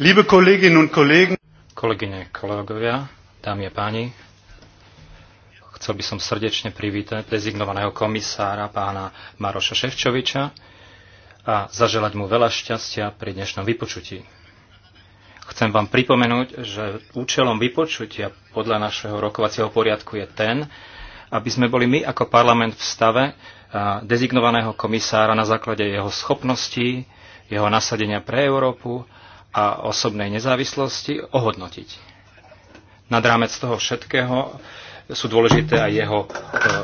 Liebe Kolleginnen und Kollegen, kolegyne, kolegovia, dámy a páni, chcel by som srdečne privítať dezignovaného komisára pána Maroša Ševčoviča a zaželať mu veľa šťastia pri dnešnom vypočutí. Chcem vám pripomenúť, že účelom vypočutia podľa našeho rokovacieho poriadku je ten, aby sme boli my ako parlament v stave dezignovaného komisára na základe jeho schopností, jeho nasadenia pre Európu a osobnej nezávislosti ohodnotiť. Nad rámec toho všetkého sú dôležité aj jeho e,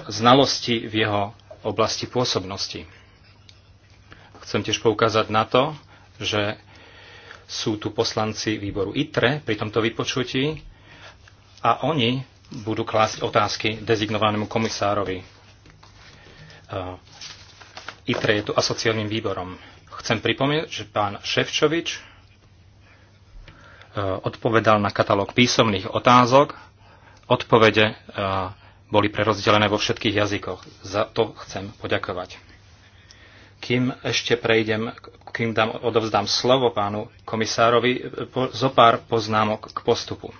znalosti v jeho oblasti pôsobnosti. Chcem tiež poukázať na to, že sú tu poslanci výboru ITRE pri tomto vypočutí a oni budú klásť otázky dezignovanému komisárovi. E, ITRE je tu asociálnym výborom. Chcem pripomínať, že pán Ševčovič E, odpovedal na katalóg písomných otázok. Odpovede e, boli prerozdelené vo všetkých jazykoch. Za to chcem poďakovať. Kým ešte prejdem, kým dám, odovzdám slovo pánu komisárovi, e, po, zo pár poznámok k postupu.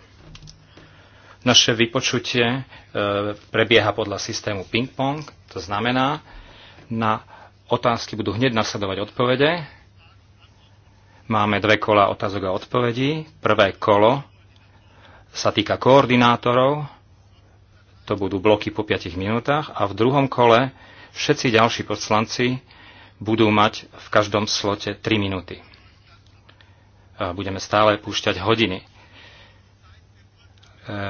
Naše vypočutie e, prebieha podľa systému ping-pong, to znamená, na otázky budú hneď nasledovať odpovede, Máme dve kola otázok a odpovedí. Prvé kolo sa týka koordinátorov, to budú bloky po 5 minútach, a v druhom kole všetci ďalší poslanci budú mať v každom slote 3 minúty. Budeme stále púšťať hodiny. E,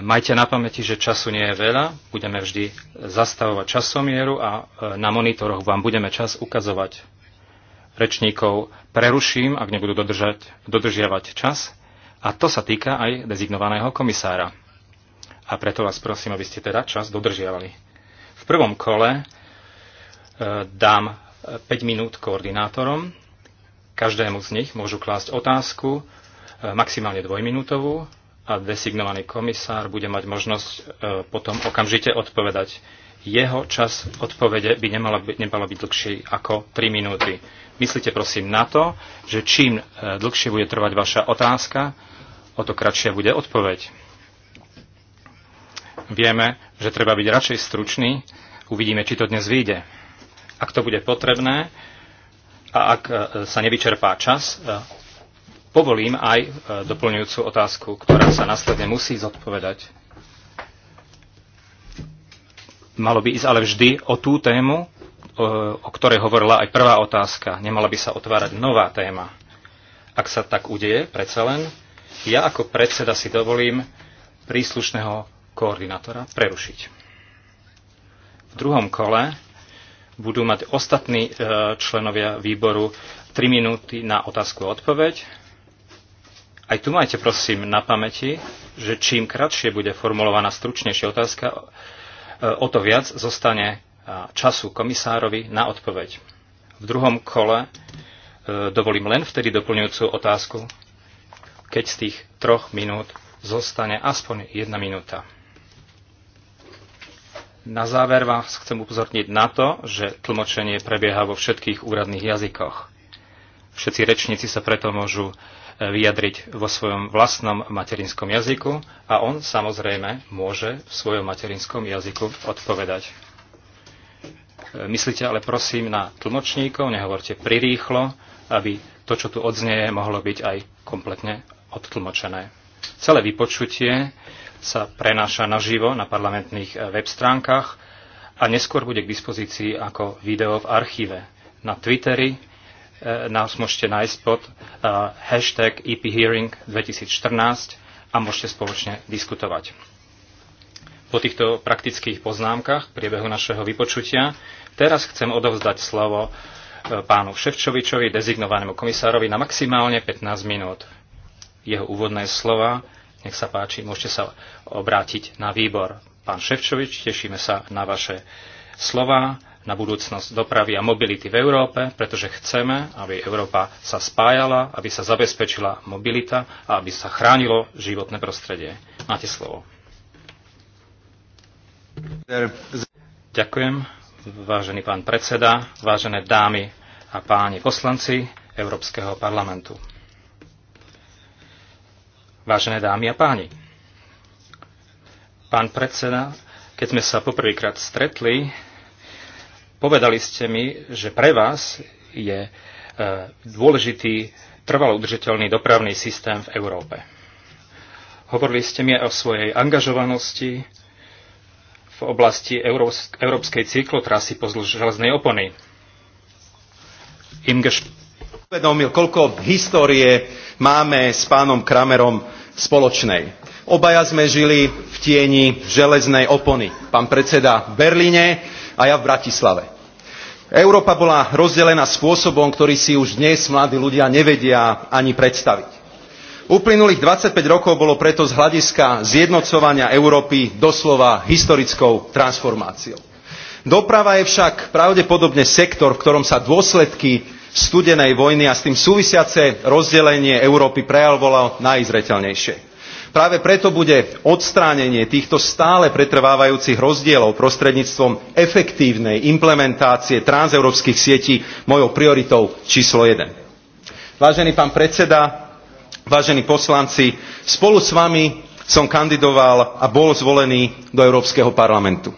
majte na pamäti, že času nie je veľa, budeme vždy zastavovať časomieru a e, na monitoroch vám budeme čas ukazovať rečníkov preruším, ak nebudú dodržať, dodržiavať čas. A to sa týka aj dezignovaného komisára. A preto vás prosím, aby ste teda čas dodržiavali. V prvom kole e, dám 5 e, minút koordinátorom. Každému z nich môžu klásť otázku, e, maximálne dvojminútovú, a designovaný komisár bude mať možnosť e, potom okamžite odpovedať. Jeho čas odpovede by nemalo by, byť dlhší ako 3 minúty. Myslíte prosím na to, že čím e, dlhšie bude trvať vaša otázka, o to kratšia bude odpoveď. Vieme, že treba byť radšej stručný. Uvidíme, či to dnes vyjde. Ak to bude potrebné a ak e, sa nevyčerpá čas, e, povolím aj doplňujúcu otázku, ktorá sa následne musí zodpovedať. Malo by ísť ale vždy o tú tému, o ktorej hovorila aj prvá otázka. Nemala by sa otvárať nová téma. Ak sa tak udeje, predsa len, ja ako predseda si dovolím príslušného koordinátora prerušiť. V druhom kole budú mať ostatní e, členovia výboru 3 minúty na otázku a odpoveď. Aj tu majte prosím na pamäti, že čím kratšie bude formulovaná stručnejšia otázka, e, o to viac zostane času komisárovi na odpoveď. V druhom kole e, dovolím len vtedy doplňujúcu otázku, keď z tých troch minút zostane aspoň jedna minúta. Na záver vás chcem upozorniť na to, že tlmočenie prebieha vo všetkých úradných jazykoch. Všetci rečníci sa preto môžu e, vyjadriť vo svojom vlastnom materinskom jazyku a on samozrejme môže v svojom materinskom jazyku odpovedať. Myslíte ale prosím na tlmočníkov, nehovorte prirýchlo, aby to, čo tu odznieje, mohlo byť aj kompletne odtlmočené. Celé vypočutie sa prenáša naživo na parlamentných eh, web stránkach a neskôr bude k dispozícii ako video v archíve. Na Twittery eh, nás môžete nájsť pod eh, hashtag EPHearing 2014 a môžete spoločne diskutovať. Po týchto praktických poznámkach v priebehu našeho vypočutia Teraz chcem odovzdať slovo e, pánu Ševčovičovi, dezignovanému komisárovi, na maximálne 15 minút. Jeho úvodné slova, nech sa páči, môžete sa obrátiť na výbor. Pán Ševčovič, tešíme sa na vaše slova, na budúcnosť dopravy a mobility v Európe, pretože chceme, aby Európa sa spájala, aby sa zabezpečila mobilita a aby sa chránilo životné prostredie. Máte slovo. Ďakujem vážený pán predseda, vážené dámy a páni poslanci Európskeho parlamentu. Vážené dámy a páni, pán predseda, keď sme sa poprvýkrát stretli, povedali ste mi, že pre vás je e, dôležitý trvalo udržiteľný dopravný systém v Európe. Hovorili ste mi aj o svojej angažovanosti, v oblasti európskej cyklotrasy pozdĺž železnej opony. Imgeš uvedomil, koľko histórie máme s pánom Kramerom spoločnej. Obaja sme žili v tieni železnej opony. Pán predseda v Berlíne a ja v Bratislave. Európa bola rozdelená spôsobom, ktorý si už dnes mladí ľudia nevedia ani predstaviť. Uplynulých 25 rokov bolo preto z hľadiska zjednocovania Európy doslova historickou transformáciou. Doprava je však pravdepodobne sektor, v ktorom sa dôsledky studenej vojny a s tým súvisiace rozdelenie Európy prejavovalo najzreteľnejšie. Práve preto bude odstránenie týchto stále pretrvávajúcich rozdielov prostredníctvom efektívnej implementácie transeurópskych sietí mojou prioritou číslo 1. Vážený pán predseda, Vážení poslanci, spolu s vami som kandidoval a bol zvolený do Európskeho parlamentu.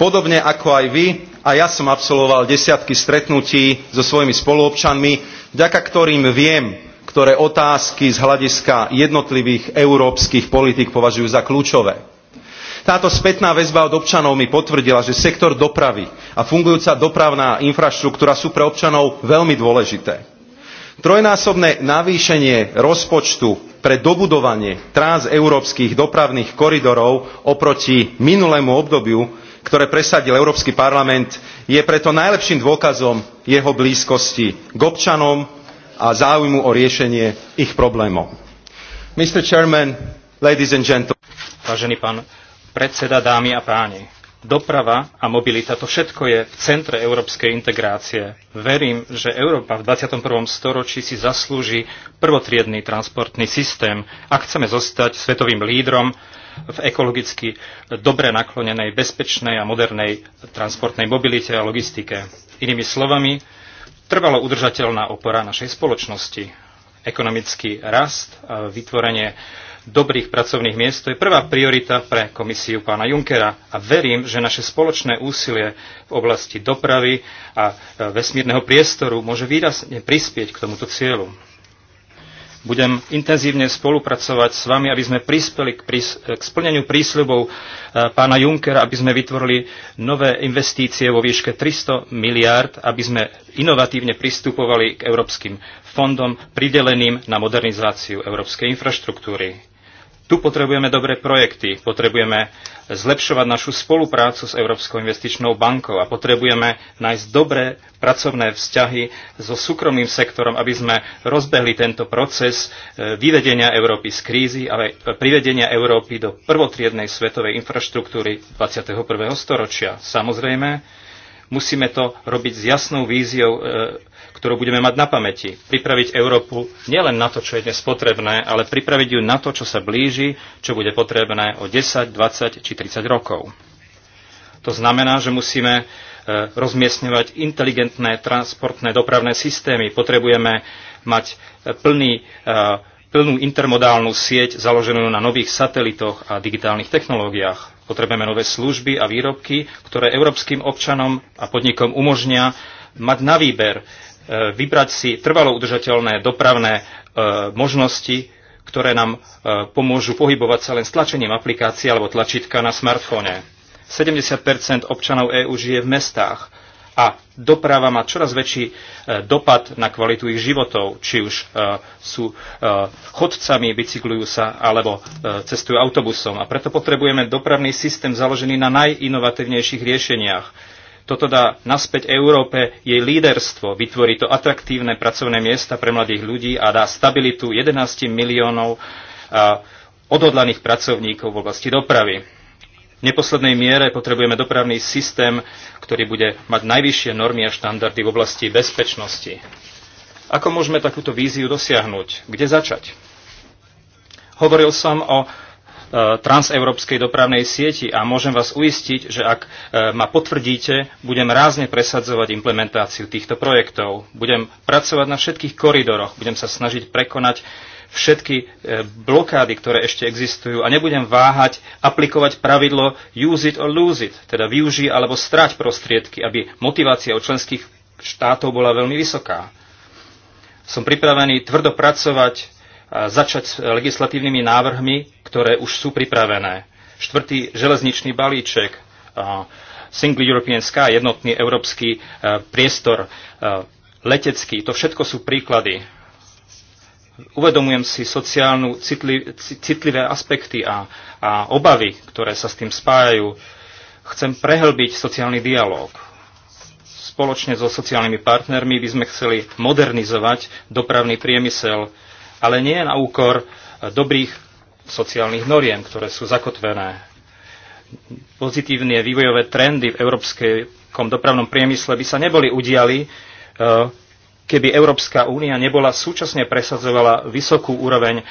Podobne ako aj vy, a ja som absolvoval desiatky stretnutí so svojimi spoluobčanmi, vďaka ktorým viem, ktoré otázky z hľadiska jednotlivých európskych politík považujú za kľúčové. Táto spätná väzba od občanov mi potvrdila, že sektor dopravy a fungujúca dopravná infraštruktúra sú pre občanov veľmi dôležité trojnásobné navýšenie rozpočtu pre dobudovanie transeurópskych dopravných koridorov oproti minulému obdobiu ktoré presadil európsky parlament je preto najlepším dôkazom jeho blízkosti k občanom a záujmu o riešenie ich problémov. Mr. Chairman, ladies and gentlemen. Vážený pán predseda, dámy a páni doprava a mobilita, to všetko je v centre európskej integrácie. Verím, že Európa v 21. storočí si zaslúži prvotriedný transportný systém, ak chceme zostať svetovým lídrom v ekologicky dobre naklonenej, bezpečnej a modernej transportnej mobilite a logistike. Inými slovami, trvalo udržateľná opora našej spoločnosti. Ekonomický rast, a vytvorenie dobrých pracovných miest. To je prvá priorita pre komisiu pána Junckera a verím, že naše spoločné úsilie v oblasti dopravy a e, vesmírneho priestoru môže výrazne prispieť k tomuto cieľu. Budem intenzívne spolupracovať s vami, aby sme prispeli k, prís- k splneniu prísľubov e, pána Junckera, aby sme vytvorili nové investície vo výške 300 miliárd, aby sme inovatívne pristupovali k európskym fondom prideleným na modernizáciu európskej infraštruktúry tu potrebujeme dobré projekty, potrebujeme zlepšovať našu spoluprácu s Európskou investičnou bankou a potrebujeme nájsť dobré pracovné vzťahy so súkromným sektorom, aby sme rozbehli tento proces e, vyvedenia Európy z krízy a privedenia Európy do prvotriednej svetovej infraštruktúry 21. storočia. Samozrejme, musíme to robiť s jasnou víziou e, ktorú budeme mať na pamäti. Pripraviť Európu nielen na to, čo je dnes potrebné, ale pripraviť ju na to, čo sa blíži, čo bude potrebné o 10, 20 či 30 rokov. To znamená, že musíme e, rozmiestňovať inteligentné transportné dopravné systémy. Potrebujeme mať e, plný, e, plnú intermodálnu sieť založenú na nových satelitoch a digitálnych technológiách. Potrebujeme nové služby a výrobky, ktoré európskym občanom a podnikom umožnia mať na výber E, vybrať si trvalo udržateľné dopravné e, možnosti, ktoré nám e, pomôžu pohybovať sa len stlačením aplikácie alebo tlačítka na smartfóne. 70 občanov EÚ žije v mestách a doprava má čoraz väčší dopad na kvalitu ich životov, či už sú chodcami, bicyklujú sa alebo cestujú autobusom. A preto potrebujeme dopravný systém založený na najinovatívnejších riešeniach toto dá naspäť Európe jej líderstvo, vytvorí to atraktívne pracovné miesta pre mladých ľudí a dá stabilitu 11 miliónov odhodlaných pracovníkov v oblasti dopravy. V neposlednej miere potrebujeme dopravný systém, ktorý bude mať najvyššie normy a štandardy v oblasti bezpečnosti. Ako môžeme takúto víziu dosiahnuť? Kde začať? Hovoril som o E, transeurópskej dopravnej sieti a môžem vás uistiť, že ak e, ma potvrdíte, budem rázne presadzovať implementáciu týchto projektov. Budem pracovať na všetkých koridoroch, budem sa snažiť prekonať všetky e, blokády, ktoré ešte existujú a nebudem váhať aplikovať pravidlo use it or lose it, teda využij alebo strať prostriedky, aby motivácia od členských štátov bola veľmi vysoká. Som pripravený tvrdo pracovať začať s legislatívnymi návrhmi, ktoré už sú pripravené. Štvrtý železničný balíček, Single European Sky, jednotný európsky e, priestor, e, letecký, to všetko sú príklady. Uvedomujem si sociálnu citli, citlivé aspekty a, a obavy, ktoré sa s tým spájajú. Chcem prehlbiť sociálny dialog. Spoločne so sociálnymi partnermi by sme chceli modernizovať dopravný priemysel, ale nie na úkor eh, dobrých sociálnych noriem, ktoré sú zakotvené. Pozitívne vývojové trendy v európskom dopravnom priemysle by sa neboli udiali, eh, keby Európska únia nebola súčasne presadzovala vysokú úroveň eh,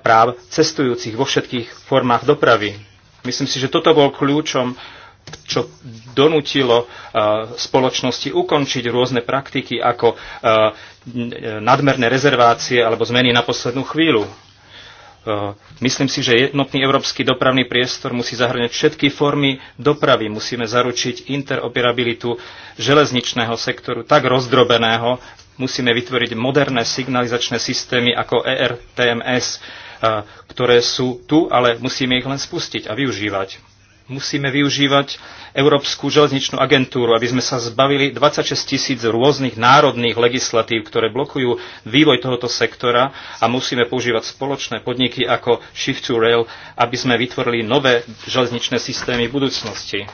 práv cestujúcich vo všetkých formách dopravy. Myslím si, že toto bol kľúčom čo donútilo e, spoločnosti ukončiť rôzne praktiky ako e, nadmerné rezervácie alebo zmeny na poslednú chvíľu. E, myslím si, že jednotný európsky dopravný priestor musí zahrňať všetky formy dopravy. Musíme zaručiť interoperabilitu železničného sektoru tak rozdrobeného. Musíme vytvoriť moderné signalizačné systémy ako ERTMS, ktoré sú tu, ale musíme ich len spustiť a využívať musíme využívať Európsku železničnú agentúru, aby sme sa zbavili 26 tisíc rôznych národných legislatív, ktoré blokujú vývoj tohoto sektora a musíme používať spoločné podniky ako Shift to Rail, aby sme vytvorili nové železničné systémy v budúcnosti.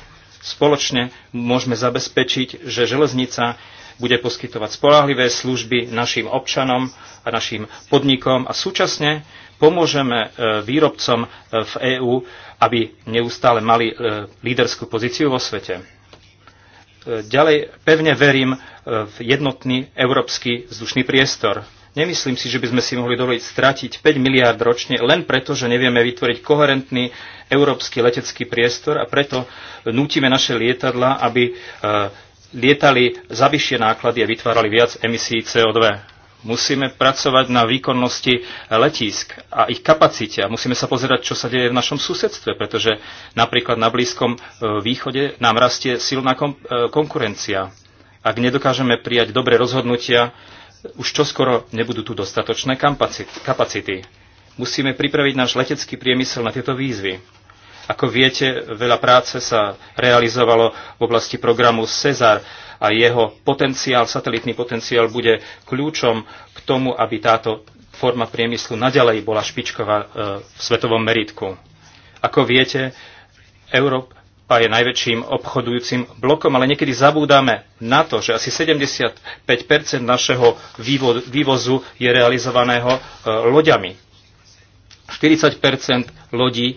Spoločne môžeme zabezpečiť, že železnica bude poskytovať spolahlivé služby našim občanom a našim podnikom a súčasne pomôžeme e, výrobcom e, v EÚ, aby neustále mali e, líderskú pozíciu vo svete. Ďalej pevne verím v jednotný európsky vzdušný priestor. Nemyslím si, že by sme si mohli dovoliť stratiť 5 miliard ročne len preto, že nevieme vytvoriť koherentný európsky letecký priestor a preto nútime naše lietadla, aby lietali za vyššie náklady a vytvárali viac emisí CO2 Musíme pracovať na výkonnosti letísk a ich kapacite a musíme sa pozerať, čo sa deje v našom susedstve, pretože napríklad na Blízkom e, východe nám rastie silná e, konkurencia. Ak nedokážeme prijať dobré rozhodnutia, e, už čoskoro nebudú tu dostatočné kapacity. Musíme pripraviť náš letecký priemysel na tieto výzvy ako viete, veľa práce sa realizovalo v oblasti programu Cezar a jeho potenciál, satelitný potenciál bude kľúčom k tomu, aby táto forma priemyslu naďalej bola špičková e, v svetovom meritku. Ako viete, Európa je najväčším obchodujúcim blokom, ale niekedy zabúdame na to, že asi 75 našeho vývozu je realizovaného e, loďami 40 lodí e,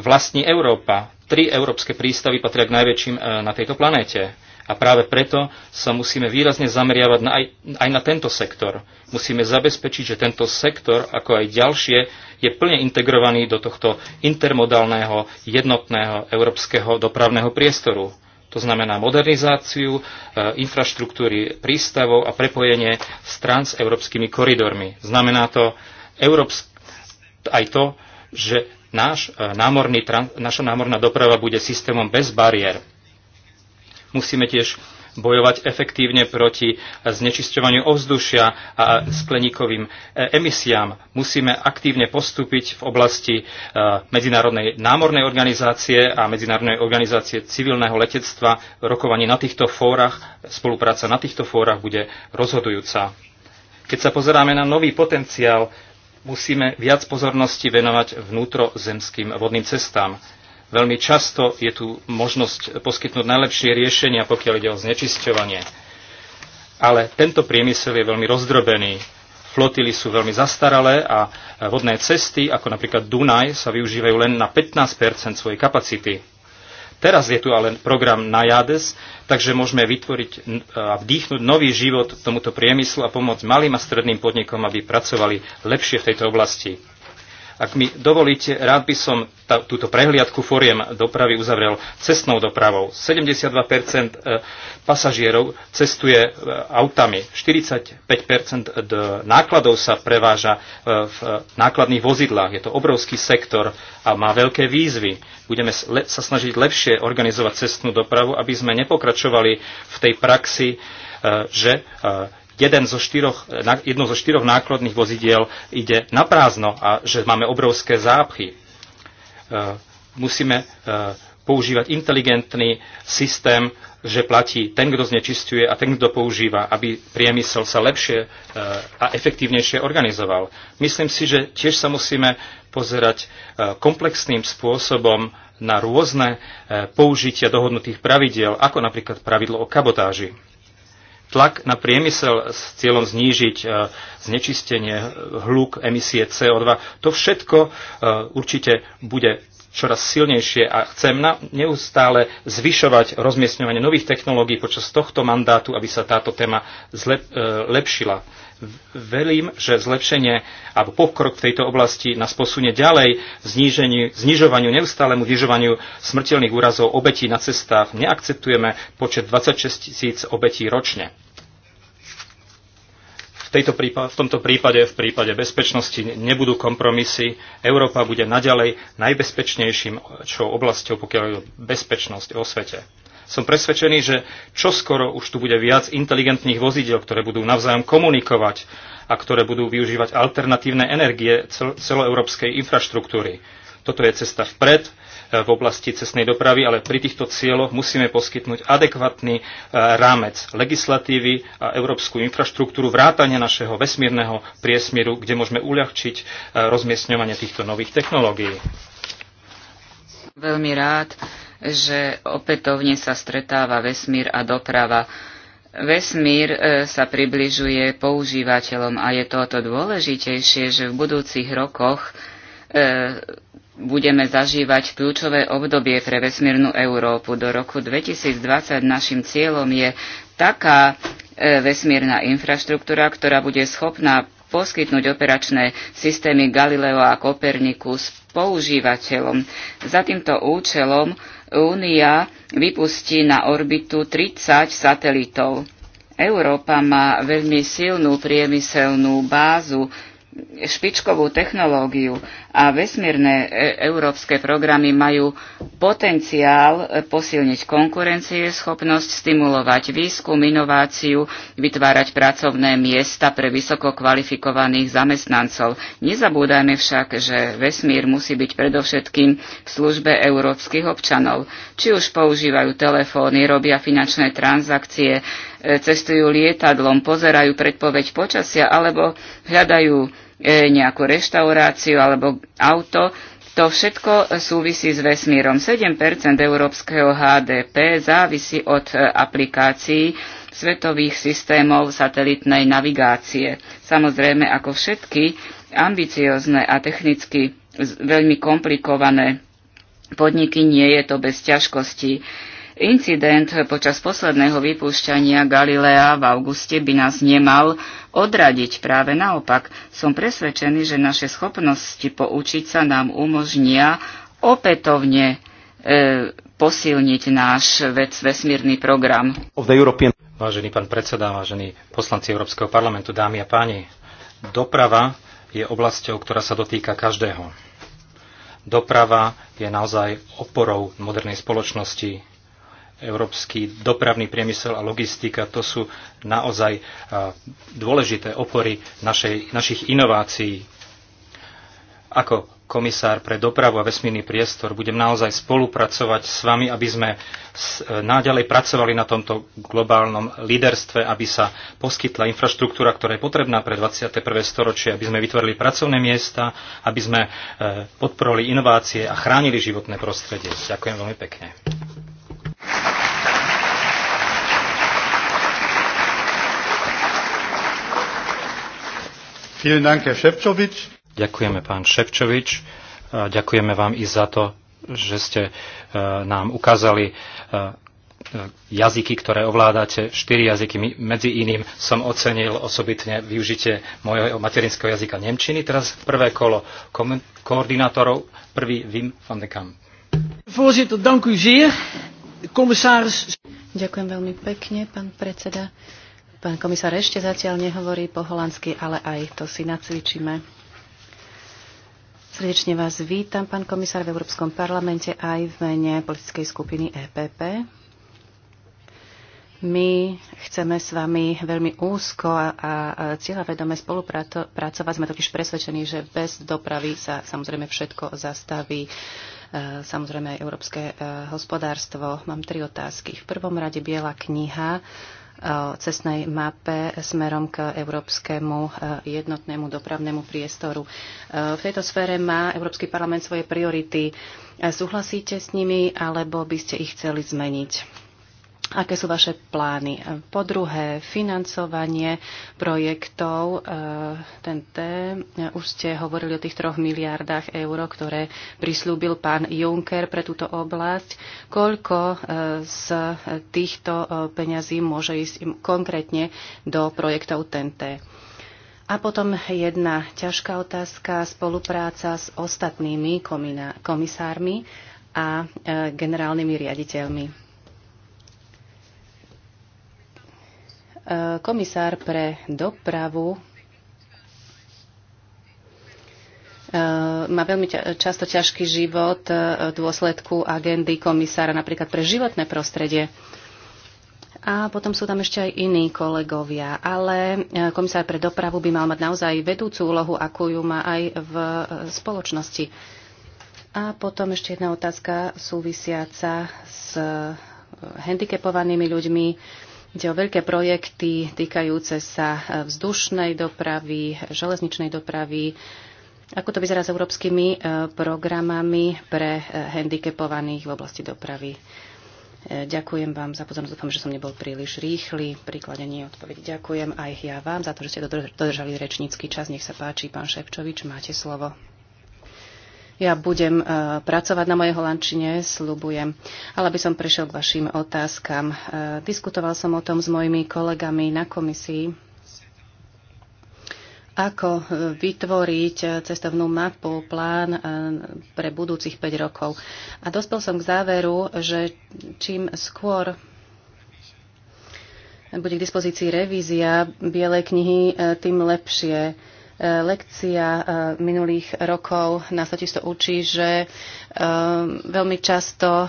vlastní Európa. Tri európske prístavy patria k najväčším e, na tejto planéte. A práve preto sa musíme výrazne zameriavať na aj, aj na tento sektor. Musíme zabezpečiť, že tento sektor, ako aj ďalšie, je plne integrovaný do tohto intermodálneho, jednotného európskeho dopravného priestoru. To znamená modernizáciu e, infraštruktúry prístavov a prepojenie s transeurópskymi koridormi. Znamená to európsky aj to, že náš e, námorný, naša námorná doprava bude systémom bez bariér. Musíme tiež bojovať efektívne proti znečisťovaniu ovzdušia a skleníkovým e, emisiám. Musíme aktívne postúpiť v oblasti e, Medzinárodnej námornej organizácie a Medzinárodnej organizácie civilného letectva. Rokovanie na týchto fórach, spolupráca na týchto fórach bude rozhodujúca. Keď sa pozeráme na nový potenciál musíme viac pozornosti venovať vnútrozemským vodným cestám. Veľmi často je tu možnosť poskytnúť najlepšie riešenia, pokiaľ ide o znečisťovanie. Ale tento priemysel je veľmi rozdrobený. Flotily sú veľmi zastaralé a vodné cesty, ako napríklad Dunaj, sa využívajú len na 15 svojej kapacity. Teraz je tu ale program Najades, takže môžeme vytvoriť a vdýchnuť nový život tomuto priemyslu a pomôcť malým a stredným podnikom, aby pracovali lepšie v tejto oblasti. Ak mi dovolíte, rád by som tá, túto prehliadku foriem dopravy uzavrel cestnou dopravou. 72 e, pasažierov cestuje e, autami, 45 nákladov sa preváža e, v nákladných vozidlách. Je to obrovský sektor a má veľké výzvy. Budeme sa snažiť lepšie organizovať cestnú dopravu, aby sme nepokračovali v tej praxi, že jeden zo štyroch, jedno zo štyroch nákladných vozidiel ide na prázdno a že máme obrovské zápchy. E, musíme e, používať inteligentný systém, že platí ten, kto znečistuje a ten, kto používa, aby priemysel sa lepšie e, a efektívnejšie organizoval. Myslím si, že tiež sa musíme pozerať komplexným spôsobom na rôzne použitia dohodnutých pravidiel, ako napríklad pravidlo o kabotáži tlak na priemysel s cieľom znížiť e, znečistenie, hluk, emisie CO2, to všetko e, určite bude čoraz silnejšie a chcem na, neustále zvyšovať rozmiestňovanie nových technológií počas tohto mandátu, aby sa táto téma zlep, e, lepšila. Verím, že zlepšenie alebo pokrok v tejto oblasti nás posunie ďalej znižovaniu, neustálemu znižovaniu smrteľných úrazov obetí na cestách. Neakceptujeme počet 26 tisíc obetí ročne tejto prípade, v tomto prípade, v prípade bezpečnosti nebudú kompromisy. Európa bude naďalej najbezpečnejším e, čo oblasťou, pokiaľ je bezpečnosť o svete. Som presvedčený, že čoskoro už tu bude viac inteligentných vozidel, ktoré budú navzájom komunikovať a ktoré budú využívať alternatívne energie celoeurópskej infraštruktúry. Toto je cesta vpred v oblasti cestnej dopravy, ale pri týchto cieľoch musíme poskytnúť adekvátny e, rámec legislatívy a európsku infraštruktúru vrátane našeho vesmírneho priesmieru, kde môžeme uľahčiť e, rozmiestňovanie týchto nových technológií. Veľmi rád, že opätovne sa stretáva vesmír a doprava. Vesmír e, sa približuje používateľom a je toto dôležitejšie, že v budúcich rokoch budeme zažívať kľúčové obdobie pre vesmírnu Európu. Do roku 2020 našim cieľom je taká e, vesmírna infraštruktúra, ktorá bude schopná poskytnúť operačné systémy Galileo a Kopernikus používateľom. Za týmto účelom Únia vypustí na orbitu 30 satelitov. Európa má veľmi silnú priemyselnú bázu, špičkovú technológiu a vesmírne e, európske programy majú potenciál e, posilniť konkurencieschopnosť, stimulovať výskum, inováciu, vytvárať pracovné miesta pre vysoko kvalifikovaných zamestnancov. Nezabúdajme však, že vesmír musí byť predovšetkým v službe európskych občanov. Či už používajú telefóny, robia finančné transakcie, e, cestujú lietadlom, pozerajú predpoveď počasia alebo hľadajú E, nejakú reštauráciu alebo auto, to všetko súvisí s vesmírom. 7 európskeho HDP závisí od e, aplikácií svetových systémov satelitnej navigácie. Samozrejme, ako všetky ambiciozne a technicky veľmi komplikované podniky, nie je to bez ťažkostí. Incident počas posledného vypúšťania Galilea v auguste by nás nemal odradiť. Práve naopak, som presvedčený, že naše schopnosti poučiť sa nám umožnia opätovne e, posilniť náš vec, vesmírny program. Vážený pán predseda, vážení poslanci Európskeho parlamentu, dámy a páni, doprava je oblasťou, ktorá sa dotýka každého. Doprava je naozaj oporou modernej spoločnosti, európsky dopravný priemysel a logistika, to sú naozaj dôležité opory našej, našich inovácií. Ako komisár pre dopravu a vesmírny priestor budem naozaj spolupracovať s vami, aby sme e, náďalej pracovali na tomto globálnom líderstve, aby sa poskytla infraštruktúra, ktorá je potrebná pre 21. storočie, aby sme vytvorili pracovné miesta, aby sme e, podporili inovácie a chránili životné prostredie. Ďakujem veľmi pekne. Ďakujeme, pán Ševčovič. Ďakujeme vám i za to, že ste e, nám ukázali e, e, jazyky, ktoré ovládate, štyri jazyky. Medzi iným som ocenil osobitne využitie mojho materinského jazyka Nemčiny. Teraz prvé kolo koordinátorov, prvý Wim van de Kamp. Voorzitter, dank u zeer. Commissaris. Ďakujem veľmi pekne, pán predseda. Pán komisár ešte zatiaľ nehovorí po holandsky, ale aj to si nacvičíme. Srdečne vás vítam, pán komisár, v Európskom parlamente aj v mene politickej skupiny EPP. My chceme s vami veľmi úzko a, a cieľavedome spolupracovať. Sme totiž presvedčení, že bez dopravy sa samozrejme všetko zastaví. E, samozrejme aj európske e, hospodárstvo. Mám tri otázky. V prvom rade biela kniha cestnej mape smerom k európskemu e, jednotnému dopravnému priestoru. E, v tejto sfére má Európsky parlament svoje priority. E, súhlasíte s nimi alebo by ste ich chceli zmeniť? Aké sú vaše plány? E, po druhé, financovanie projektov e, ten T. E, už ste hovorili o tých troch miliardách eur, ktoré prislúbil pán Juncker pre túto oblasť. Koľko z týchto peňazí môže ísť konkrétne do projektov TNT? A potom jedna ťažká otázka, spolupráca s ostatnými komisármi a generálnymi riaditeľmi. Komisár pre dopravu e, má veľmi často ťažký život e, v dôsledku agendy komisára napríklad pre životné prostredie. A potom sú tam ešte aj iní kolegovia. Ale e, komisár pre dopravu by mal mať naozaj vedúcu úlohu, akú ju má aj v spoločnosti. A potom ešte jedna otázka súvisiaca s handicapovanými ľuďmi Ide o veľké projekty týkajúce sa eh, vzdušnej dopravy, železničnej dopravy. Ako to vyzerá s európskymi eh, programami pre eh, handicapovaných v oblasti dopravy? Ďakujem vám za pozornosť. Dúfam, že som nebol príliš rýchly pri kladení odpovedí. Ďakujem aj ja vám za to, že ste dodržali rečnícky čas. Nech sa páči, pán Ševčovič, máte slovo. Ja budem e, pracovať na mojej holandčine, slubujem. Ale by som prešiel k vašim otázkam. E, diskutoval som o tom s mojimi kolegami na komisii, ako e, vytvoriť cestovnú mapu, plán pre budúcich 5 rokov. A dospel som k záveru, že čím skôr bude k dispozícii revízia Bielej knihy, tým lepšie lekcia e, minulých rokov nás totiž to učí, že e, veľmi často e,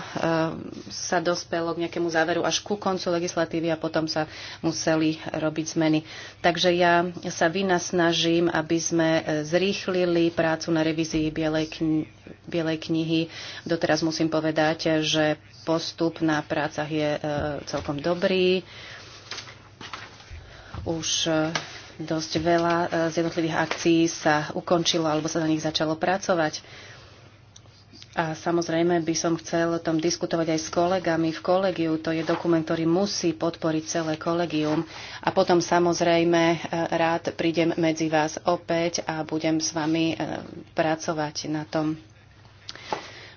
sa dospelo k nejakému záveru až ku koncu legislatívy a potom sa museli robiť zmeny. Takže ja sa vynasnažím, aby sme zrýchlili prácu na revízii Bielej, kni- Bielej knihy. Doteraz musím povedať, že postup na prácach je celkom dobrý. Už Dosť veľa e, z jednotlivých akcií sa ukončilo alebo sa na nich začalo pracovať. A samozrejme by som chcel o tom diskutovať aj s kolegami v kolegiu. To je dokument, ktorý musí podporiť celé kolegium. A potom samozrejme e, rád prídem medzi vás opäť a budem s vami e, pracovať na tom.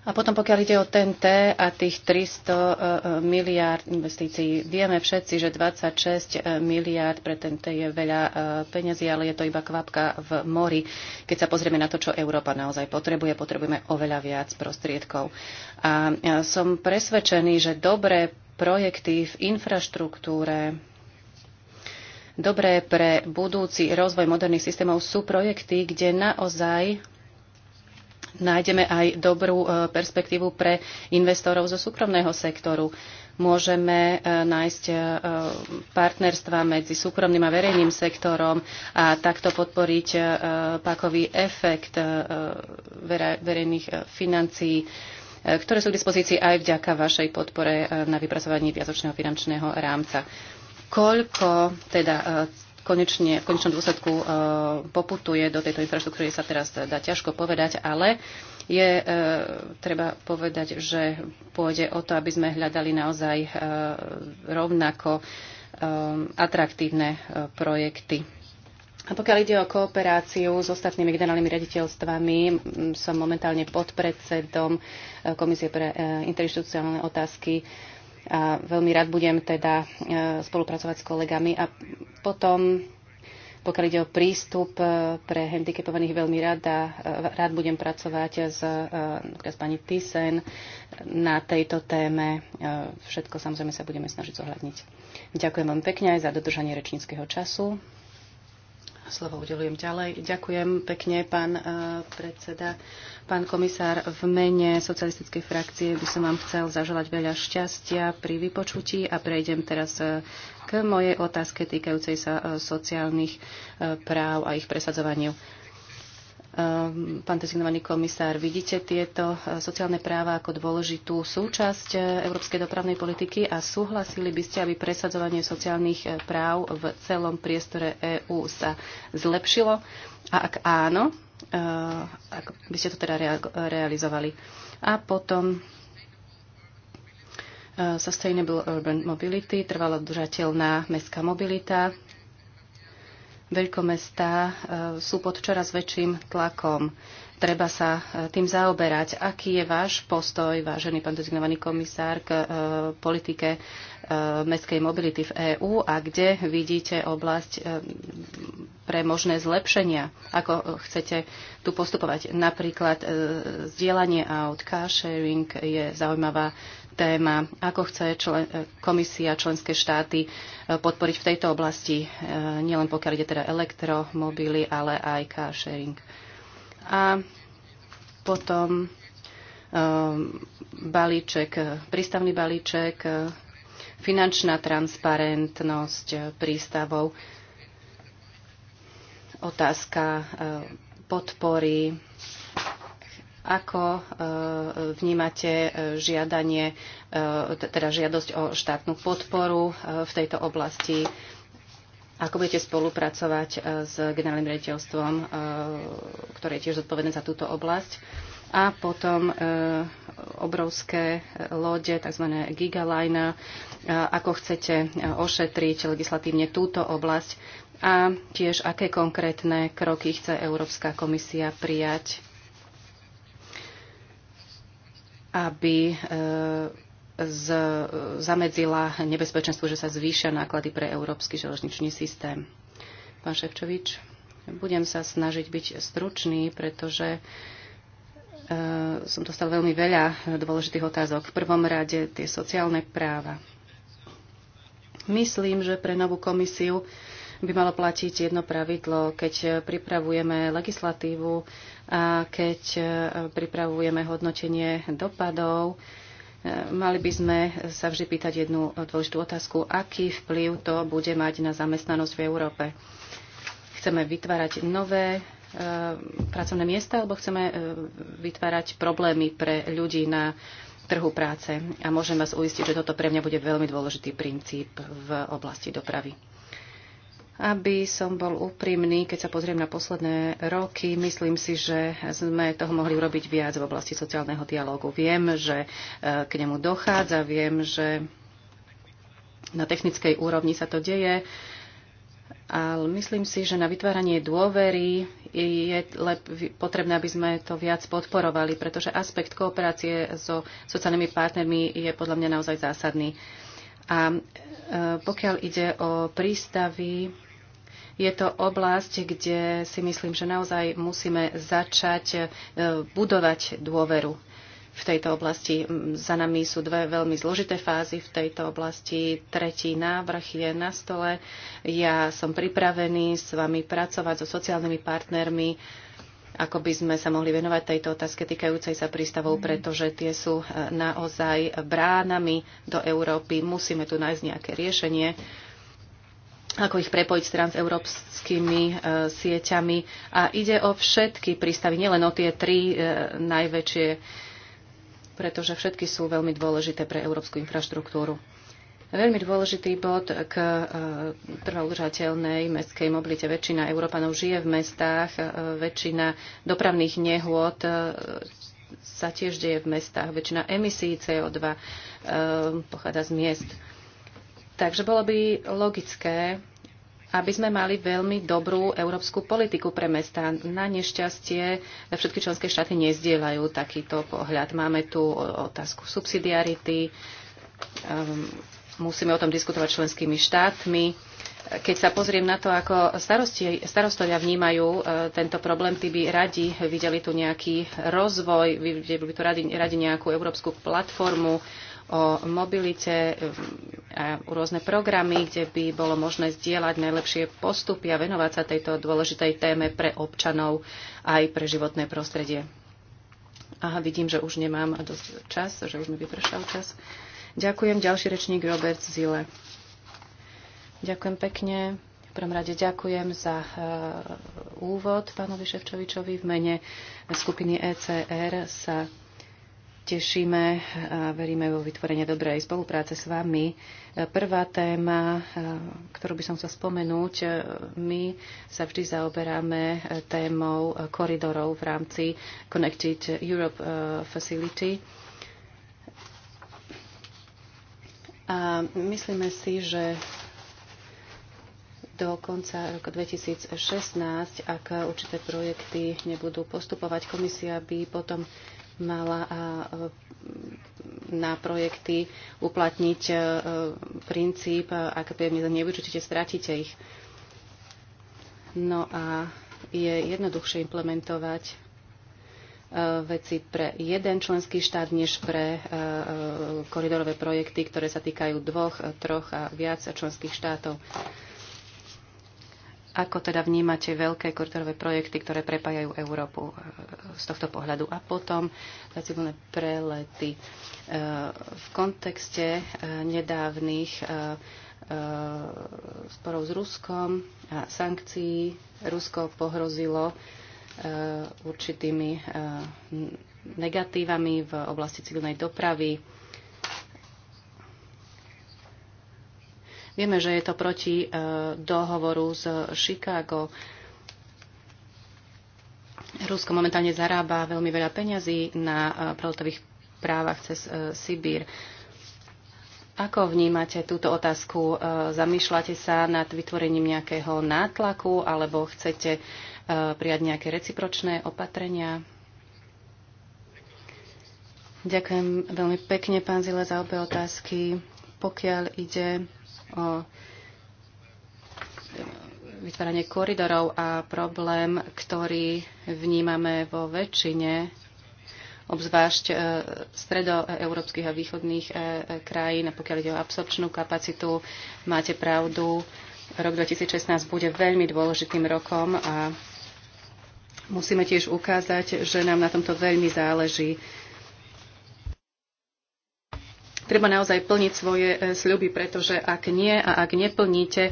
A potom pokiaľ ide o ten T a tých 300 e, e, miliárd investícií, vieme všetci, že 26 e, miliárd pre T je veľa peňazí, ale je to iba kvapka v mori. Keď sa pozrieme na to, čo Európa naozaj potrebuje, potrebujeme oveľa viac prostriedkov. A som presvedčený, že dobré projekty v infraštruktúre, dobré pre budúci rozvoj moderných systémov sú projekty, kde naozaj nájdeme aj dobrú e, perspektívu pre investorov zo súkromného sektoru. Môžeme e, nájsť e, partnerstva medzi súkromným a verejným sektorom a takto podporiť pakový efekt verejných financií ktoré sú k dispozícii aj vďaka vašej podpore na vypracovanie viacočného finančného rámca. Koľko teda konečne, v konečnom dôsledku e, poputuje do tejto infraštruktúry, sa teraz dá ťažko povedať, ale je e, treba povedať, že pôjde o to, aby sme hľadali naozaj e, rovnako e, atraktívne e, projekty. A pokiaľ ide o kooperáciu s ostatnými generálnymi raditeľstvami, som momentálne podpredsedom e, Komisie pre e, interinstitucionálne otázky a veľmi rád budem teda e, spolupracovať s kolegami. A potom, pokiaľ ide o prístup e, pre handicapovaných, veľmi rada, e, rád budem pracovať s, s pani Thyssen na tejto téme. Všetko samozrejme sa budeme snažiť zohľadniť. Ďakujem vám pekne aj za dodržanie rečníckého času slovo udelujem ďalej. Ďakujem pekne, pán eh, predseda. Pán komisár, v mene socialistickej frakcie by som vám chcel zaželať veľa šťastia pri vypočutí a prejdem teraz eh, k mojej otázke týkajúcej sa eh, sociálnych práv a ich presadzovaniu. Ehm, pán designovaný komisár, vidíte tieto eh, sociálne práva ako dôležitú súčasť eh, európskej dopravnej politiky a súhlasili by ste, aby presadzovanie sociálnych eh, práv v celom priestore EÚ sa zlepšilo? A ak áno, ako by ste to teda realizovali? A potom Sustainable Urban Mobility, trvalo udržateľná mestská mobilita veľkomestá e, sú pod čoraz väčším tlakom. Treba sa e, tým zaoberať. Aký je váš postoj, vážený pán dezignovaný komisár, k e, politike mestskej mobility v EÚ a kde vidíte oblasť pre možné zlepšenia? Ako chcete tu postupovať? Napríklad zdieľanie aut, car sharing je zaujímavá téma, ako chce člen, komisia členské štáty e, podporiť v tejto oblasti, e, nielen pokiaľ ide teda elektromobily, ale aj car sharing. A potom e, balíček, prístavný balíček, finančná transparentnosť prístavov, otázka podpory ako e, vnímate e, žiadanie, e, teda žiadosť o štátnu podporu v tejto oblasti? Ako budete spolupracovať s generálnym rediteľstvom, ktoré je tiež zodpovedné za túto oblasť? A potom obrovské lode, tzv. gigalina, ako chcete ošetriť legislatívne túto oblasť a tiež aké konkrétne kroky chce Európska komisia prijať aby e, z, zamedzila nebezpečenstvu, že sa zvýšia náklady pre európsky železničný systém. Pán Ševčovič, budem sa snažiť byť stručný, pretože e, som dostal veľmi veľa dôležitých otázok. V prvom rade tie sociálne práva. Myslím, že pre novú komisiu by malo platiť jedno pravidlo, keď pripravujeme legislatívu a keď e, pripravujeme hodnotenie dopadov. E, mali by sme sa vždy pýtať jednu dôležitú otázku, aký vplyv to bude mať na zamestnanosť v Európe. Chceme vytvárať nové e, pracovné miesta, alebo chceme vytvárať problémy pre ľudí na trhu práce. A môžem vás uistiť, že toto pre mňa bude veľmi dôležitý princíp v oblasti dopravy. Aby som bol úprimný, keď sa pozriem na posledné roky, myslím si, že sme toho mohli urobiť viac v oblasti sociálneho dialógu. Viem, že e, k nemu dochádza, viem, že na technickej úrovni sa to deje, ale myslím si, že na vytváranie dôvery je potrebné, aby sme to viac podporovali, pretože aspekt kooperácie so sociálnymi partnermi je podľa mňa naozaj zásadný. A e, pokiaľ ide o prístavy, je to oblasť, kde si myslím, že naozaj musíme začať e, budovať dôveru v tejto oblasti. Za nami sú dve veľmi zložité fázy v tejto oblasti. Tretí návrh je na stole. Ja som pripravený s vami pracovať so sociálnymi partnermi, ako by sme sa mohli venovať tejto otázke týkajúcej sa prístavov, mhm. pretože tie sú e, naozaj bránami do Európy. Musíme tu nájsť nejaké riešenie ako ich prepojiť s transeurópskymi e, sieťami. A ide o všetky prístavy, nielen o tie tri e, najväčšie, pretože všetky sú veľmi dôležité pre európsku infraštruktúru. Veľmi dôležitý bod k e, trvaudržateľnej mestskej mobilite. Väčšina Európanov žije v mestách, e, väčšina dopravných nehôd e, sa tiež deje v mestách, väčšina emisí CO2 e, pochádza z miest. E, Takže bolo by logické, aby sme mali veľmi dobrú európsku politiku pre mesta. Na nešťastie všetky členské štáty nezdieľajú takýto pohľad. Máme tu otázku subsidiarity, ehm, musíme o tom diskutovať členskými štátmi. Keď sa pozriem na to, ako starosti, starostovia vnímajú e, tento problém, tí by radi videli tu nejaký rozvoj, videli by tu radi, radi nejakú európsku platformu, o mobilite um, a rôzne programy, kde by bolo možné zdieľať najlepšie postupy a venovať sa tejto dôležitej téme pre občanov aj pre životné prostredie. Aha, vidím, že už nemám dosť čas, že už mi vypršal čas. Ďakujem. Ďalší rečník Robert Zile. Ďakujem pekne. V prvom rade ďakujem za uh, úvod pánovi Ševčovičovi. V mene skupiny ECR sa tešíme a veríme vo vytvorenie dobrej spolupráce s vami. Prvá téma, e, ktorú by som chcel spomenúť, e, my sa vždy zaoberáme e, témou koridorov v rámci Connected Europe Facility. A myslíme si, že do konca roku 2016, ak určité projekty nebudú postupovať, komisia by potom mala e, na projekty uplatniť e, princíp, e, ak pevne nevyčutíte, stratíte ich. No a je jednoduchšie implementovať veci pre jeden členský štát, než pre koridorové projekty, ktoré sa týkajú dvoch, troch a viac členských štátov. Ako teda vnímate veľké koridorové projekty, ktoré prepájajú Európu e, z tohto pohľadu? A potom za civilné prelety. E, v kontekste e, nedávnych sporov s Ruskom a sankcií Rusko pohrozilo určitými negatívami v oblasti civilnej dopravy Vieme, že je to proti e, dohovoru z Chicago. Rusko momentálne zarába veľmi veľa peňazí na e, prelotových právach cez e, Sibír. Ako vnímate túto otázku? Zamýšľate sa nad vytvorením nejakého nátlaku alebo chcete prijať nejaké recipročné opatrenia? Ďakujem veľmi pekne, pán Zile, za obe otázky. Pokiaľ ide o vytváranie koridorov a problém, ktorý vnímame vo väčšine obzvlášť e, stredoeurópskych a východných e, e, krajín, pokiaľ ide o absorpčnú kapacitu, máte pravdu, rok 2016 bude veľmi dôležitým rokom a musíme tiež ukázať, že nám na tomto veľmi záleží treba naozaj plniť svoje e, sľuby, pretože ak nie a ak neplníte e,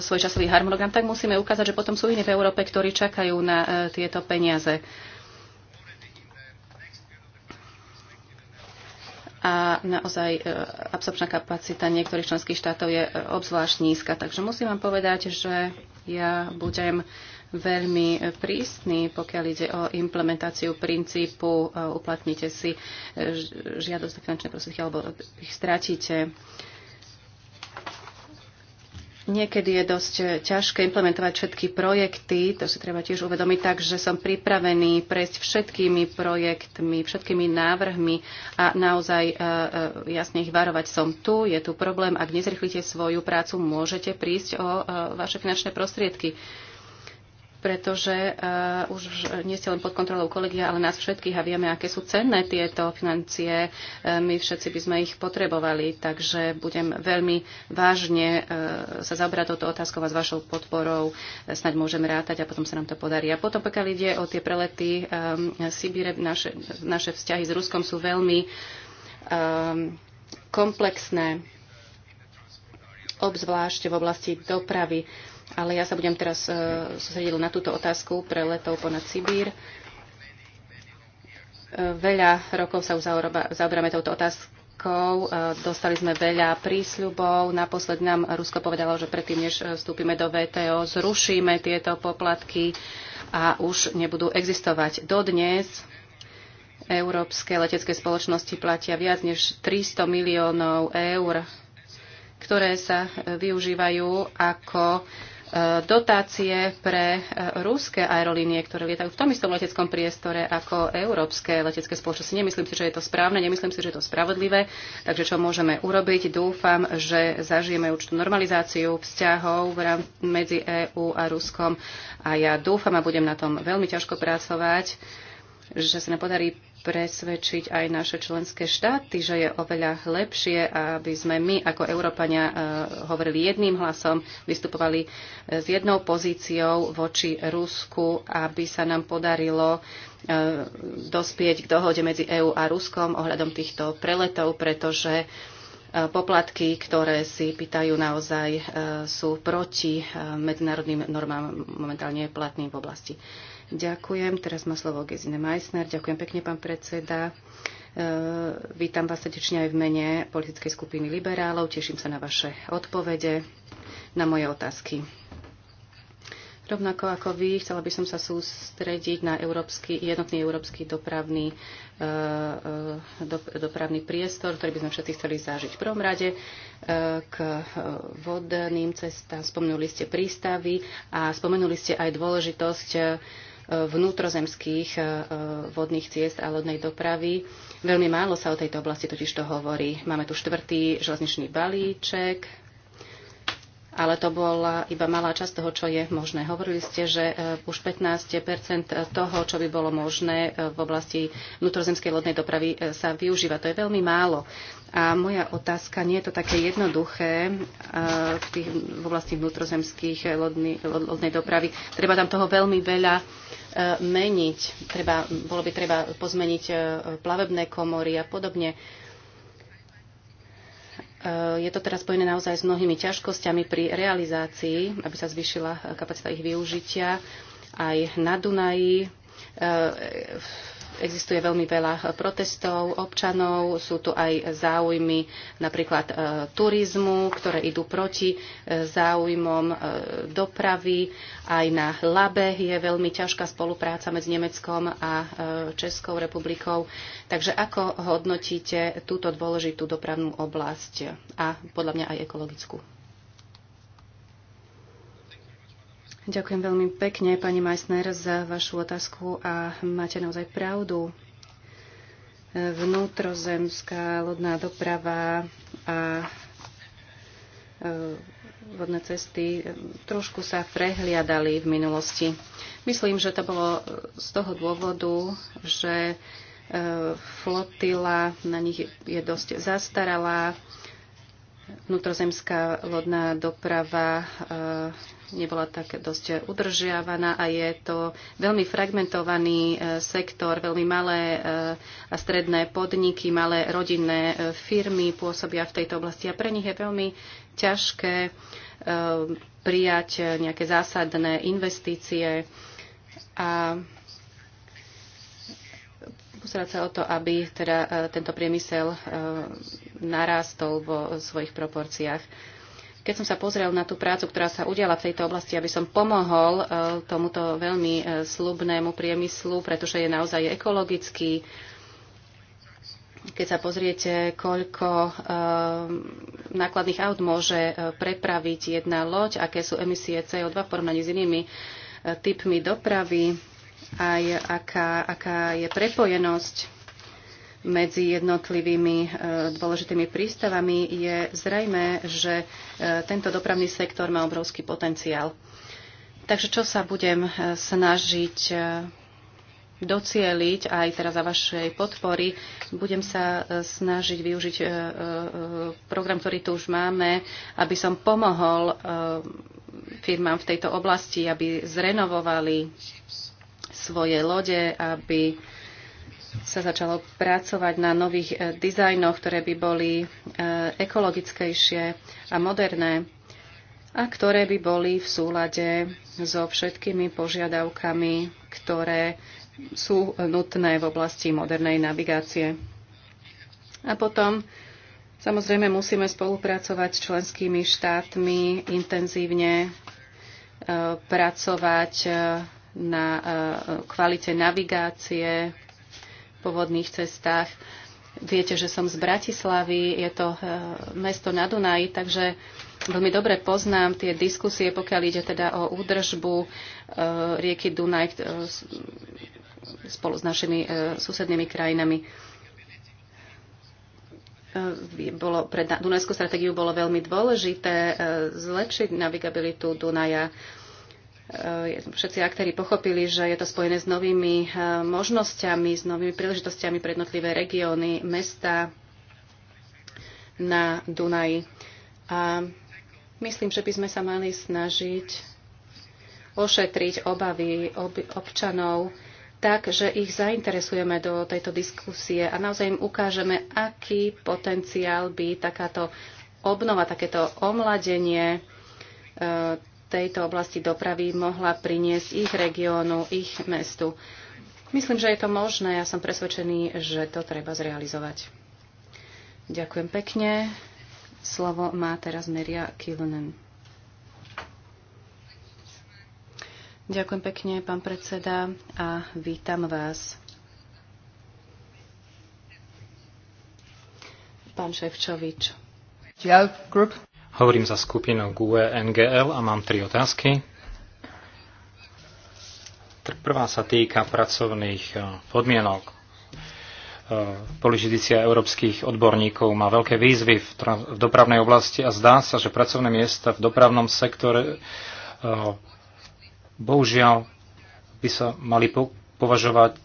svoj časový harmonogram, tak musíme ukázať, že potom sú iní v Európe, ktorí čakajú na e, tieto peniaze. a naozaj absorpčná kapacita niektorých členských štátov je obzvlášť nízka. Takže musím vám povedať, že ja budem veľmi prísny, pokiaľ ide o implementáciu princípu e, uplatnite si e, žiadosť o finančné prostriedky alebo ich stratíte. Niekedy je dosť ťažké implementovať všetky projekty, to si treba tiež uvedomiť, takže som pripravený prejsť všetkými projektmi, všetkými návrhmi a naozaj e, jasne ich varovať som tu, je tu problém, ak nezrychlíte svoju prácu, môžete prísť o vaše finančné prostriedky pretože uh, už nie ste len pod kontrolou kolegia, ale nás všetkých a vieme, aké sú cenné tieto financie. Uh, my všetci by sme ich potrebovali, takže budem veľmi vážne uh, sa zabrať touto otázkou a s vašou podporou uh, snaď môžem rátať a potom sa nám to podarí. A potom, pokiaľ ide o tie prelety um, Sibire, naše, naše vzťahy s Ruskom sú veľmi um, komplexné, obzvlášť v oblasti dopravy. Uh, ale ja sa budem teraz e, sústrediť na túto otázku pre letov ponad Sibír. E, veľa rokov sa už zaoberáme touto otázkou. E, dostali sme veľa prísľubov. Naposled nám Rusko povedalo, že predtým, než vstúpime do VTO, zrušíme tieto poplatky a už nebudú existovať. Dodnes európske letecké spoločnosti platia viac než 300 miliónov eur, ktoré sa využívajú ako dotácie pre e, ruské aerolínie, ktoré lietajú v tom istom leteckom priestore ako európske letecké spoločnosti. Nemyslím si, že je to správne, nemyslím si, že je to spravodlivé. Takže čo môžeme urobiť? Dúfam, že zažijeme určitú normalizáciu vzťahov medzi EÚ a Ruskom a ja dúfam a budem na tom veľmi ťažko pracovať že sa nám podarí presvedčiť aj naše členské štáty, že je oveľa lepšie, aby sme my ako Európania e, hovorili jedným hlasom, vystupovali e, s jednou pozíciou voči Rusku, aby sa nám podarilo e, dospieť k dohode medzi EÚ a Ruskom ohľadom týchto preletov, pretože poplatky, ktoré si pýtajú naozaj, sú proti medzinárodným normám momentálne platným v oblasti Ďakujem. Teraz má slovo Gezine Meissner. Ďakujem pekne, pán predseda. E, vítam vás srdečne aj v mene politickej skupiny liberálov. Teším sa na vaše odpovede, na moje otázky. Rovnako ako vy, chcela by som sa sústrediť na európsky, jednotný európsky dopravný, e, e, do, dopravný priestor, ktorý by sme všetci chceli zážiť. V prvom rade k vodným cestám spomenuli ste prístavy a spomenuli ste aj dôležitosť vnútrozemských e, e, vodných ciest a lodnej dopravy. Veľmi málo sa o tejto oblasti totiž to hovorí. Máme tu štvrtý železničný balíček, ale to bola iba malá časť toho, čo je možné. Hovorili ste, že e, už 15 toho, čo by bolo možné e, v oblasti vnútrozemskej lodnej dopravy e, sa využíva. To je veľmi málo. A moja otázka, nie je to také jednoduché v, tých, v oblasti vnútrozemských lodny, lodnej dopravy. Treba tam toho veľmi veľa meniť. Treba, bolo by treba pozmeniť plavebné komory a podobne. Eh, je to teraz spojené naozaj s mnohými ťažkosťami pri realizácii, aby sa zvýšila kapacita ich využitia aj na Dunaji. Eh, Existuje veľmi veľa eh, protestov občanov, sú tu aj záujmy napríklad eh, turizmu, ktoré idú proti eh, záujmom dopravy. Aj na Labe je veľmi ťažká spolupráca medzi Nemeckom a Českou republikou. Takže ako hodnotíte túto dôležitú dopravnú oblasť a podľa mňa aj ekologickú? Ďakujem veľmi pekne, pani Meissner, za vašu otázku a máte naozaj pravdu. Vnútrozemská lodná doprava a e, vodné cesty e, trošku sa prehliadali v minulosti. Myslím, že to bolo z toho dôvodu, že e, flotila na nich je dosť zastaralá, vnútrozemská lodná doprava nebola tak dosť udržiavaná a je to veľmi fragmentovaný e, sektor, veľmi malé e, a stredné podniky, malé rodinné e, firmy pôsobia v tejto oblasti a pre nich je veľmi ťažké prijať nejaké zásadné investície a posrať sa o to, aby teda tento priemysel narástol vo svojich proporciách. Keď som sa pozrel na tú prácu, ktorá sa udiala v tejto oblasti, aby som pomohol e, tomuto veľmi e, slubnému priemyslu, pretože je naozaj ekologický, keď sa pozriete, koľko e, nákladných aut môže prepraviť jedna loď, aké sú emisie CO2 v porovnaní s inými typmi dopravy, aj aká, aká je prepojenosť medzi jednotlivými e, dôležitými prístavami, je zrejme, že e, tento dopravný sektor má obrovský potenciál. Takže čo sa budem e, snažiť docieliť aj teraz za vašej podpory. Budem sa snažiť využiť program, ktorý tu už máme, aby som pomohol firmám v tejto oblasti, aby zrenovovali svoje lode, aby sa začalo pracovať na nových e, dizajnoch, ktoré by boli e, ekologickejšie a moderné a ktoré by boli v súlade so všetkými požiadavkami, ktoré sú nutné v oblasti modernej navigácie. A potom samozrejme musíme spolupracovať s členskými štátmi intenzívne, e, pracovať na kvalite navigácie, po vodných cestách. Viete, že som z Bratislavy, je to e, mesto na Dunaji, takže veľmi dobre poznám tie diskusie, pokiaľ ide teda o údržbu e, rieky Dunaj e, spolu s našimi susednými krajinami bolo pre Dunajskú stratégiu bolo veľmi dôležité zlepšiť navigabilitu Dunaja Eh, všetci aktéri pochopili, že je to spojené s novými eh, možnosťami, s novými príležitostiami pre jednotlivé regióny, mesta na Dunaji. A myslím, že by sme sa mali snažiť ošetriť obavy ob- občanov tak, že ich zainteresujeme do tejto diskusie a naozaj im ukážeme, aký potenciál by takáto obnova, takéto omladenie eh, tejto oblasti dopravy mohla priniesť ich regiónu, ich mestu. Myslím, že je to možné. Ja som presvedčený, že to treba zrealizovať. Ďakujem pekne. Slovo má teraz Meria Kilnen. Ďakujem pekne, pán predseda, a vítam vás. Pán Ševčovič. Hovorím za skupinu GUE NGL a mám tri otázky. Prvá sa týka pracovných e, podmienok. E, Poližidícia európskych odborníkov má veľké výzvy v dopravnej oblasti a zdá sa, že pracovné miesta v dopravnom sektore e, bohužiaľ by sa mali považovať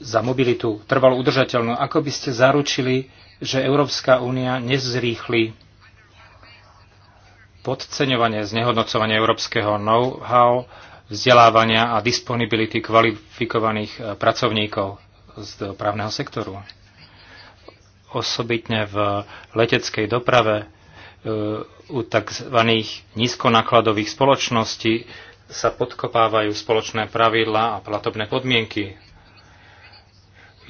za mobilitu trvalo udržateľnú. Ako by ste zaručili že Európska únia nezrýchli podceňovanie, znehodnocovanie európskeho know-how, vzdelávania a disponibility kvalifikovaných eh, pracovníkov z právneho sektoru. Osobitne v leteckej doprave eh, u tzv. nízkonákladových spoločností sa podkopávajú spoločné pravidlá a platobné podmienky.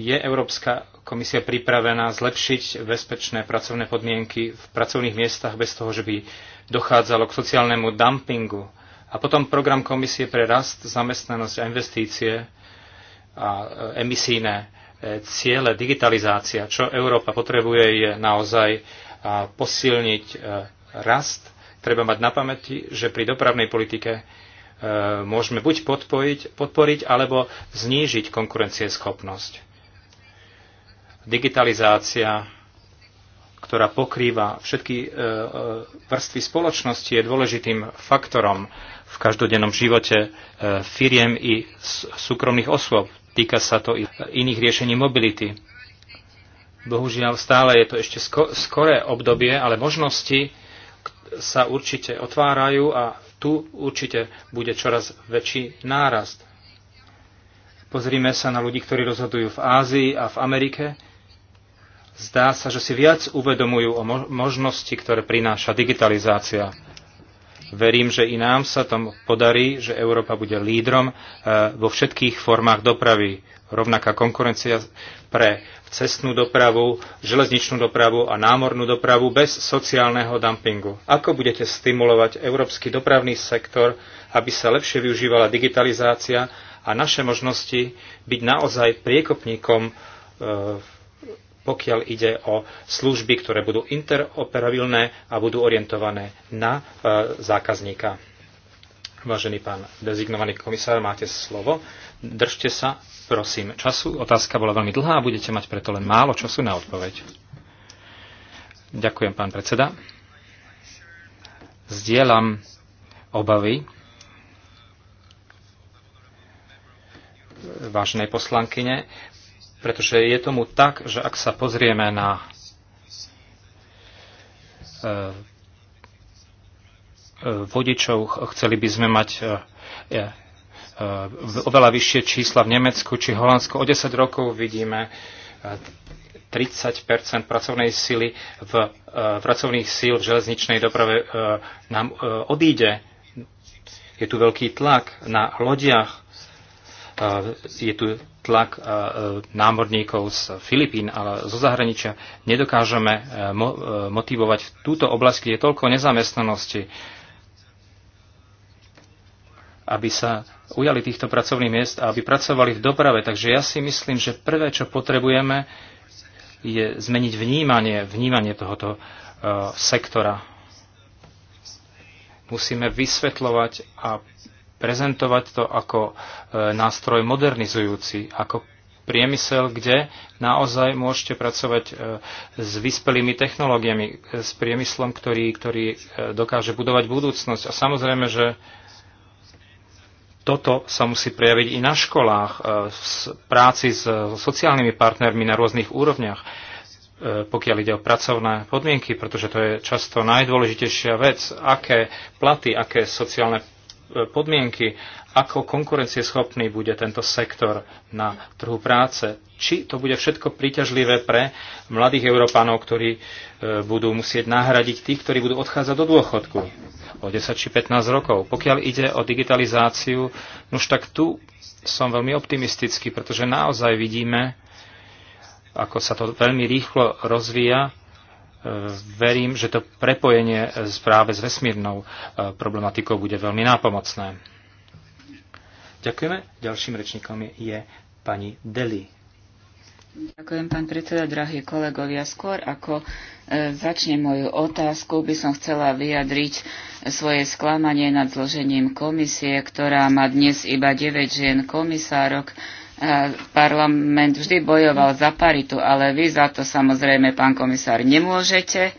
Je Európska komisia pripravená zlepšiť bezpečné pracovné podmienky v pracovných miestach bez toho, že by dochádzalo k sociálnemu dumpingu. A potom program komisie pre rast, zamestnanosť a investície a e, emisijné e, ciele, digitalizácia. Čo Európa potrebuje je naozaj e, posilniť rast. Treba mať na pamäti, že pri dopravnej politike môžeme buď podporiť, podporiť alebo znížiť konkurencieschopnosť digitalizácia, ktorá pokrýva všetky e, e, vrstvy spoločnosti, je dôležitým faktorom v každodennom živote e, firiem i súkromných osôb. Týka sa to i iných riešení mobility. Bohužiaľ, stále je to ešte skoré obdobie, ale možnosti sa určite otvárajú a tu určite bude čoraz väčší nárast. Pozrime sa na ľudí, ktorí rozhodujú v Ázii a v Amerike Zdá sa, že si viac uvedomujú o možnosti, ktoré prináša digitalizácia. Verím, že i nám sa tom podarí, že Európa bude lídrom eh, vo všetkých formách dopravy. Rovnaká konkurencia pre cestnú dopravu, železničnú dopravu a námornú dopravu bez sociálneho dumpingu. Ako budete stimulovať európsky dopravný sektor, aby sa lepšie využívala digitalizácia a naše možnosti byť naozaj priekopníkom v eh, pokiaľ ide o služby, ktoré budú interoperabilné a budú orientované na e, zákazníka. Vážený pán dezignovaný komisár, máte slovo. Držte sa, prosím, času. Otázka bola veľmi dlhá a budete mať preto len málo času na odpoveď. Ďakujem, pán predseda. Zdieľam obavy vážnej poslankyne, pretože je tomu tak, že ak sa pozrieme na e, e, vodičov, chceli by sme mať e, oveľa vyššie čísla v Nemecku či Holandsku. O 10 rokov vidíme 30 pracovnej sily v pracovných síl v železničnej doprave nám odíde. Je tu veľký tlak na lodiach, je tu tlak e, námorníkov z Filipín, ale zo zahraničia nedokážeme e, e, motivovať v túto oblasti, kde je toľko nezamestnanosti, aby sa ujali týchto pracovných miest a aby pracovali v doprave. Takže ja si myslím, že prvé, čo potrebujeme, je zmeniť vnímanie, vnímanie tohoto sektora. Musíme vysvetľovať a prezentovať to ako e, nástroj modernizujúci, ako priemysel, kde naozaj môžete pracovať e, s vyspelými technológiami, e, s priemyslom, ktorý, ktorý dokáže budovať budúcnosť. A samozrejme, že toto sa musí prejaviť i na školách, v práci s sociálnymi partnermi na rôznych úrovniach, pokiaľ ide o pracovné podmienky, pretože to je často najdôležitejšia vec, aké platy, aké sociálne podmienky, ako konkurencieschopný bude tento sektor na trhu práce. Či to bude všetko príťažlivé pre mladých Európanov, ktorí e, budú musieť nahradiť tých, ktorí budú odchádzať do dôchodku o 10 či 15 rokov. Pokiaľ ide o digitalizáciu, už tak tu som veľmi optimistický, pretože naozaj vidíme, ako sa to veľmi rýchlo rozvíja verím, že to prepojenie práve s vesmírnou e, problematikou bude veľmi nápomocné. Ďakujeme. Ďalším rečníkom je pani Deli. Ďakujem, pán predseda, drahí kolegovia. Skôr ako e, začne moju otázku, by som chcela vyjadriť svoje sklamanie nad zložením komisie, ktorá má dnes iba 9 žien komisárok, E, parlament vždy bojoval za paritu, ale vy za to samozrejme, pán komisár, nemôžete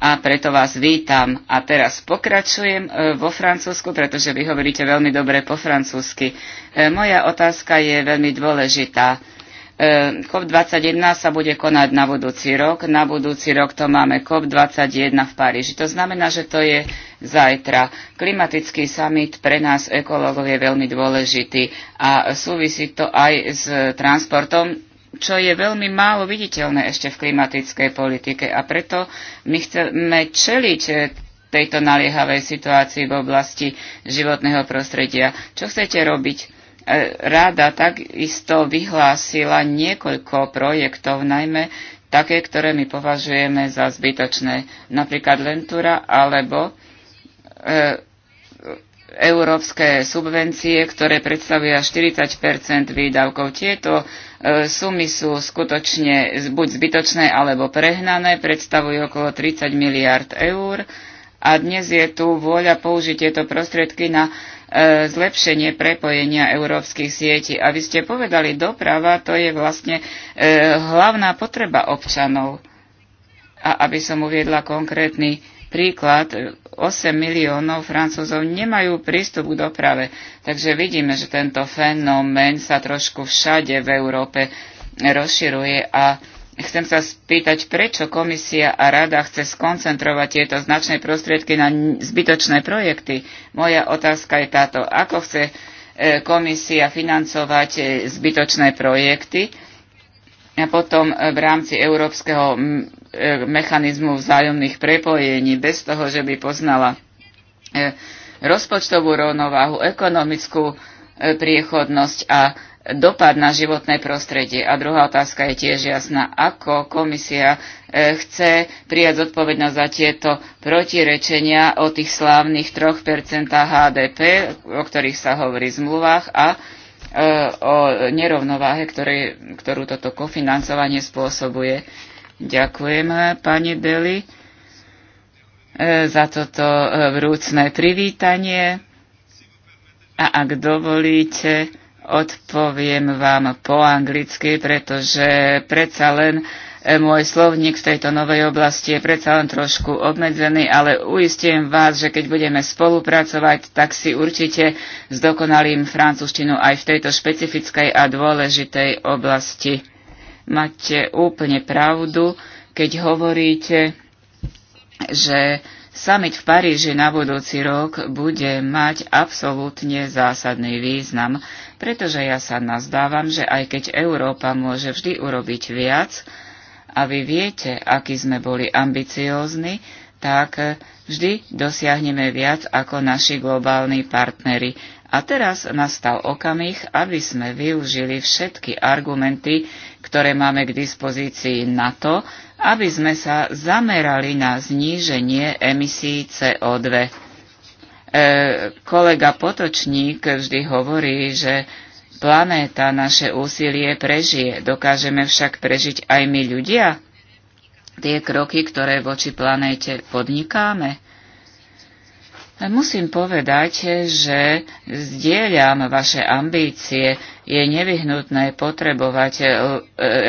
a preto vás vítam. A teraz pokračujem e, vo francúzsku, pretože vy hovoríte veľmi dobre po francúzsky. E, moja otázka je veľmi dôležitá. COP21 ehm, sa bude konať na budúci rok. Na budúci rok to máme COP21 v Paríži. To znamená, že to je zajtra. Klimatický summit pre nás ekológov je veľmi dôležitý a súvisí to aj s transportom, čo je veľmi málo viditeľné ešte v klimatickej politike. A preto my chceme čeliť tejto naliehavej situácii v oblasti životného prostredia. Čo chcete robiť? Rada takisto vyhlásila niekoľko projektov, najmä také, ktoré my považujeme za zbytočné, napríklad Lentura alebo e, európske subvencie, ktoré predstavujú 40 výdavkov. Tieto e, sumy sú skutočne buď zbytočné alebo prehnané, predstavujú okolo 30 miliard eur a dnes je tu vôľa použiť tieto prostriedky na E, zlepšenie prepojenia európskych sietí. A vy ste povedali, doprava to je vlastne e, hlavná potreba občanov. A aby som uviedla konkrétny príklad, 8 miliónov Francúzov nemajú prístup k doprave. Takže vidíme, že tento fenomén sa trošku všade v Európe rozširuje a Chcem sa spýtať, prečo komisia a rada chce skoncentrovať tieto značné prostriedky na zbytočné projekty. Moja otázka je táto. Ako chce e, komisia financovať e, zbytočné projekty a potom e, v rámci európskeho mechanizmu vzájomných prepojení, bez toho, že by poznala rozpočtovú rovnováhu, ekonomickú priechodnosť a dopad na životné prostredie. A druhá otázka je tiež jasná. Ako komisia e, chce prijať zodpovednosť za tieto protirečenia o tých slávnych 3% HDP, o ktorých sa hovorí v zmluvách a e, o nerovnováhe, ktoré, ktorú toto kofinancovanie spôsobuje. Ďakujem, pani Deli, e, za toto vrúcne privítanie. A ak dovolíte, odpoviem vám po anglicky, pretože predsa len e, môj slovník v tejto novej oblasti je predsa len trošku obmedzený, ale uistím vás, že keď budeme spolupracovať, tak si určite zdokonalím francúzštinu aj v tejto špecifickej a dôležitej oblasti. Máte úplne pravdu, keď hovoríte, že Summit v Paríži na budúci rok bude mať absolútne zásadný význam pretože ja sa nazdávam, že aj keď Európa môže vždy urobiť viac, a vy viete, aký sme boli ambiciózni, tak vždy dosiahneme viac ako naši globálni partnery. A teraz nastal okamih, aby sme využili všetky argumenty, ktoré máme k dispozícii na to, aby sme sa zamerali na zníženie emisí CO2. E, kolega Potočník vždy hovorí, že planéta naše úsilie prežije. Dokážeme však prežiť aj my ľudia? Tie kroky, ktoré voči planéte podnikáme? E, musím povedať, že zdieľam vaše ambície. Je nevyhnutné potrebovať e,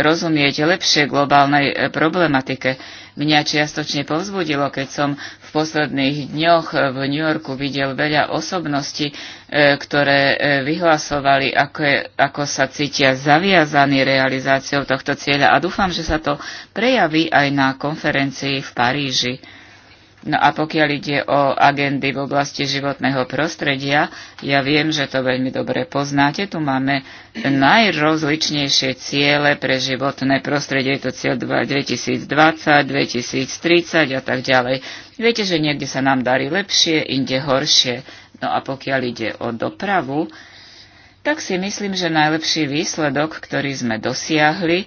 rozumieť lepšie globálnej problematike. Mňa čiastočne povzbudilo, keď som posledných dňoch v New Yorku videl veľa osobností, e, ktoré e, vyhlasovali, ako, ako sa cítia zaviazaní realizáciou tohto cieľa a dúfam, že sa to prejaví aj na konferencii v Paríži. No a pokiaľ ide o agendy v oblasti životného prostredia, ja viem, že to veľmi dobre poznáte. Tu máme najrozličnejšie ciele pre životné prostredie. Je to cieľ 2020, 2030 a tak ďalej. Viete, že niekde sa nám darí lepšie, inde horšie. No a pokiaľ ide o dopravu, tak si myslím, že najlepší výsledok, ktorý sme dosiahli,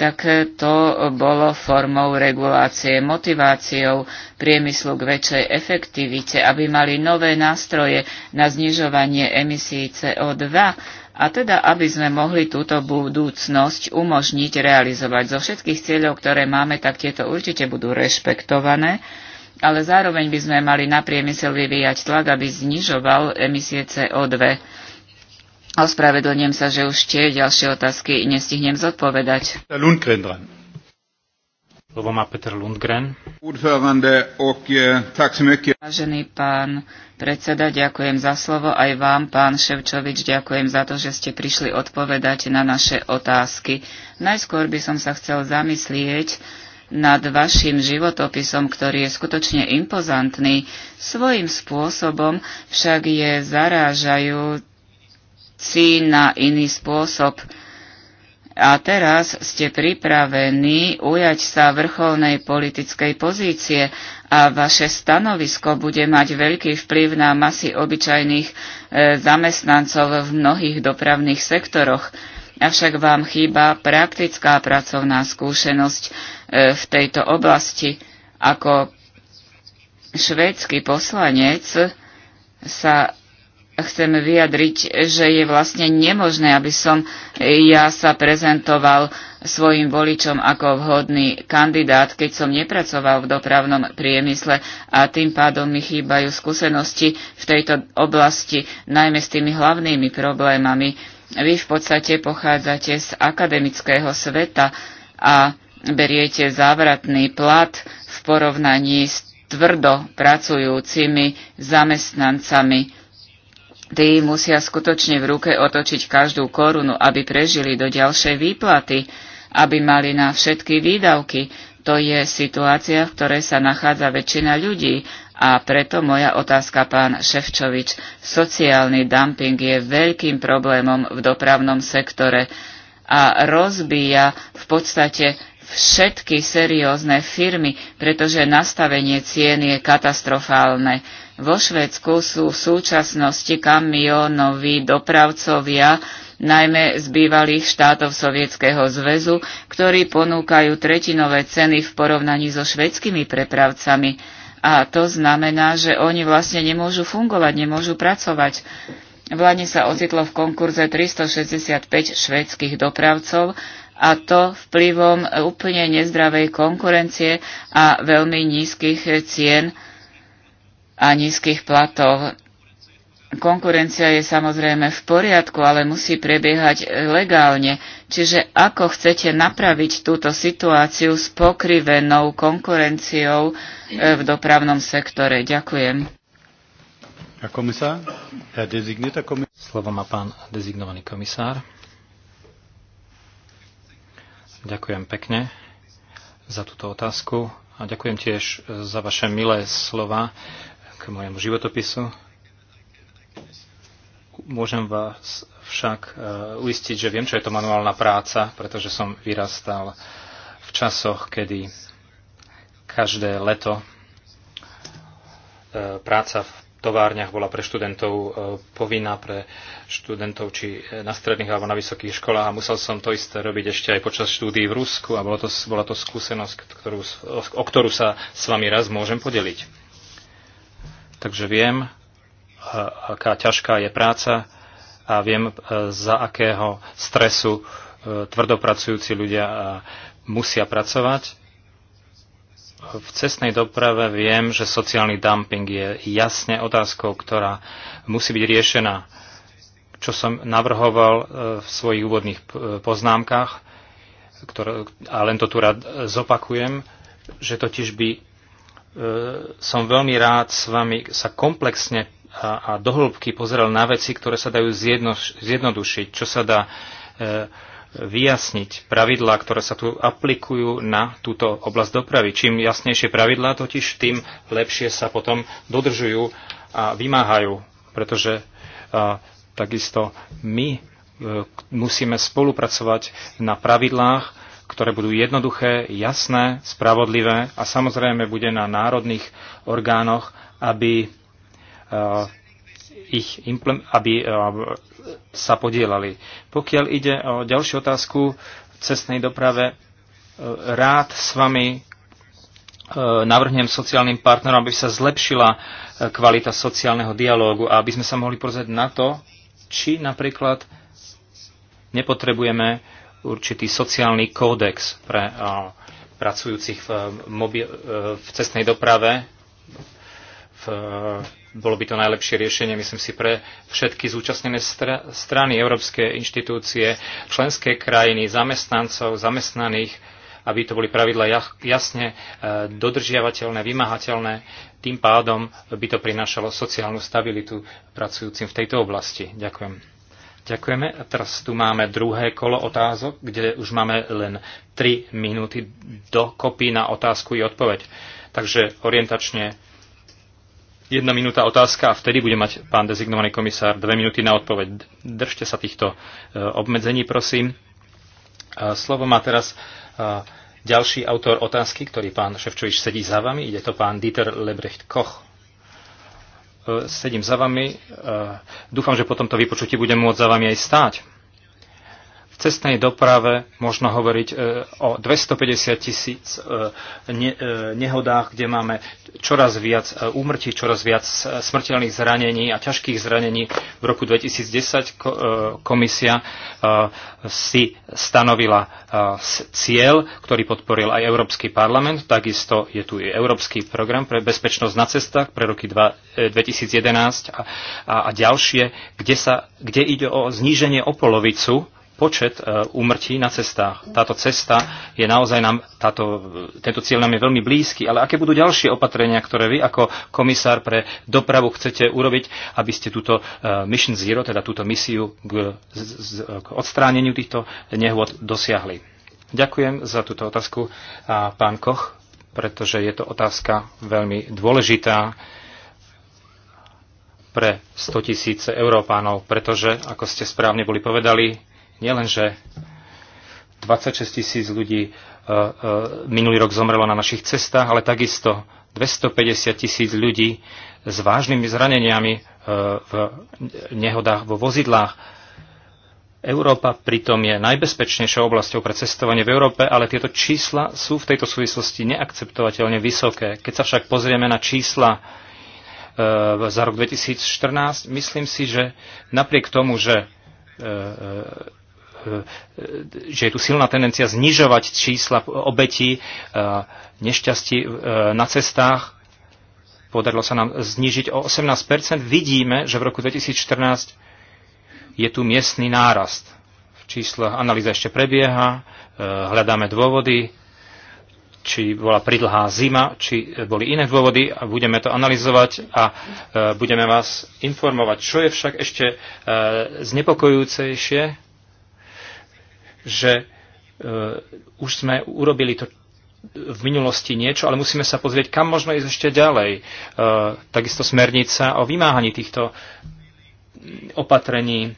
tak to bolo formou regulácie, motiváciou priemyslu k väčšej efektivite, aby mali nové nástroje na znižovanie emisí CO2 a teda aby sme mohli túto budúcnosť umožniť realizovať. Zo všetkých cieľov, ktoré máme, tak tieto určite budú rešpektované ale zároveň by sme mali na priemysel vyvíjať tlak, aby znižoval emisie CO2. Ospravedlňujem sa, že už tie ďalšie otázky nestihnem zodpovedať. Lundgren dran. Slovo má Peter Lundgren. Vážený pán predseda, ďakujem za slovo. Aj vám, pán Ševčovič, ďakujem za to, že ste prišli odpovedať na naše otázky. Najskôr by som sa chcel zamyslieť, nad vašim životopisom, ktorý je skutočne impozantný. Svojím spôsobom však je zarážajúci na iný spôsob. A teraz ste pripravení ujať sa vrcholnej politickej pozície a vaše stanovisko bude mať veľký vplyv na masy obyčajných e, zamestnancov v mnohých dopravných sektoroch. Avšak vám chýba praktická pracovná skúsenosť E, v tejto oblasti. Ako švédsky poslanec sa chcem vyjadriť, že je vlastne nemožné, aby som ja sa prezentoval svojim voličom ako vhodný kandidát, keď som nepracoval v dopravnom priemysle a tým pádom mi chýbajú skúsenosti v tejto oblasti, najmä s tými hlavnými problémami. Vy v podstate pochádzate z akademického sveta a beriete závratný plat v porovnaní s tvrdo pracujúcimi zamestnancami. Tí musia skutočne v ruke otočiť každú korunu, aby prežili do ďalšej výplaty, aby mali na všetky výdavky. To je situácia, v ktorej sa nachádza väčšina ľudí a preto moja otázka, pán Ševčovič. Sociálny dumping je veľkým problémom v dopravnom sektore a rozbíja v podstate všetky seriózne firmy, pretože nastavenie cien je katastrofálne. Vo Švedsku sú v súčasnosti kamionoví dopravcovia, najmä z bývalých štátov Sovietskeho zväzu, ktorí ponúkajú tretinové ceny v porovnaní so švedskými prepravcami. A to znamená, že oni vlastne nemôžu fungovať, nemôžu pracovať. Vládne sa ocitlo v konkurze 365 švedských dopravcov a to vplyvom úplne nezdravej konkurencie a veľmi nízkych cien a nízkych platov. Konkurencia je samozrejme v poriadku, ale musí prebiehať legálne. Čiže ako chcete napraviť túto situáciu s pokrivenou konkurenciou e, v dopravnom sektore? Ďakujem. Komisár, ja komisár. Slovo má pán dezignovaný komisár. Ďakujem pekne za túto otázku a ďakujem tiež za vaše milé slova k mojemu životopisu. Môžem vás však e, uistiť, že viem, čo je to manuálna práca, pretože som vyrastal v časoch, kedy každé leto e, práca v továrniach bola pre študentov e, povinná pre študentov či e, na stredných alebo na vysokých školách a musel som to isté robiť ešte aj počas štúdií v Rusku a bola to, bola to skúsenosť, ktorú, o ktorú sa s vami raz môžem podeliť. Takže viem, e, aká ťažká je práca a viem, za akého stresu tvrdopracujúci ľudia musia pracovať v cestnej doprave viem, že sociálny dumping je jasne otázkou, ktorá musí byť riešená. Čo som navrhoval e, v svojich úvodných e, poznámkach, ktoré, a len to tu rád zopakujem, že totiž by e, som veľmi rád s vami sa komplexne a, a dohlbky pozrel na veci, ktoré sa dajú zjedno, zjednodušiť, čo sa dá vyjasniť pravidlá, ktoré sa tu aplikujú na túto oblasť dopravy. Čím jasnejšie pravidlá totiž, tým lepšie sa potom dodržujú a vymáhajú, pretože a, takisto my e, musíme spolupracovať na pravidlách, ktoré budú jednoduché, jasné, spravodlivé a samozrejme bude na národných orgánoch, aby, uh, ich, aby sa podielali. Pokiaľ ide o ďalšiu otázku v cestnej doprave, e, rád s vami e, navrhnem sociálnym partnerom, aby sa zlepšila e, kvalita sociálneho dialógu a aby sme sa mohli pozrieť na to, či napríklad nepotrebujeme určitý sociálny kódex pre pracujúcich v, mobil, v cestnej doprave, v bolo by to najlepšie riešenie, myslím si, pre všetky zúčastnené str- strany, európske inštitúcie, členské krajiny, zamestnancov, zamestnaných, aby to boli pravidla jasne e, dodržiavateľné, vymahateľné. Tým pádom by to prinášalo sociálnu stabilitu pracujúcim v tejto oblasti. Ďakujem. Ďakujeme. A teraz tu máme druhé kolo otázok, kde už máme len 3 minúty do kopy na otázku i odpoveď. Takže orientačne Jedna minúta otázka a vtedy bude mať pán dezignovaný komisár dve minúty na odpoveď. Držte sa týchto e, obmedzení, prosím. E, slovo má teraz e, ďalší autor otázky, ktorý pán Ševčovič sedí za vami. Ide to pán Dieter Lebrecht Koch. Sedím za vami. Dúfam, že po tomto vypočutí budem môcť za vami aj stáť cestnej doprave možno hovoriť e, o 250 tisíc e, e, nehodách, kde máme čoraz viac úmrtí, čoraz viac smrteľných zranení a ťažkých zranení. V roku 2010 komisia si stanovila cieľ, ktorý podporil aj Európsky parlament. Takisto je tu i Európsky program pre bezpečnosť na cestách pre roky 2011 a, a, a ďalšie, kde, sa, kde ide o zníženie o polovicu počet e, úmrtí na cestách. Táto cesta je naozaj nám, táto, e, tento cieľ nám je veľmi blízky, ale aké budú ďalšie opatrenia, ktoré vy ako komisár pre dopravu chcete urobiť, aby ste túto e, Mission Zero, teda túto misiu k, k odstráneniu týchto nehôd dosiahli? Ďakujem za túto otázku, a pán Koch, pretože je to otázka veľmi dôležitá pre 100 tisíce Európánov, pretože, ako ste správne boli povedali, Nielenže 26 tisíc ľudí e, e, minulý rok zomrelo na našich cestách, ale takisto 250 tisíc ľudí s vážnymi zraneniami e, v nehodách vo vozidlách. Európa pritom je najbezpečnejšou oblasťou pre cestovanie v Európe, ale tieto čísla sú v tejto súvislosti neakceptovateľne vysoké. Keď sa však pozrieme na čísla za rok 2014, myslím si, že napriek tomu, že E, že je tu silná tendencia znižovať čísla obetí e, nešťastí e, na cestách. Podarilo sa nám znižiť o 18 Vidíme, že v roku 2014 je tu miestný nárast. V čísle analýza ešte prebieha, hľadáme dôvody, či bola pridlhá zima, či boli iné dôvody a budeme to analyzovať a budeme vás informovať. Čo je však ešte znepokojúcejšie, že e, už sme urobili to v minulosti niečo, ale musíme sa pozrieť, kam možno ísť ešte ďalej. E, takisto smernica o vymáhaní týchto opatrení,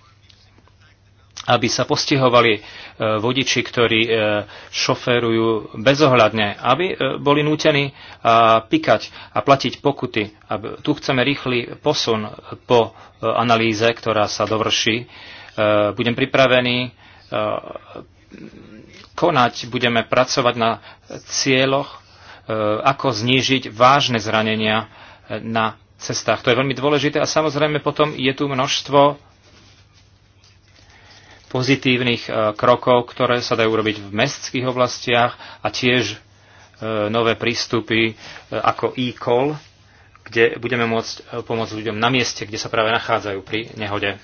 aby sa postihovali e, vodiči, ktorí šoférujú bezohľadne, aby boli nútení pikať a platiť pokuty. Tu chceme rýchly posun po analýze, ktorá sa dovrší. Budem pripravený E, konať, budeme pracovať na cieľoch, e, ako znížiť vážne zranenia e, na cestách. To je veľmi dôležité a samozrejme potom je tu množstvo pozitívnych krokov, ktoré sa dajú robiť v mestských oblastiach a tiež nové prístupy ako e-call, kde budeme môcť pomôcť ľuďom na mieste, kde sa práve nachádzajú pri nehode.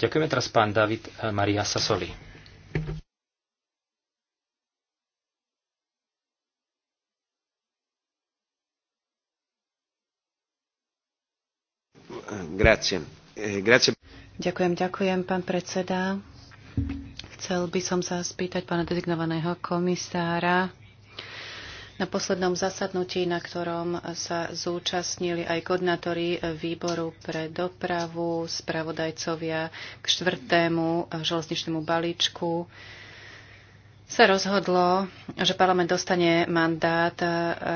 Ďakujeme teraz pán David eh, Maria Sasoli. Grazie. Eh, grazie. Ďakujem, ďakujem, pán predseda. Chcel by som sa spýtať pána dezignovaného komisára na poslednom zasadnutí, na ktorom sa zúčastnili aj koordinátori výboru pre dopravu, spravodajcovia k štvrtému železničnému balíčku, sa rozhodlo, že parlament dostane mandát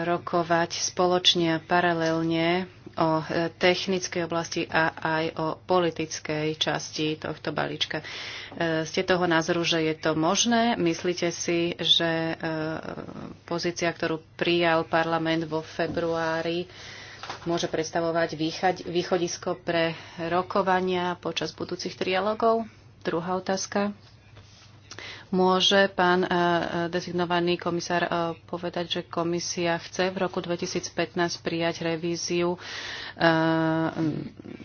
rokovať spoločne a paralelne o e, technickej oblasti a aj o politickej časti tohto balíčka. E, ste toho názoru, že je to možné? Myslíte si, že e, pozícia, ktorú prijal parlament vo februári, môže predstavovať východisko pre rokovania počas budúcich trialogov? Druhá otázka. Môže pán eh, eh, dezignovaný komisár eh, povedať, že komisia chce v roku 2015 prijať revíziu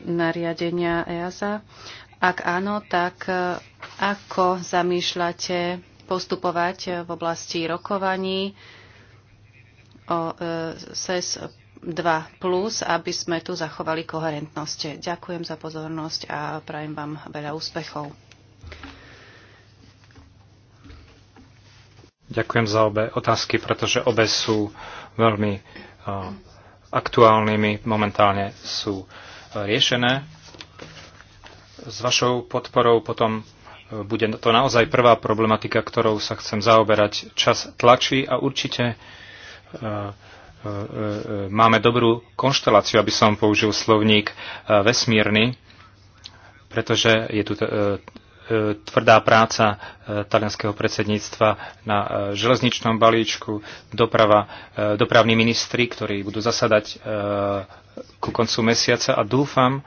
nariadenia EASA? Ak áno, tak ako zamýšľate postupovať v oblasti rokovaní o SES 2+, e Plus, aby sme tu zachovali koherentnosť. Ďakujem za pozornosť a prajem vám veľa úspechov. Ďakujem za obe otázky, pretože obe sú veľmi eh, aktuálnymi, momentálne sú eh, riešené. S vašou podporou potom eh, bude to naozaj prvá problematika, ktorou sa chcem zaoberať. Čas tlačí a určite máme dobrú konšteláciu, aby som použil slovník vesmírny, pretože je tu tvrdá práca e, talianského predsedníctva na e, železničnom balíčku, doprava, e, dopravní ministri, ktorí budú zasadať ku koncu mesiaca a dúfam,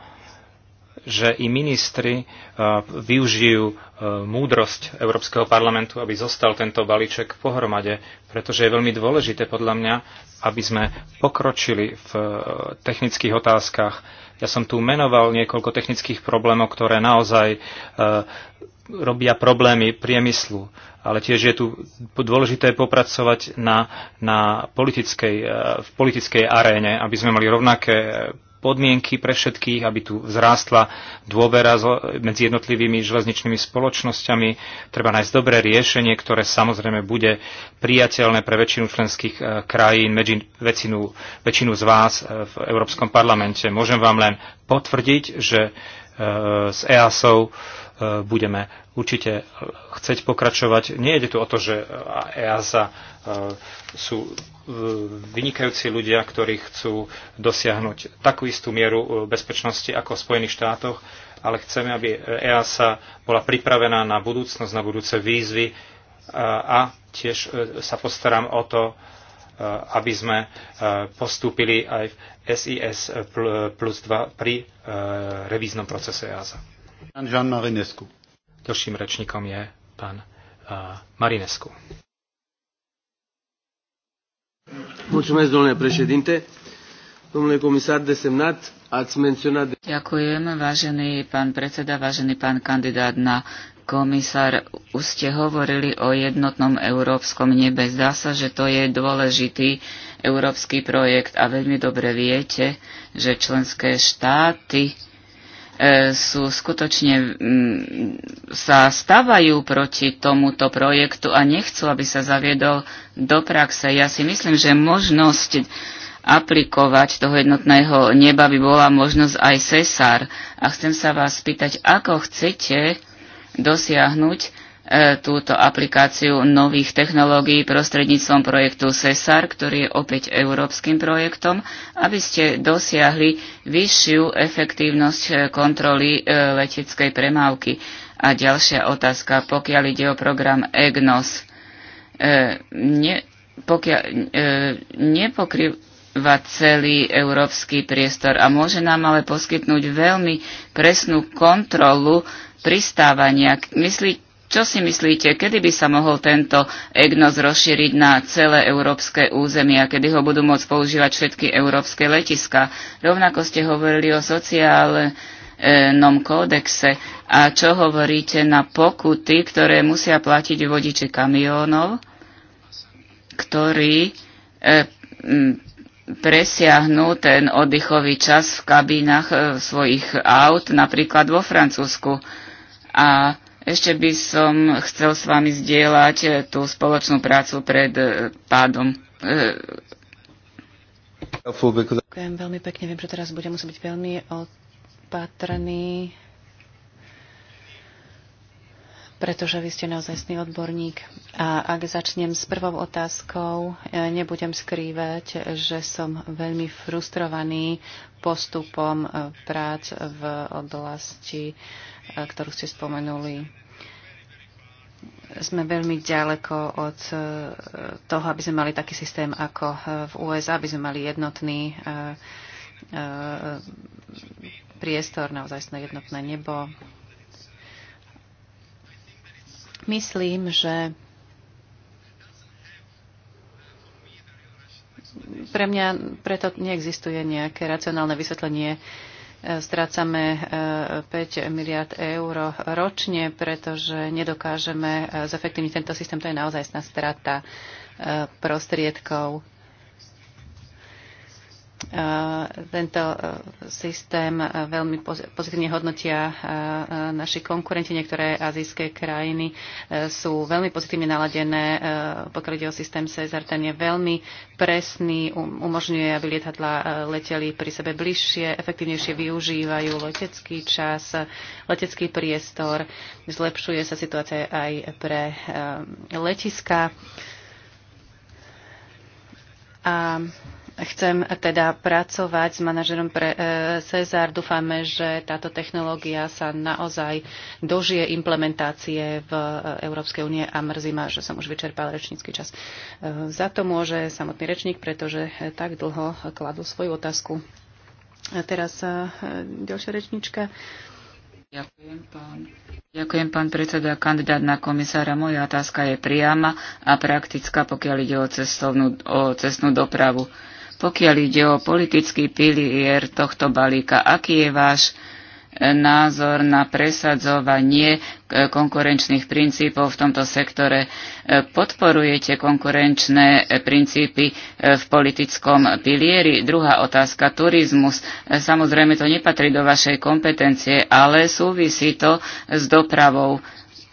že i ministri využijú múdrosť Európskeho parlamentu, aby zostal tento balíček pohromade, pretože je veľmi dôležité podľa mňa, aby sme pokročili v technických otázkach, ja som tu menoval niekoľko technických problémov, ktoré naozaj e, robia problémy priemyslu. Ale tiež je tu dôležité popracovať na, na politickej, e, v politickej aréne, aby sme mali rovnaké podmienky pre všetkých, aby tu vzrástla dôvera medzi jednotlivými železničnými spoločnosťami. Treba nájsť dobré riešenie, ktoré samozrejme bude priateľné pre väčšinu členských eh, krajín, väčšinu, väčšinu z vás eh, v Európskom parlamente. Môžem vám len potvrdiť, že eh, s EASou budeme určite chceť pokračovať. Nie je tu o to, že EASA e E, sú e, vynikajúci ľudia, ktorí chcú dosiahnuť takú istú mieru e, bezpečnosti ako v Spojených štátoch, ale chceme, aby EASA bola pripravená na budúcnosť, na budúce výzvy a tiež sa postaram o to, aby sme postúpili aj v SIS plus 2 pri revíznom procese EASA. Jean Marinescu. Ďalším rečníkom je pán Marinescu. Mulțumesc, domnule președinte. Domnule comisar desemnat, ați menționat... Ďakujem, vážený pán predseda, vážený pán kandidát na komisár, už ste hovorili o jednotnom európskom nebe. Zdá sa, že to je dôležitý európsky projekt a veľmi dobre viete, že členské štáty E, sú skutočne sa stavajú proti tomuto projektu a nechcú, aby sa zaviedol do praxe. Ja si myslím, že možnosť aplikovať toho jednotného neba by bola možnosť aj cesár. A chcem sa vás spýtať, ako chcete dosiahnuť, E, túto aplikáciu nových technológií prostredníctvom projektu CESAR, ktorý je opäť európskym projektom, aby ste dosiahli vyššiu efektívnosť e, kontroly e, leteckej premávky. A ďalšia otázka, pokiaľ ide o program EGNOS, ne, pokiaľ, nepokrýva celý európsky priestor a môže nám ale poskytnúť veľmi presnú kontrolu pristávania. Myslíte, čo si myslíte, kedy by sa mohol tento EGNOS rozšíriť na celé európske územie a kedy ho budú môcť používať všetky európske letiska? Rovnako ste hovorili o sociálnom kódexe a čo hovoríte na pokuty, ktoré musia platiť vodiče kamiónov, ktorí e, presiahnu ten oddychový čas v kabínach e, svojich aut, napríklad vo Francúzsku. A ešte by som chcel s vami zdieľať eh, tú spoločnú prácu pred eh, pádom. Eh, Ďakujem veľmi pekne. Viem, že teraz budem musieť byť veľmi opatrný pretože vy ste naozajstný odborník. A ak začnem s prvou otázkou, e, nebudem skrývať, že som veľmi frustrovaný postupom e, prác v oblasti, e, ktorú ste spomenuli. Sme veľmi ďaleko od toho, aby sme mali taký systém ako v USA, aby sme mali jednotný priestor, naozaj jednotné nebo Myslím, že pre mňa preto neexistuje nejaké racionálne vysvetlenie. E, strácame 5 e, miliard eur ročne, pretože nedokážeme e, zefektívniť tento systém. To je naozaj strata prostriedkov tento e, systém e, veľmi pozitívne hodnotia e, naši konkurenti. Niektoré azijské krajiny sú veľmi pozitívne naladené, pokiaľ ide o systém Cezar. Ten je veľmi presný, um-, umožňuje, aby lietadla leteli pri sebe bližšie, efektívnejšie využívajú letecký čas, letecký priestor. Zlepšuje sa situácia aj pre letiska. A Chcem teda pracovať s manažerom pre e, Cezar. Dúfame, že táto technológia sa naozaj dožije implementácie v e, Európskej únie a mrzí ma, že som už vyčerpal rečnícky čas. E, za to môže samotný rečník, pretože tak dlho kladol svoju otázku. A teraz ďalšia rečníčka. Ďakujem pán. Ďakujem, pán predseda. Kandidát na komisára, moja otázka je priama a praktická, pokiaľ ide o cestovnú, o cestnú dopravu. Pokiaľ ide o politický pilier tohto balíka, aký je váš e, názor na presadzovanie e, konkurenčných princípov v tomto sektore. E, podporujete konkurenčné princípy v politickom pilieri? Druhá otázka, turizmus. Samozrejme, to nepatrí do vašej kompetencie, ale súvisí to s dopravou.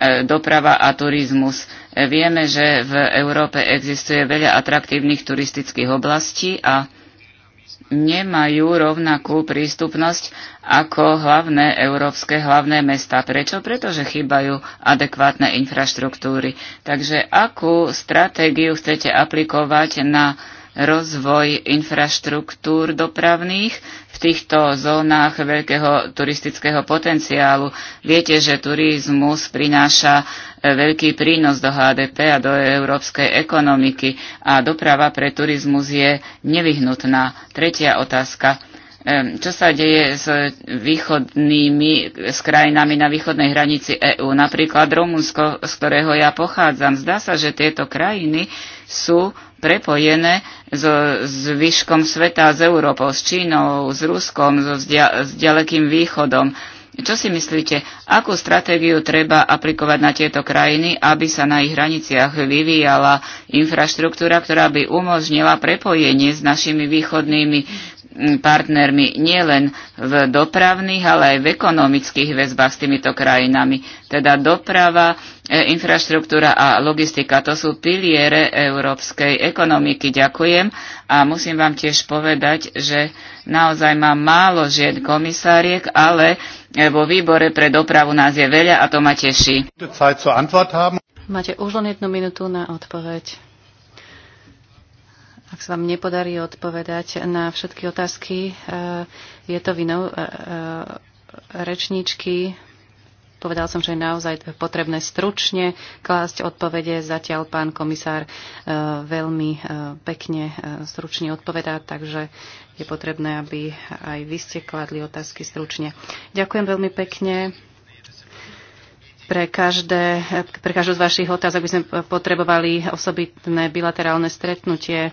E, doprava a turizmus. E, vieme, že v Európe existuje veľa atraktívnych turistických oblastí a nemajú rovnakú prístupnosť ako hlavné európske hlavné mesta. Prečo? Pretože chýbajú adekvátne infraštruktúry. Takže akú stratégiu chcete aplikovať na rozvoj infraštruktúr dopravných v týchto zónach veľkého turistického potenciálu. Viete, že turizmus prináša e, veľký prínos do HDP a do európskej ekonomiky a doprava pre turizmus je nevyhnutná. Tretia otázka. E, čo sa deje s východnými, s krajinami na východnej hranici EÚ, napríklad Rumunsko, z ktorého ja pochádzam? Zdá sa, že tieto krajiny sú prepojené so zvyškom sveta, s Európou, s Čínou, s Ruskom, so, s, s ďalekým východom. Čo si myslíte, akú stratégiu treba aplikovať na tieto krajiny, aby sa na ich hraniciach vyvíjala infraštruktúra, ktorá by umožnila prepojenie s našimi východnými partnermi nielen v dopravných, ale aj v ekonomických väzbách s týmito krajinami. Teda doprava, e, infraštruktúra a logistika, to sú piliere európskej ekonomiky. Ďakujem a musím vám tiež povedať, že naozaj mám málo žien komisáriek, ale e, vo výbore pre dopravu nás je veľa a to ma teší. Máte už len jednu minútu na odpoveď. Ak sa vám nepodarí odpovedať na všetky otázky, eh, je to vinou eh, eh, rečníčky. Povedal som, že je naozaj potrebné stručne klásť odpovede. Zatiaľ pán komisár veľmi pekne stručne odpovedá, takže je potrebné, aby aj vy ste kladli otázky stručne. Ďakujem veľmi pekne. Pre, každé, pre každú z vašich otázok by sme potrebovali osobitné bilaterálne stretnutie.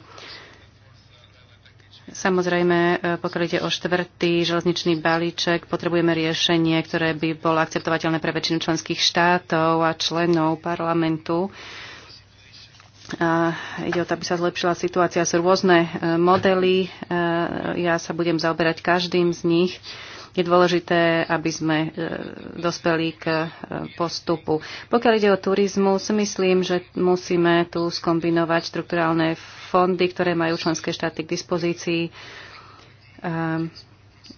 Samozrejme, e, pokiaľ ide o štvrtý železničný balíček, potrebujeme riešenie, ktoré by bolo akceptovateľné pre väčšinu členských štátov a členov parlamentu. A ide o to, aby sa zlepšila situácia. Sú rôzne e, modely. E, ja sa budem zaoberať každým z nich je dôležité, aby sme dospeli k postupu. Pokiaľ ide o turizmus, myslím, že musíme tu skombinovať štrukturálne fondy, ktoré majú členské štáty k dispozícii. Ehm,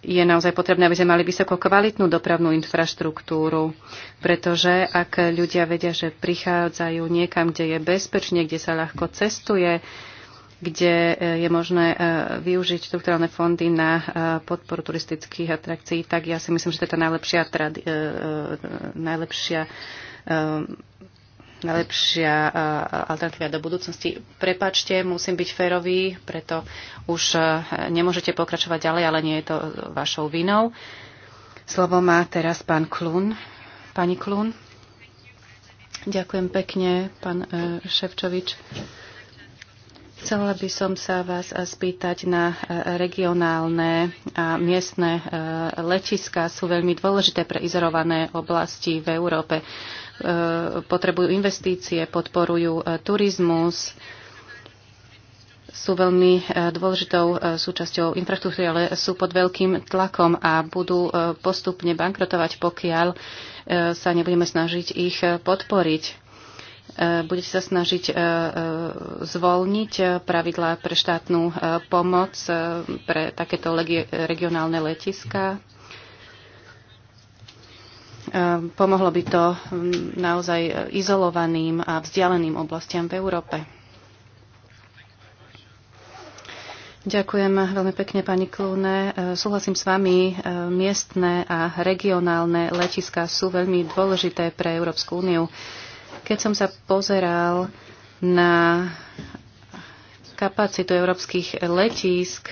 je naozaj potrebné, aby sme mali vysoko kvalitnú dopravnú infraštruktúru, pretože ak ľudia vedia, že prichádzajú niekam, kde je bezpečne, kde sa ľahko cestuje, kde e, je možné e, využiť strukturálne fondy na e, podporu turistických atrakcií, tak ja si myslím, že to je tá najlepšia, najlepšia Najlepšia e, alternatíva do budúcnosti. Prepačte, musím byť férový, preto už e, nemôžete pokračovať ďalej, ale nie je to vašou vinou. Slovo má teraz pán Klun. Pani Klun. Ďakujem pekne, pán e, Ševčovič. Chcela by som sa vás spýtať na regionálne a miestne letiska. Sú veľmi dôležité pre izolované oblasti v Európe. E, potrebujú investície, podporujú e, turizmus, sú veľmi e, dôležitou súčasťou infraštruktúry, ale sú pod veľkým tlakom a budú postupne bankrotovať, pokiaľ sa nebudeme snažiť ich podporiť. Budete sa snažiť zvolniť pravidlá pre štátnu pomoc pre takéto regionálne letiska? Ehm, pomohlo by to mm, naozaj e, izolovaným a vzdialeným oblastiam v Európe. Ďakujem veľmi pekne, pani Klúne. E, súhlasím s vami, e, miestne a regionálne letiska sú veľmi dôležité pre Európsku úniu. Keď som sa pozeral na kapacitu európskych letísk,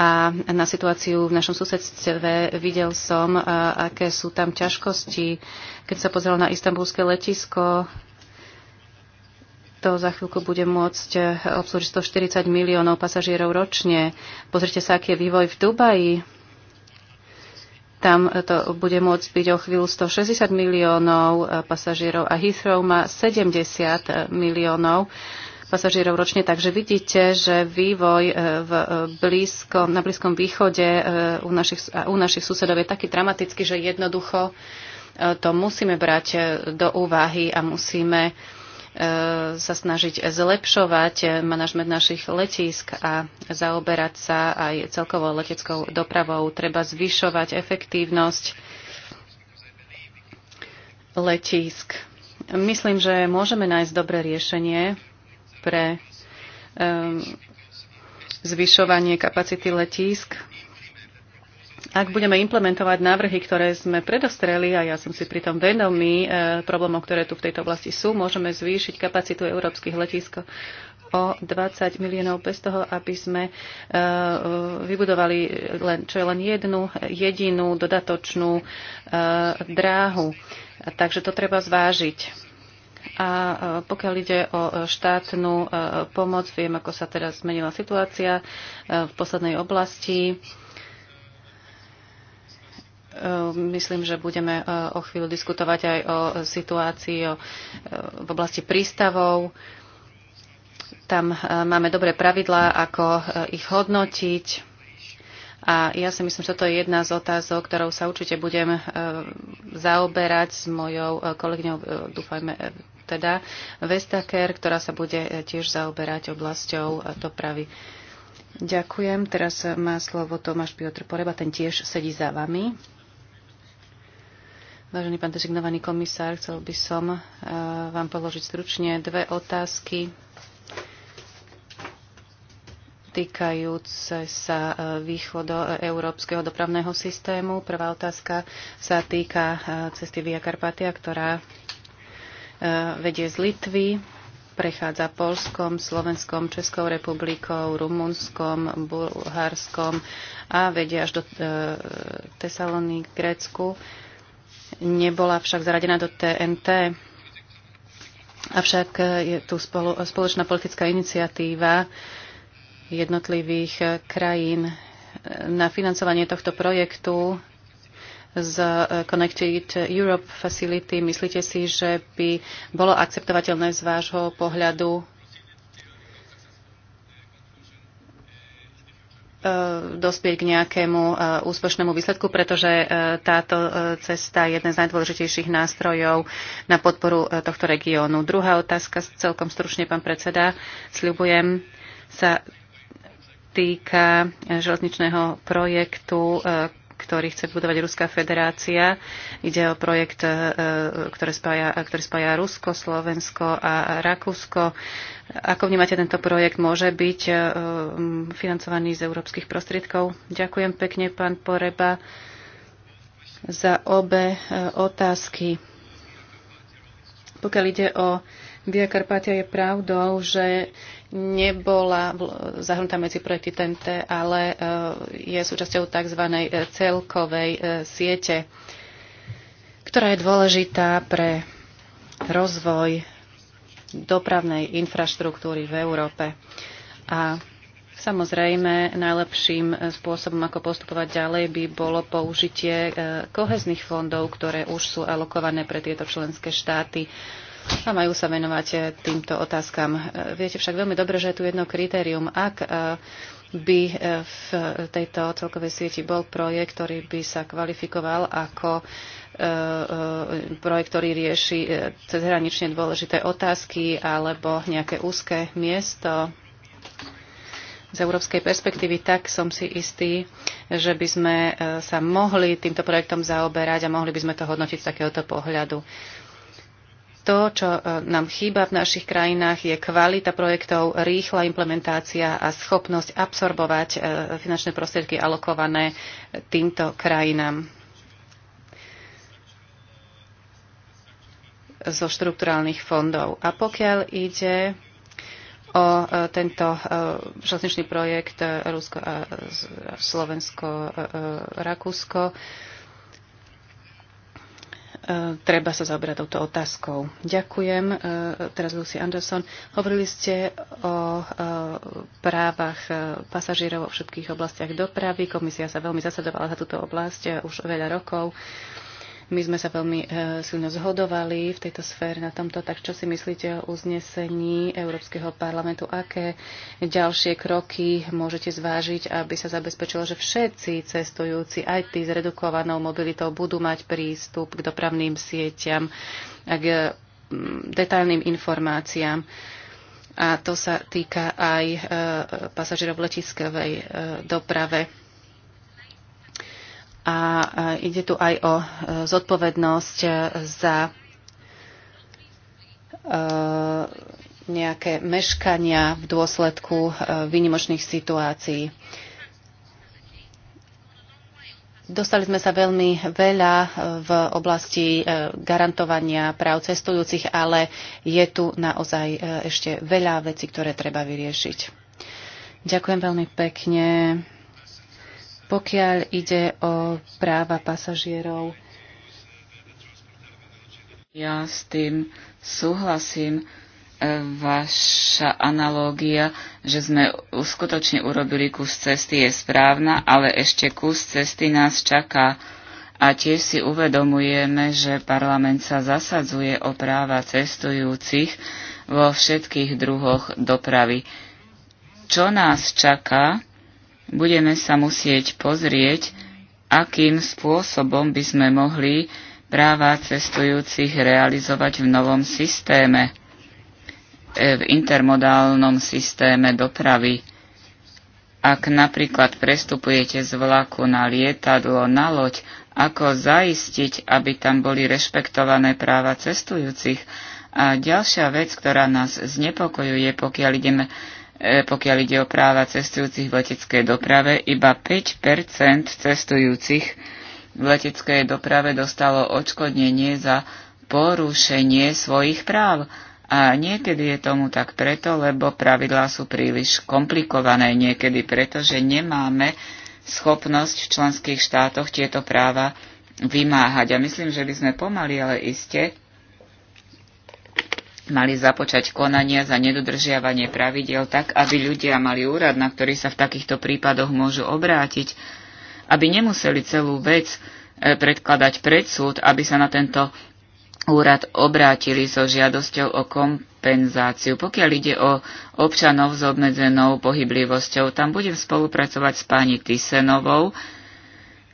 a na situáciu v našom susedstve videl som, aké sú tam ťažkosti. Keď sa pozrel na istambulské letisko, to za chvíľku bude môcť e, obslužiť 140 miliónov pasažierov ročne. Pozrite sa, aký je vývoj v Dubaji. Tam e, to bude môcť byť o chvíľu 160 miliónov e, pasažierov a Heathrow má 70 miliónov pasažierov ročne. Takže vidíte, že vývoj e, v e, blízko, na Blízkom východe e, u našich, u našich susedov je taký dramatický, že jednoducho to musíme brať do úvahy a musíme sa snažiť zlepšovať manažment našich letísk a zaoberať sa aj celkovou leteckou dopravou. Treba zvyšovať efektívnosť letísk. Myslím, že môžeme nájsť dobré riešenie pre um, zvyšovanie kapacity letísk. Ak budeme implementovať návrhy, ktoré sme predostreli, a ja som si pritom vedomý e, problémov, ktoré tu v tejto oblasti sú, môžeme zvýšiť kapacitu európskych letísk o 20 miliónov bez toho, aby sme e, vybudovali, len, čo je len jednu jedinú dodatočnú e, dráhu. Takže to treba zvážiť. A e, pokiaľ ide o e, štátnu e, pomoc, viem, ako sa teraz zmenila situácia v poslednej oblasti. Myslím, že budeme o chvíľu diskutovať aj o situácii v oblasti prístavov. Tam máme dobré pravidlá, ako ich hodnotiť. A ja si myslím, že to je jedna z otázok, ktorou sa určite budem zaoberať s mojou kolegyňou, dúfajme, teda Vestaker, ktorá sa bude e, tiež zaoberať oblasťou e, dopravy. Ďakujem. Teraz e, má slovo Tomáš Piotr Poreba, ten tiež sedí za vami. Vážený pán dezignovaný komisár, chcel by som vám položiť stručne dve otázky týkajúce sa východo európskeho dopravného systému. Prvá otázka sa týka cesty Via Carpatia, ktorá Eh, vedie z Litvy, prechádza Polskom, Slovenskom, Českou republikou, Rumunskom, Bulharskom a vedie až do eh, Tesalony, Grécku. Nebola však zaradená do TNT. Avšak eh, je tu spoločná politická iniciatíva jednotlivých krajín na financovanie tohto projektu z eh, Connected Europe Facility. Myslíte si, že by bolo akceptovateľné z vášho pohľadu eh, dospieť k nejakému eh, úspešnému výsledku, pretože táto cesta je jeden z najdôležitejších nástrojov na podporu tohto regiónu. Druhá otázka, celkom stručne, pán predseda, sľubujem, sa týka železničného projektu ktorý chce budovať Ruská federácia. Ide o projekt, e, ktorý spája, ktorý spája Rusko, Slovensko a Rakúsko. Ako vnímate tento projekt? Môže byť e, financovaný z európskych prostriedkov? Ďakujem pekne, pán Poreba, za obe e, otázky. Pokiaľ ide o Via Carpatia je pravdou, že nebola zahrnutá medzi projekty TNT, ale e, je súčasťou tzv. E, celkovej e, siete, ktorá je dôležitá pre rozvoj dopravnej infraštruktúry v Európe. A Samozrejme, najlepším spôsobom, ako postupovať ďalej, by bolo použitie kohezných fondov, ktoré už sú alokované pre tieto členské štáty a majú sa venovať e, týmto otázkam. E, viete však veľmi dobre, že je tu jedno kritérium. Ak e, by v tejto celkovej sieti bol projekt, ktorý by sa kvalifikoval ako projekt, ktorý rieši cezhranične dôležité otázky alebo nejaké úzke miesto z európskej perspektívy, tak som si istý, že by sme sa mohli týmto projektom zaoberať a mohli by sme to hodnotiť z takéhoto pohľadu. To, čo e, nám chýba v našich krajinách, je kvalita projektov, rýchla implementácia a schopnosť absorbovať e, finančné prostriedky alokované týmto krajinám. zo štrukturálnych fondov. A pokiaľ ide o e, tento železničný projekt Rusko, Slovensko, Rakúsko, treba sa zaoberať touto otázkou. Ďakujem. E, teraz Lucy Anderson. Hovorili ste o e, právach e, pasažierov vo všetkých oblastiach dopravy. Komisia sa veľmi zasadovala za túto oblasť už veľa rokov. My sme sa veľmi e, silno zhodovali v tejto sfére na tomto, tak čo si myslíte o uznesení Európskeho parlamentu? Aké ďalšie kroky môžete zvážiť, aby sa zabezpečilo, že všetci cestujúci aj tí s redukovanou mobilitou budú mať prístup k dopravným sieťam a k mm, detailným informáciám a to sa týka aj e, e, pasažierov v letiskovej doprave a ide tu aj o e, zodpovednosť e, za e, nejaké meškania v dôsledku výnimočných situácií. Dostali sme sa veľmi veľa v oblasti garantovania práv cestujúcich, ale je tu naozaj ešte veľa vecí, ktoré treba vyriešiť. Ďakujem veľmi pekne. Pokiaľ ide o práva pasažierov, ja s tým súhlasím. E, vaša analógia, že sme skutočne urobili kus cesty, je správna, ale ešte kus cesty nás čaká. A tiež si uvedomujeme, že parlament sa zasadzuje o práva cestujúcich vo všetkých druhoch dopravy. Čo nás čaká? budeme sa musieť pozrieť, akým spôsobom by sme mohli práva cestujúcich realizovať v novom systéme, e, v intermodálnom systéme dopravy. Ak napríklad prestupujete z vlaku na lietadlo, na loď, ako zaistiť, aby tam boli rešpektované práva cestujúcich. A ďalšia vec, ktorá nás znepokojuje, pokiaľ ideme E, pokiaľ ide o práva cestujúcich v leteckej doprave, iba 5 cestujúcich v leteckej doprave dostalo odškodnenie za porušenie svojich práv. A niekedy je tomu tak preto, lebo pravidlá sú príliš komplikované, niekedy preto, že nemáme schopnosť v členských štátoch tieto práva vymáhať. A myslím, že by sme pomaly, ale iste mali započať konania za nedodržiavanie pravidel tak, aby ľudia mali úrad, na ktorý sa v takýchto prípadoch môžu obrátiť, aby nemuseli celú vec e, predkladať pred súd, aby sa na tento úrad obrátili so žiadosťou o kompenzáciu. Pokiaľ ide o občanov s obmedzenou pohyblivosťou, tam budem spolupracovať s pani Tysenovou,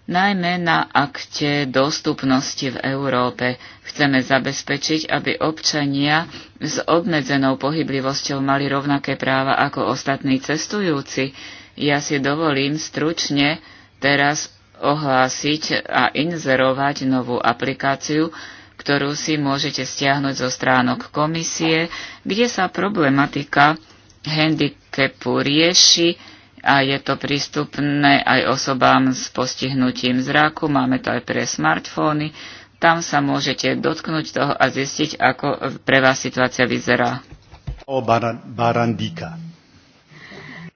najmä na akte dostupnosti v Európe. Chceme zabezpečiť, aby občania s obmedzenou pohyblivosťou mali rovnaké práva ako ostatní cestujúci. Ja si dovolím stručne teraz ohlásiť a inzerovať novú aplikáciu, ktorú si môžete stiahnuť zo stránok komisie, kde sa problematika handicapu rieši a je to prístupné aj osobám s postihnutím zraku. Máme to aj pre smartfóny. Tam sa môžete dotknúť toho a zistiť, ako pre vás situácia vyzerá. O baran, Barandíka.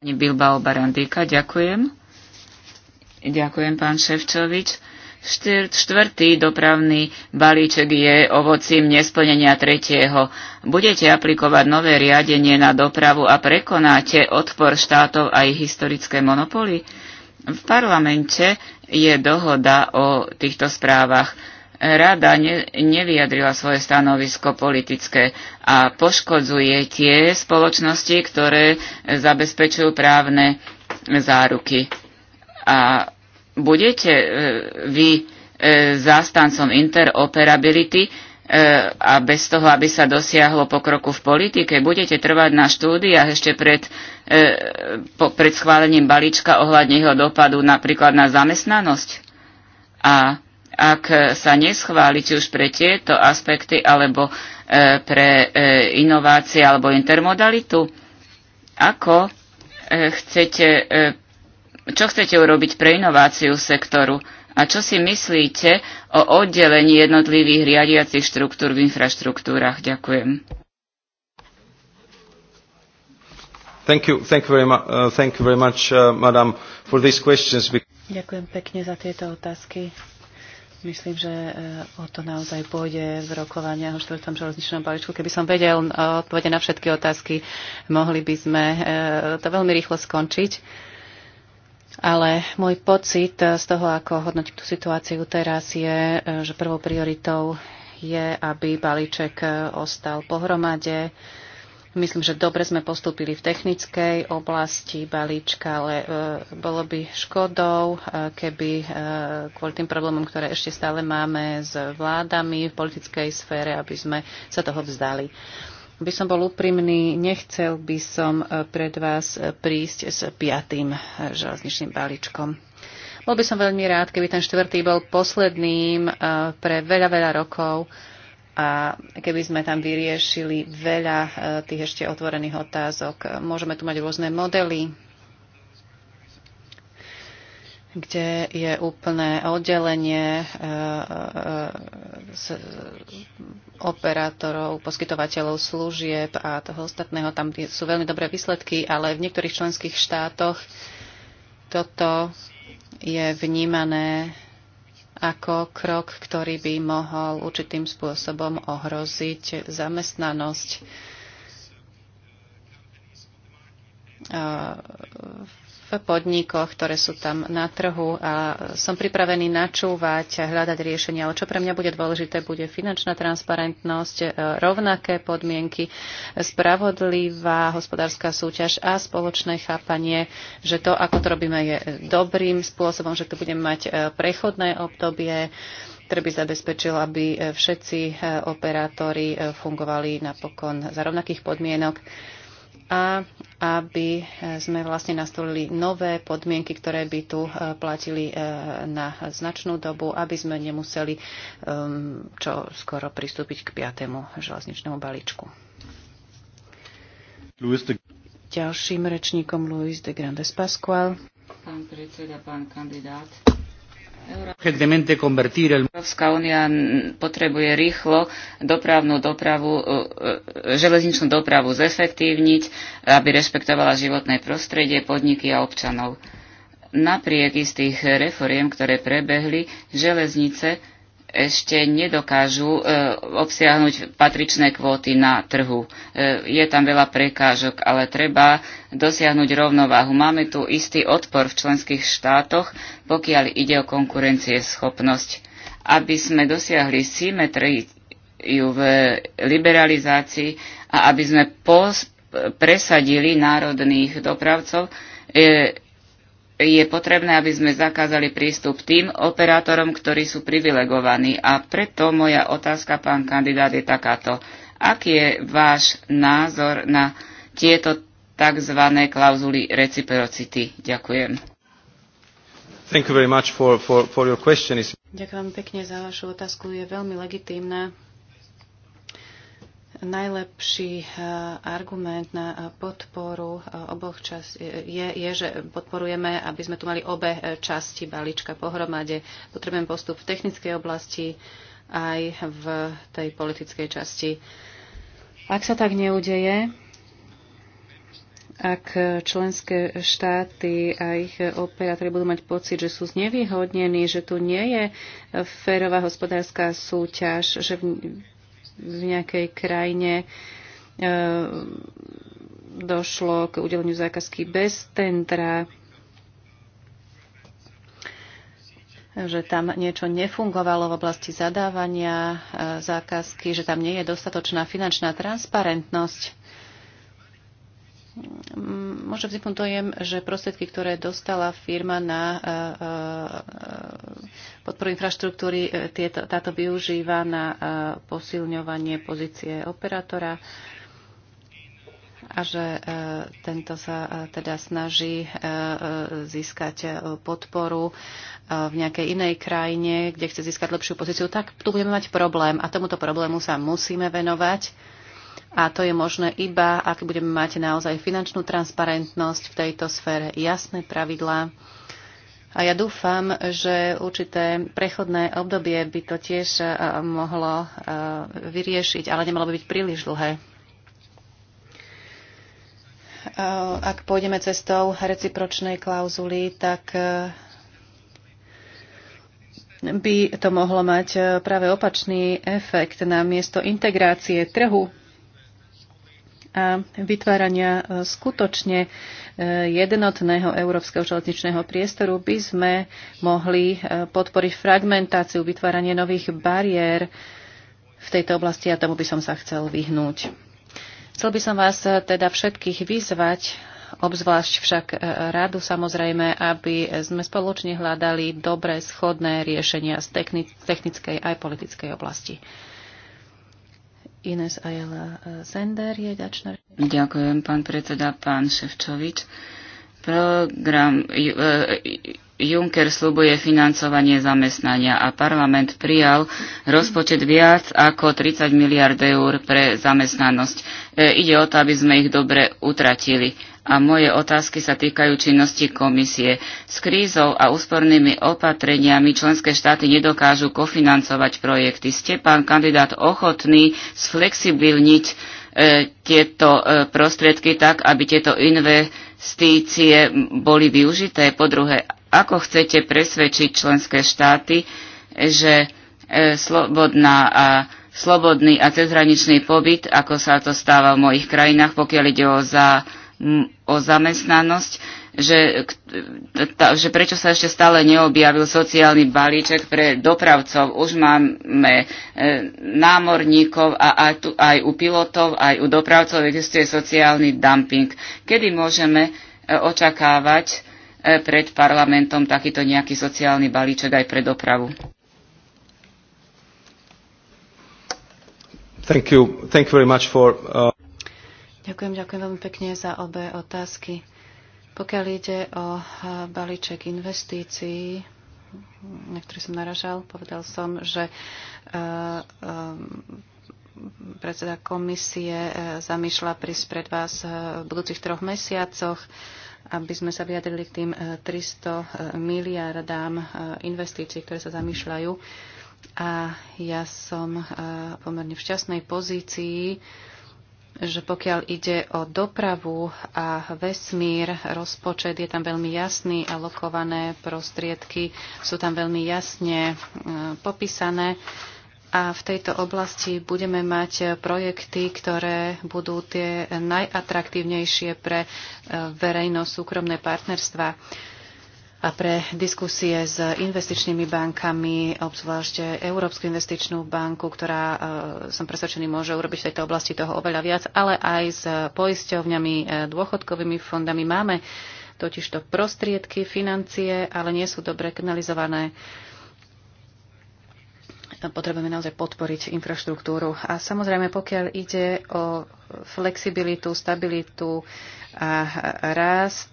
Bilbao Barandíka, ďakujem. Ďakujem, pán Ševčovič. Štvrtý dopravný balíček je ovocím nesplnenia tretieho. Budete aplikovať nové riadenie na dopravu a prekonáte odpor štátov a ich historické monopoly? V parlamente je dohoda o týchto správach. Rada ne, nevyjadrila svoje stanovisko politické a poškodzuje tie spoločnosti, ktoré zabezpečujú právne záruky. A budete e, vy e, zástancom interoperability e, a bez toho, aby sa dosiahlo pokroku v politike, budete trvať na štúdiách ešte pred, po, pred schválením balíčka ohľadne jeho dopadu napríklad na zamestnanosť? A ak sa neschváli už pre tieto aspekty alebo pre inovácie alebo intermodalitu, ako chcete čo chcete urobiť pre inováciu sektoru? A čo si myslíte o oddelení jednotlivých riadiacich štruktúr v infraštruktúrach? Ďakujem. Ďakujem pekne za tieto otázky. Myslím, že uh, o to naozaj pôjde v rokovania o štvrtom železničnom balíčku. Keby som vedel uh, odpovede na všetky otázky, mohli by sme uh, to veľmi rýchlo skončiť. Ale môj pocit z toho, ako hodnotím tú situáciu teraz, je, že prvou prioritou je, aby balíček e, ostal pohromade. Myslím, že dobre sme postúpili v technickej oblasti balíčka, ale e, bolo by škodou, e, keby e, kvôli tým problémom, ktoré ešte stále máme s vládami v politickej sfére, aby sme sa toho vzdali by som bol úprimný, nechcel by som e, pred vás e, prísť s piatým e, železničným balíčkom. Bol by som veľmi rád, keby ten štvrtý bol posledným pre veľa, veľa rokov a keby sme tam vyriešili veľa tých ešte otvorených otázok. Môžeme tu mať rôzne modely, kde je úplné oddelenie E, operátorov, poskytovateľov služieb a toho ostatného. Tam sú veľmi dobré výsledky, ale v niektorých členských štátoch toto je vnímané ako krok, ktorý by mohol určitým spôsobom ohroziť zamestnanosť v podnikoch, ktoré sú tam na trhu a som pripravený načúvať a hľadať riešenia. Ale čo pre mňa bude dôležité, bude finančná transparentnosť, e, rovnaké podmienky, spravodlivá hospodárska súťaž a spoločné chápanie, že to, ako to robíme, je dobrým spôsobom, že tu budeme mať e, prechodné obdobie, ktorý by zabezpečil, aby e, všetci operátori fungovali napokon za rovnakých podmienok a aby sme vlastne nastolili nové podmienky, ktoré by tu e, platili e, na značnú dobu, aby sme nemuseli um, čo skoro pristúpiť k piatému železničnému balíčku. de... Ďalším rečníkom Luis de Grandes Pascual. Pán predseda, pán kandidát. Európska únia potrebuje rýchlo dopravnú dopravu, e, e, železničnú dopravu zefektívniť, aby rešpektovala životné prostredie, podniky a občanov. Napriek istých reforiem, ktoré prebehli, železnice ešte nedokážu e, obsiahnuť patričné kvóty na trhu. E, je tam veľa prekážok, ale treba dosiahnuť rovnováhu. Máme tu istý odpor v členských štátoch, pokiaľ ide o konkurencieschopnosť. Aby sme dosiahli symetriu v liberalizácii a aby sme pos- presadili národných dopravcov, e, je potrebné, aby sme zakázali prístup tým operátorom, ktorí sú privilegovaní. A preto moja otázka, pán kandidát, je takáto. Aký je váš názor na tieto tzv. klauzuly reciprocity? Ďakujem. Thank you very much for, for, for your question. Ďakujem pekne za vašu otázku. Je veľmi legitímna Najlepší eh, argument na eh, podporu eh, oboch čas je, je, že podporujeme, aby sme tu mali obe časti balíčka pohromade. Potrebujem postup v technickej oblasti aj v tej politickej časti. Ak sa tak neudeje, ak členské štáty a ich operátori budú mať pocit, že sú znevýhodnení, že tu nie je férová hospodárska súťaž, že v nejakej krajine e, došlo k udeleniu zákazky bez tendra, že tam niečo nefungovalo v oblasti zadávania e, zákazky, že tam nie je dostatočná finančná transparentnosť. Možno vzniknúť dojem, že prostriedky, ktoré dostala firma na e, e, e, podporu infraštruktúry, tieto, táto využíva na posilňovanie pozície operátora a že tento sa teda snaží získať podporu v nejakej inej krajine, kde chce získať lepšiu pozíciu, tak tu budeme mať problém a tomuto problému sa musíme venovať a to je možné iba, ak budeme mať naozaj finančnú transparentnosť v tejto sfére, jasné pravidlá. A ja dúfam, že určité prechodné obdobie by to tiež eh, mohlo eh, vyriešiť, ale nemalo by byť príliš dlhé. Eh, ak pôjdeme cestou recipročnej klauzuly, tak by to mohlo mať práve opačný efekt na miesto integrácie trhu a vytvárania e, skutočne e, jednotného európskeho železničného priestoru by sme mohli e, podporiť fragmentáciu, vytváranie nových bariér v tejto oblasti a tomu by som sa chcel vyhnúť. Chcel by som vás teda všetkých vyzvať, obzvlášť však radu samozrejme, aby sme spoločne hľadali dobre schodné riešenia z technickej aj politickej oblasti. Ines Ayala eh, Sender je ďačná. Ďakujem, pán predseda, pán Ševčovič. Program eh, Juncker slubuje financovanie zamestnania a parlament prijal rozpočet viac ako 30 miliard eur pre zamestnanosť. Eh, ide o to, aby sme ich dobre utratili a moje otázky sa týkajú činnosti komisie. S krízou a úspornými opatreniami členské štáty nedokážu kofinancovať projekty. Ste, pán kandidát, ochotný sflexibilniť e, tieto e, prostriedky tak, aby tieto investície boli využité? Po druhé, ako chcete presvedčiť členské štáty, že e, slobodná a slobodný a cezhraničný pobyt, ako sa to stáva v mojich krajinách, pokiaľ ide o za o zamestnanosť, že, ta, že prečo sa ešte stále neobjavil sociálny balíček pre dopravcov. Už máme e, námorníkov a aj, tu, aj u pilotov, aj u dopravcov existuje sociálny dumping. Kedy môžeme e, očakávať e, pred parlamentom takýto nejaký sociálny balíček aj pre dopravu? Thank you. Thank you very much for, uh... Ďakujem, ďakujem veľmi pekne za obe otázky. Pokiaľ ide o eh, balíček investícií, na ktorý som naražal, povedal som, že eh, eh, predseda komisie zamýšľa prísť pred vás v budúcich troch mesiacoch, aby sme sa vyjadrili k tým 300 miliardám investícií, ktoré sa zamýšľajú. A ja som pomerne v šťastnej pozícii, že pokiaľ ide o dopravu a vesmír, rozpočet je tam veľmi jasný, alokované prostriedky sú tam veľmi jasne e, popísané. A v tejto oblasti budeme mať projekty, ktoré budú tie najatraktívnejšie pre e, verejno-súkromné partnerstva a pre diskusie s investičnými bankami, obzvlášť Európsku investičnú banku, ktorá, e, som presvedčený, môže urobiť v tejto oblasti toho oveľa viac, ale aj s poisťovňami, e, dôchodkovými fondami. Máme totižto prostriedky, financie, ale nie sú dobre kanalizované. Potrebujeme naozaj podporiť infraštruktúru. A samozrejme, pokiaľ ide o flexibilitu, stabilitu a rast,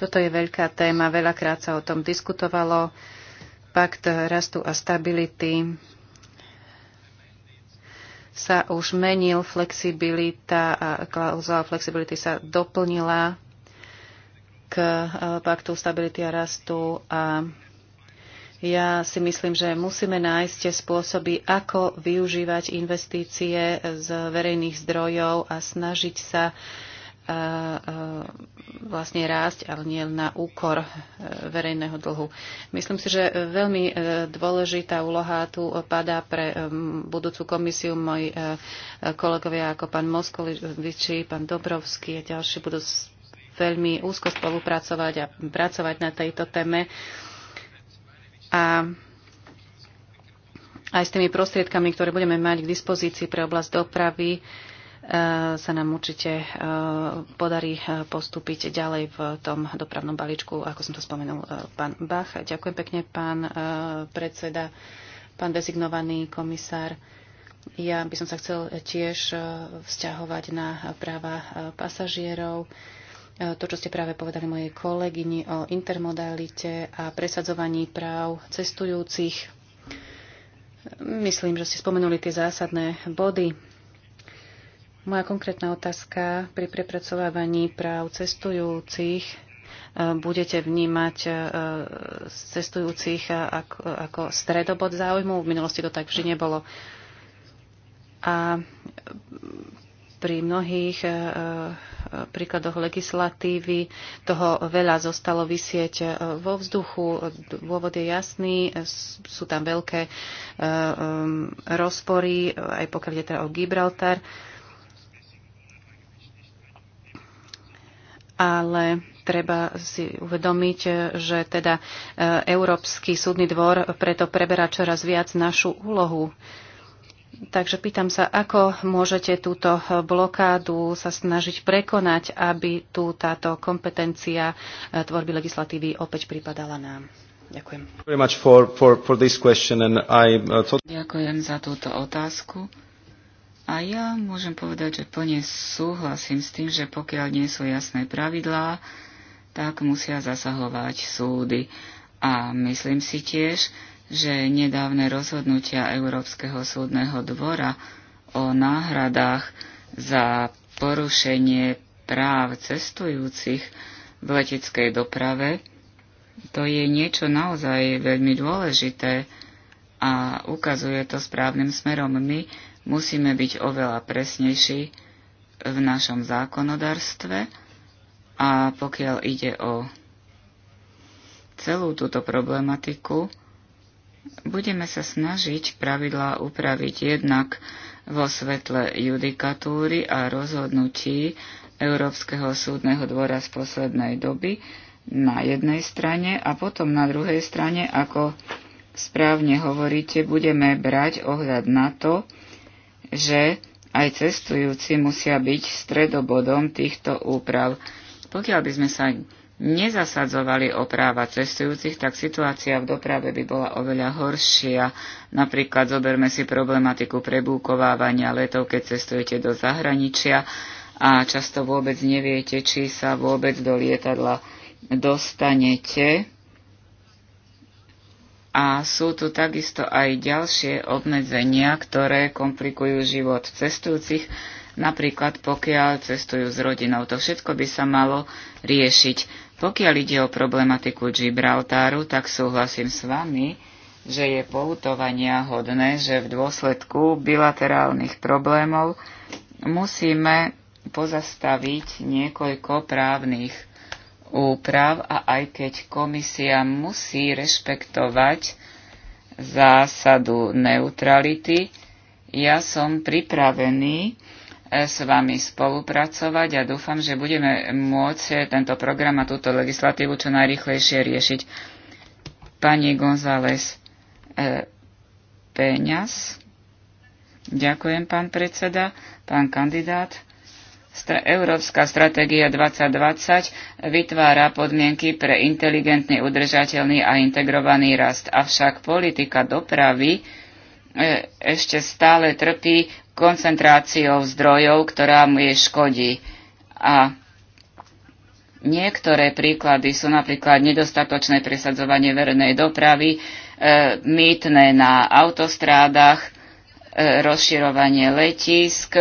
toto je veľká téma, veľakrát sa o tom diskutovalo. Pakt rastu a stability sa už menil, flexibilita a klauzula flexibility sa doplnila k e, paktu stability a rastu a ja si myslím, že musíme nájsť spôsoby, ako využívať investície z verejných zdrojov a snažiť sa e, e, vlastne rásť, ale nie na úkor e, verejného dlhu. Myslím si, že veľmi e, dôležitá úloha tu padá pre e, budúcu komisiu. Moji kolegovia ako pán Moskoviči, pán Dobrovský a ďalší budú veľmi úzko spolupracovať a pracovať na tejto téme. A aj s tými prostriedkami, ktoré budeme mať k dispozícii pre oblasť dopravy, Eh, sa nám určite eh, podarí eh, postúpiť ďalej v tom dopravnom balíčku, ako som to spomenul pán Bach. Ďakujem pekne, pán predseda, pán dezignovaný komisár. Ja by som sa chcel tiež vzťahovať na práva pasažierov. To, čo ste práve povedali mojej kolegyni o intermodalite a presadzovaní práv cestujúcich. Myslím, že ste spomenuli tie zásadné body moja konkrétna otázka pri prepracovávaní práv cestujúcich e, budete vnímať e, cestujúcich e, ako, ako stredobod záujmu. V minulosti to tak vždy nebolo. A pri mnohých príkladoch legislatívy toho veľa zostalo vysieť vo vzduchu. Dôvod je jasný, sú tam veľké rozpory, aj pokiaľ je teda o Gibraltar. ale treba si uvedomiť, že teda e, Európsky súdny dvor preto preberá čoraz viac našu úlohu. Takže pýtam sa, ako môžete túto blokádu sa snažiť prekonať, aby tu táto kompetencia e, tvorby legislatívy opäť pripadala nám. Ďakujem. Uh, Ďakujem za túto otázku. A ja môžem povedať, že plne súhlasím s tým, že pokiaľ nie sú jasné pravidlá, tak musia zasahovať súdy. A myslím si tiež, že nedávne rozhodnutia Európskeho súdneho dvora o náhradách za porušenie práv cestujúcich v leteckej doprave, to je niečo naozaj veľmi dôležité a ukazuje to správnym smerom. My musíme byť oveľa presnejší v našom zákonodarstve a pokiaľ ide o celú túto problematiku, budeme sa snažiť pravidlá upraviť jednak vo svetle judikatúry a rozhodnutí Európskeho súdneho dvora z poslednej doby na jednej strane a potom na druhej strane, ako správne hovoríte, budeme brať ohľad na to, že aj cestujúci musia byť stredobodom týchto úprav. Pokiaľ by sme sa nezasadzovali o práva cestujúcich, tak situácia v doprave by bola oveľa horšia. Napríklad zoberme si problematiku prebúkovávania letov, keď cestujete do zahraničia a často vôbec neviete, či sa vôbec do lietadla dostanete a sú tu takisto aj ďalšie obmedzenia, ktoré komplikujú život cestujúcich, napríklad pokiaľ cestujú s rodinou. To všetko by sa malo riešiť. Pokiaľ ide o problematiku Gibraltáru, tak súhlasím s vami, že je poutovania hodné, že v dôsledku bilaterálnych problémov musíme pozastaviť niekoľko právnych úprav a aj keď komisia musí rešpektovať zásadu neutrality, ja som pripravený eh, s vami spolupracovať a dúfam, že budeme môcť eh, tento program a túto legislatívu čo najrychlejšie riešiť. Pani González e, Peňas. Ďakujem, pán predseda, pán kandidát. Európska stratégia 2020 vytvára podmienky pre inteligentný, udržateľný a integrovaný rast, avšak politika dopravy e, ešte stále trpí koncentráciou zdrojov, ktorá mu je škodí. A niektoré príklady sú napríklad nedostatočné presadzovanie verejnej dopravy, e, mýtne na autostrádach, e, rozširovanie letísk,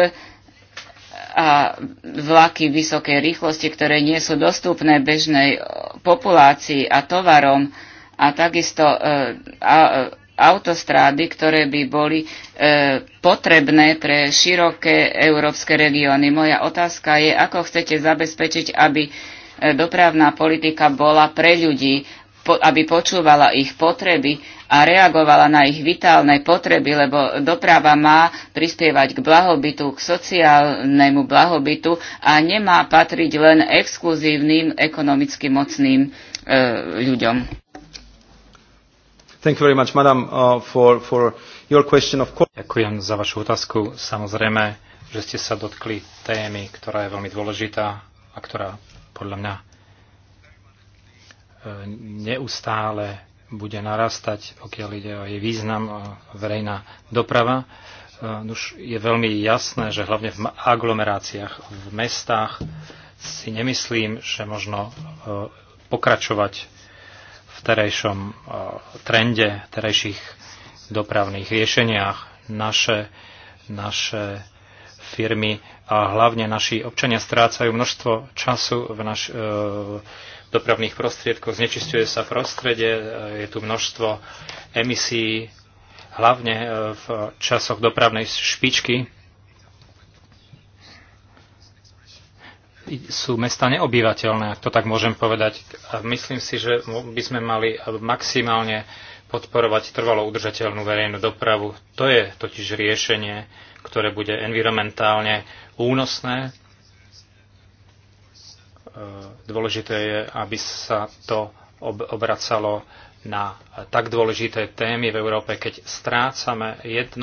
a vlaky vysokej rýchlosti, ktoré nie sú dostupné bežnej eh, populácii a tovarom a takisto eh, a, eh, autostrády, ktoré by boli e, potrebné pre široké európske regióny. Moja otázka je, ako chcete zabezpečiť, aby dopravná politika bola pre ľudí, aby počúvala ich potreby a reagovala na ich vitálne potreby, lebo doprava má prispievať k blahobytu, k sociálnemu blahobytu a nemá patriť len exkluzívnym ekonomicky mocným e, ľuďom. Thank you very much, madam, uh, for, for your question. Of course. Ďakujem za vašu otázku. Samozrejme, že ste sa dotkli témy, ktorá je veľmi dôležitá a ktorá podľa mňa neustále bude narastať, pokiaľ ide o jej význam verejná doprava. E, už je veľmi jasné, že hlavne v aglomeráciách, v mestách si nemyslím, že možno e, pokračovať v terejšom e, trende, terejších dopravných riešeniach. Naše, naše firmy a hlavne naši občania strácajú množstvo času v naš, dopravných prostriedkoch, znečistuje sa v prostredie, e, je tu množstvo emisí, hlavne e, v časoch dopravnej špičky. Sú mesta neobyvateľné, ak to tak môžem povedať. A myslím si, že by sme mali e, maximálne podporovať trvalo udržateľnú verejnú dopravu. To je totiž riešenie, ktoré bude environmentálne únosné Dôležité je, aby sa to obracalo na tak dôležité témy v Európe, keď strácame 1%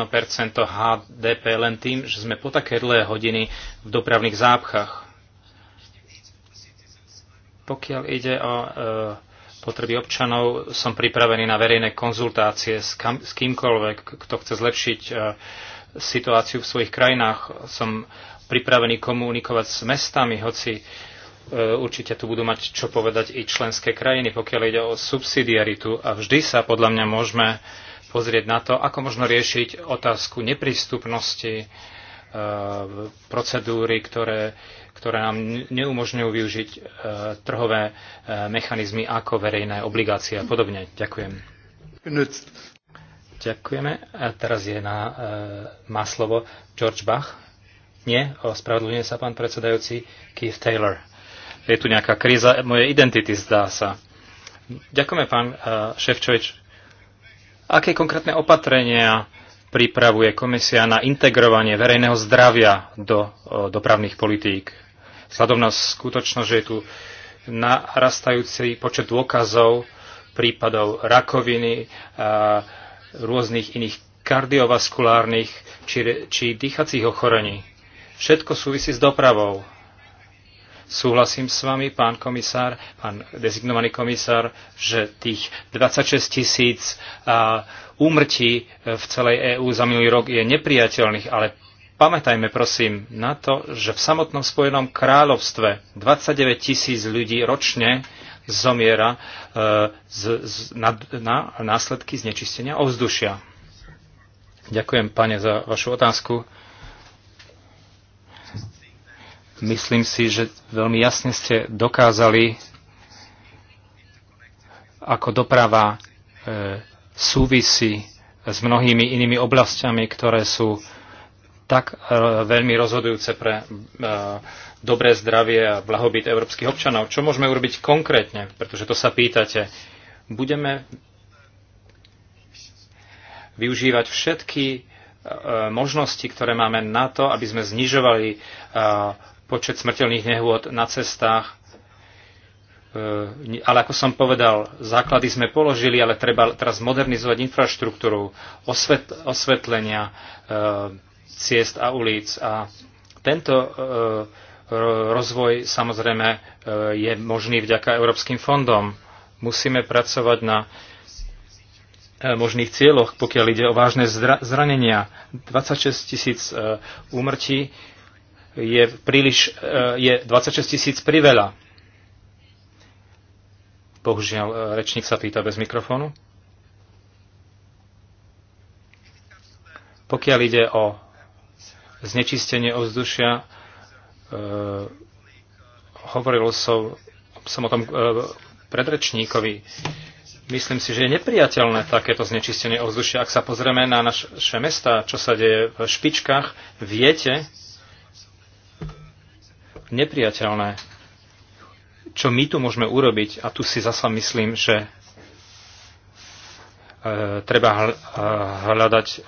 HDP len tým, že sme po také dlhé hodiny v dopravných zápchách. Pokiaľ ide o e, potreby občanov, som pripravený na verejné konzultácie s, kam, s kýmkoľvek, kto chce zlepšiť e, situáciu v svojich krajinách. Som pripravený komunikovať s mestami, hoci e, E, určite tu budú mať čo povedať i členské krajiny, pokiaľ ide o subsidiaritu. A vždy sa podľa mňa môžeme pozrieť na to, ako možno riešiť otázku neprístupnosti e, procedúry, ktoré, ktoré nám neumožňujú využiť e, trhové mechanizmy ako verejné obligácie a podobne. Ďakujem. Ďakujeme. A teraz je na, má slovo George Bach. Nie, ospravedlňuje sa pán predsedajúci Keith Taylor je tu nejaká kríza mojej identity, zdá sa. Ďakujeme, pán eh, Ševčovič. Aké konkrétne opatrenia pripravuje komisia na integrovanie verejného zdravia do eh, dopravných politík? Vzhľadom na skutočnosť, že je tu narastajúci počet dôkazov prípadov rakoviny, a eh, rôznych iných kardiovaskulárnych či, či dýchacích ochorení. Všetko súvisí s dopravou Súhlasím s vami, pán komisár, pán dezignovaný komisár, že tých 26 tisíc úmrtí e, v celej EÚ za minulý rok je nepriateľných, ale pamätajme prosím na to, že v samotnom Spojenom kráľovstve 29 tisíc ľudí ročne zomiera e, z, z, na, na následky znečistenia ovzdušia. Ďakujem, pane, za vašu otázku. Myslím si, že veľmi jasne ste dokázali, ako doprava e, súvisí s mnohými inými oblastiami, ktoré sú tak e, veľmi rozhodujúce pre e, dobré zdravie a blahobyt európskych občanov. Čo môžeme urobiť konkrétne? Pretože to sa pýtate. Budeme využívať všetky e, možnosti, ktoré máme na to, aby sme znižovali e, počet smrteľných nehôd na cestách. E, ale ako som povedal, základy sme položili, ale treba teraz modernizovať infraštruktúru, osvet, osvetlenia e, ciest a ulic. A tento e, rozvoj samozrejme je možný vďaka európskym fondom. Musíme pracovať na možných cieľoch, pokiaľ ide o vážne zranenia. 26 tisíc úmrtí je, príliš, e, je 26 tisíc priveľa. Bohužiaľ, e, rečník sa pýta bez mikrofónu. Pokiaľ ide o znečistenie ovzdušia, e, hovoril som, som o tom predrečníkovi. Myslím si, že je nepriateľné takéto znečistenie ovzdušia. Ak sa pozrieme na naše mesta, čo sa deje v špičkách, viete, nepriateľné. Čo my tu môžeme urobiť, a tu si zasa myslím, že e, treba e, hľadať e,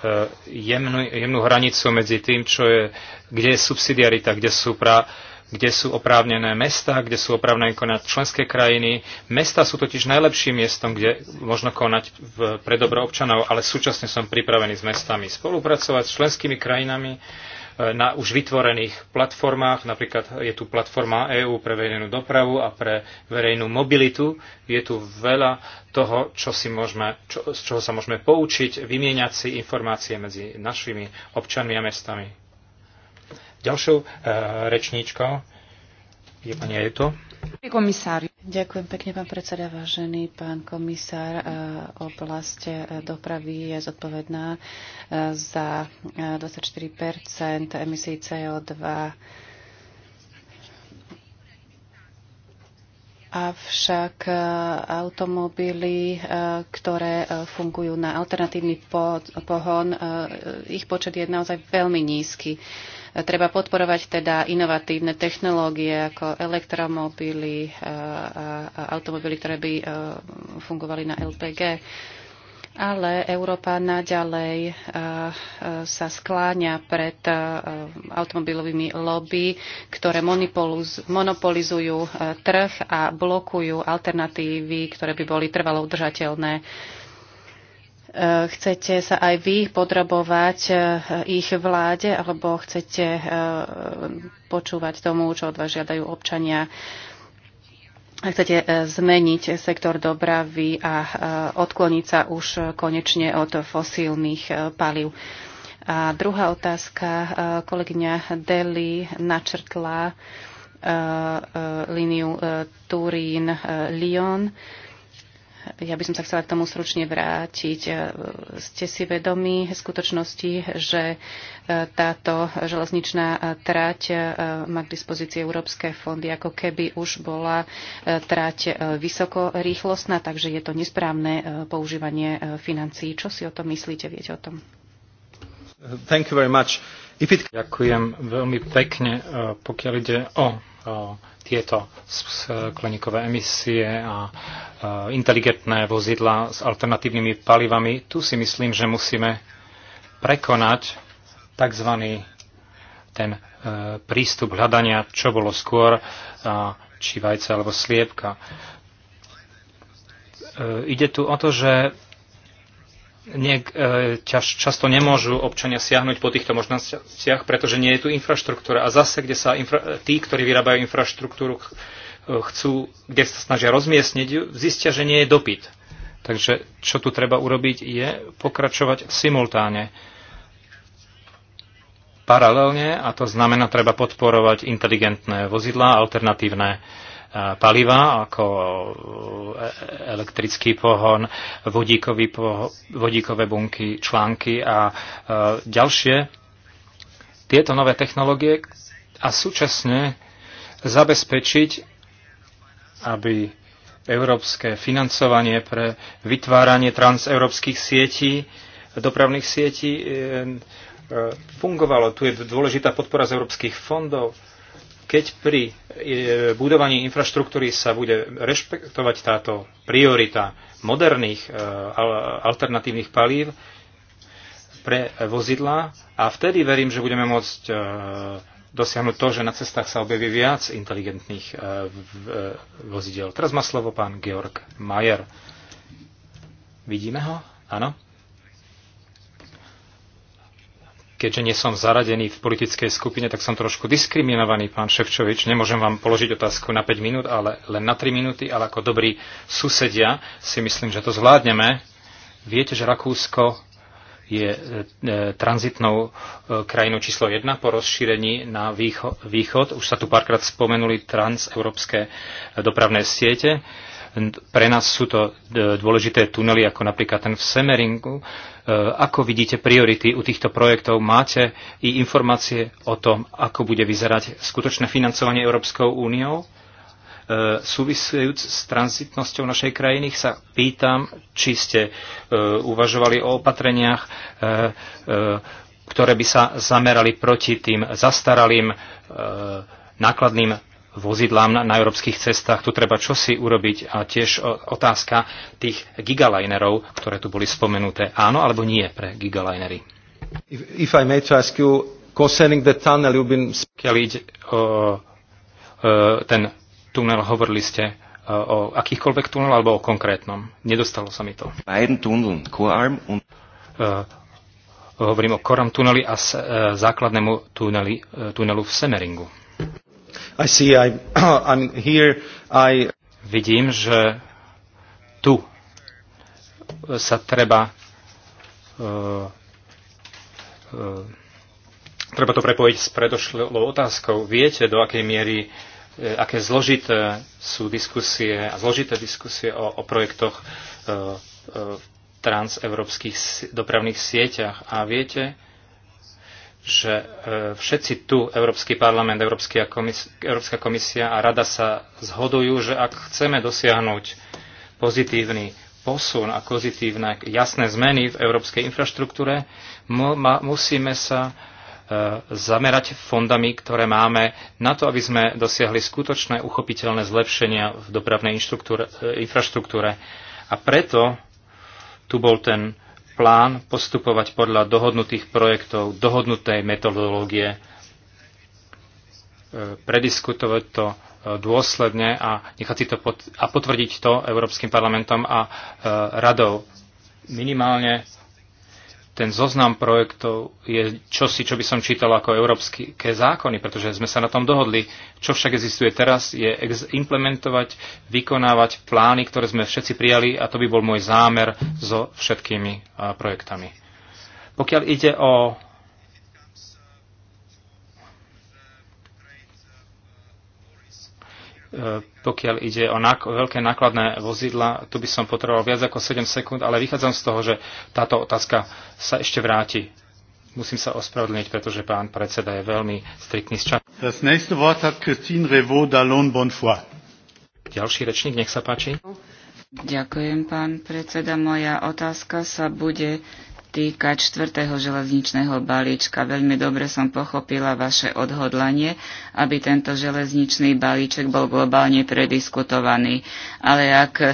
jemnú, jemnú hranicu medzi tým, čo je, kde je subsidiarita, kde sú, pra, kde sú oprávnené mesta, kde sú oprávnené konať členské krajiny. Mesta sú totiž najlepším miestom, kde možno konať v, pre dobro občanov, ale súčasne som pripravený s mestami spolupracovať s členskými krajinami na už vytvorených platformách. Napríklad je tu platforma EÚ pre verejnú dopravu a pre verejnú mobilitu. Je tu veľa toho, čo si môžeme, čo, z čoho sa môžeme poučiť, vymieňať si informácie medzi našimi občanmi a mestami. Ďalšou e, rečníčkou je pani Pani Komisár. Ďakujem pekne, pán predseda, vážený pán komisár. E, Oblasť e, dopravy je zodpovedná e, za 24 emisí CO2 Avšak e, automobily, e, ktoré e, fungujú na alternatívny pohon, ich počet je naozaj veľmi nízky. Treba podporovať teda inovatívne technológie ako elektromobily a automobily, ktoré by fungovali na LPG ale Európa naďalej eh, eh, sa skláňa pred eh, automobilovými lobby, ktoré monopolizujú trh a blokujú alternatívy, ktoré by boli trvalo udržateľné. Chcete sa aj vy podrobovať ich vláde, alebo chcete počúvať tomu, čo od vás žiadajú občania? ak chcete e, zmeniť sektor dopravy a e, odkloniť sa už konečne od fosílnych e, palív. A druhá otázka, kolegyňa Deli načrtla líniu Turín-Lyon. Ja by som sa chcela k tomu stručne vrátiť. E, ste si vedomi skutočnosti, že e, táto železničná e, trať má k dispozícii európske fondy, ako keby už bola trať vysokorýchlostná, takže je to nesprávne používanie financií. Čo si o tom myslíte? Viete o tom? Thank you very much. It... Ďakujem veľmi pekne, pokiaľ ide o tieto skleníkové emisie a e, inteligentné vozidla s alternatívnymi palivami. Tu si myslím, že musíme prekonať tzv. ten e, prístup hľadania, čo bolo skôr, či vajce alebo sliepka. E, ide tu o to, že niek, e, často nemôžu občania siahnuť po týchto možnostiach, pretože nie je tu infraštruktúra. A zase, kde sa infra, tí, ktorí vyrábajú infraštruktúru, e, chcú, kde sa snažia rozmiestniť, zistia, že nie je dopyt. Takže čo tu treba urobiť, je pokračovať simultáne. Paralelne, a to znamená, treba podporovať inteligentné vozidlá, alternatívne paliva, ako elektrický pohon, poho, vodíkové bunky, články a e, ďalšie. Tieto nové technológie a súčasne zabezpečiť, aby európske financovanie pre vytváranie transeurópskych sietí, dopravných sietí e, e, fungovalo. Tu je dôležitá podpora z európskych fondov keď pri e, budovaní infraštruktúry sa bude rešpektovať táto priorita moderných e, alternatívnych palív pre vozidlá, a vtedy verím, že budeme môcť e, dosiahnuť to, že na cestách sa objaví viac inteligentných vozidel. Teraz má slovo pán Georg Majer. Vidíme ho? Áno? keďže nie som zaradený v politickej skupine, tak som trošku diskriminovaný, pán Ševčovič. Nemôžem vám položiť otázku na 5 minút, ale len na 3 minúty, ale ako dobrí susedia si myslím, že to zvládneme. Viete, že Rakúsko je e, e tranzitnou e, krajinou číslo 1 po rozšírení na východ. Už sa tu párkrát spomenuli transeurópske e, dopravné siete. E, pre nás sú to e, dôležité tunely, ako napríklad ten v Semeringu. E, ako vidíte priority u týchto projektov? Máte i informácie o tom, ako bude vyzerať skutočné financovanie Európskou úniou? E, súvisujúc s tranzitnosťou našej krajiny, sa pýtam, či ste uvažovali o opatreniach, ktoré by sa zamerali proti tým zastaralým nákladným vozidlám na, na európskych cestách. Tu treba čosi urobiť a tiež otázka tých gigalinerov, ktoré tu boli spomenuté. Áno alebo nie pre gigalinery? If, if I may to ask you, concerning the tunnel you've been... Keď ide o, o ten tunel, hovorili ste o akýchkoľvek tunel alebo o konkrétnom. Nedostalo sa mi to. Beiden tunneln, Coarm und... Uh, hovorím o Koram tuneli a s, uh, základnému tuneli, uh, tunelu v Semeringu. I see I'm here, I... Vidím, že tu sa treba uh, uh, treba to prepojiť s predošlou otázkou. Viete, do akej miery uh, aké zložité sú diskusie a zložité diskusie o, o projektoch v transeurópskych dopravných sieťach. A viete, že e, všetci tu, Európsky parlament, Európska komisia, a Rada sa zhodujú, že ak chceme dosiahnuť pozitívny posun a pozitívne jasné zmeny v európskej infraštruktúre, musíme sa e, zamerať fondami, ktoré máme na to, aby sme dosiahli skutočné uchopiteľné zlepšenia v dopravnej e, infraštruktúre. A preto tu bol ten plán postupovať podľa dohodnutých projektov, dohodnutej metodológie, e, prediskutovať to e, dôsledne a nechať si to pot- a potvrdiť to Európskym parlamentom a e, radou. Minimálne ten zoznam projektov je čosi, čo by som čítal ako európske zákony, pretože sme sa na tom dohodli. Čo však existuje teraz, je implementovať, vykonávať plány, ktoré sme všetci prijali a to by bol môj zámer so všetkými projektami. Pokiaľ ide o E, pokiaľ ide o veľké nákladné vozidla, tu by som potreboval viac ako 7 sekúnd, ale vychádzam z toho, že táto otázka sa ešte vráti. Musím sa ospravedlniť, pretože pán predseda je veľmi striktný z času. Ďalší rečník, nech sa páči. Ďakujem, pán predseda. Moja otázka sa bude týka čtvrtého železničného balíčka. Veľmi dobre som pochopila vaše odhodlanie, aby tento železničný balíček bol globálne prediskutovaný. Ale ak e,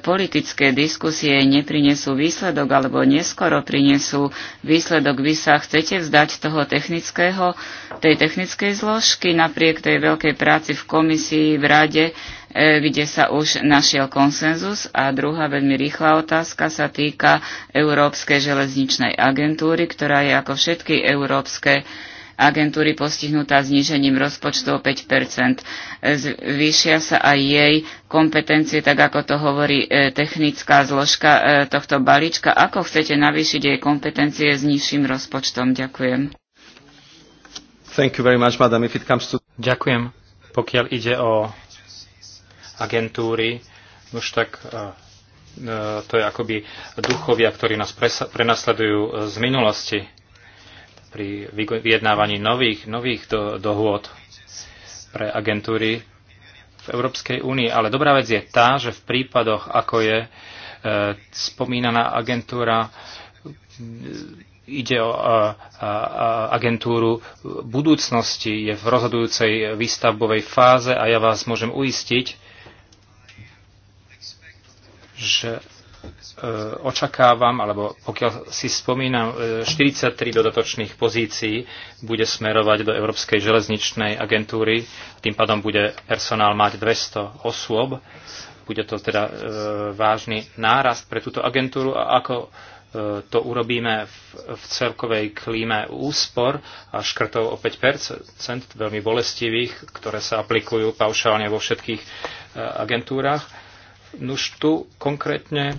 politické diskusie neprinesú výsledok alebo neskoro prinesú výsledok, vy sa chcete vzdať toho technického, tej technickej zložky napriek tej veľkej práci v komisii, v rade, E, kde sa už našiel konsenzus. A druhá veľmi rýchla otázka sa týka Európskej železničnej agentúry, ktorá je ako všetky európske agentúry postihnutá znížením rozpočtu o 5 Zvýšia sa aj jej kompetencie, tak ako to hovorí e, technická zložka e, tohto balíčka. Ako chcete navýšiť jej kompetencie s nižším rozpočtom? Ďakujem. Thank you very much, madam. If it comes to... Ďakujem. Pokiaľ ide o agentúry, už tak e, e, to je akoby duchovia, ktorí nás prenasledujú e, z minulosti pri vyjednávaní nových, nových do, dohôd pre agentúry v Európskej únii. Ale dobrá vec je tá, že v prípadoch, ako je e, spomínaná agentúra, ide o a, a, agentúru budúcnosti, je v rozhodujúcej výstavbovej fáze a ja vás môžem uistiť, že e, očakávam, alebo pokiaľ si spomínam, 43 e, dodatočných pozícií bude smerovať do Európskej železničnej agentúry, tým pádom bude personál mať 200 osôb, bude to teda e, vážny nárast pre túto agentúru a ako to urobíme v celkovej klíme úspor a škrtov o 5 veľmi bolestivých, ktoré sa aplikujú paušálne vo všetkých agentúrach Nuž tu konkrétne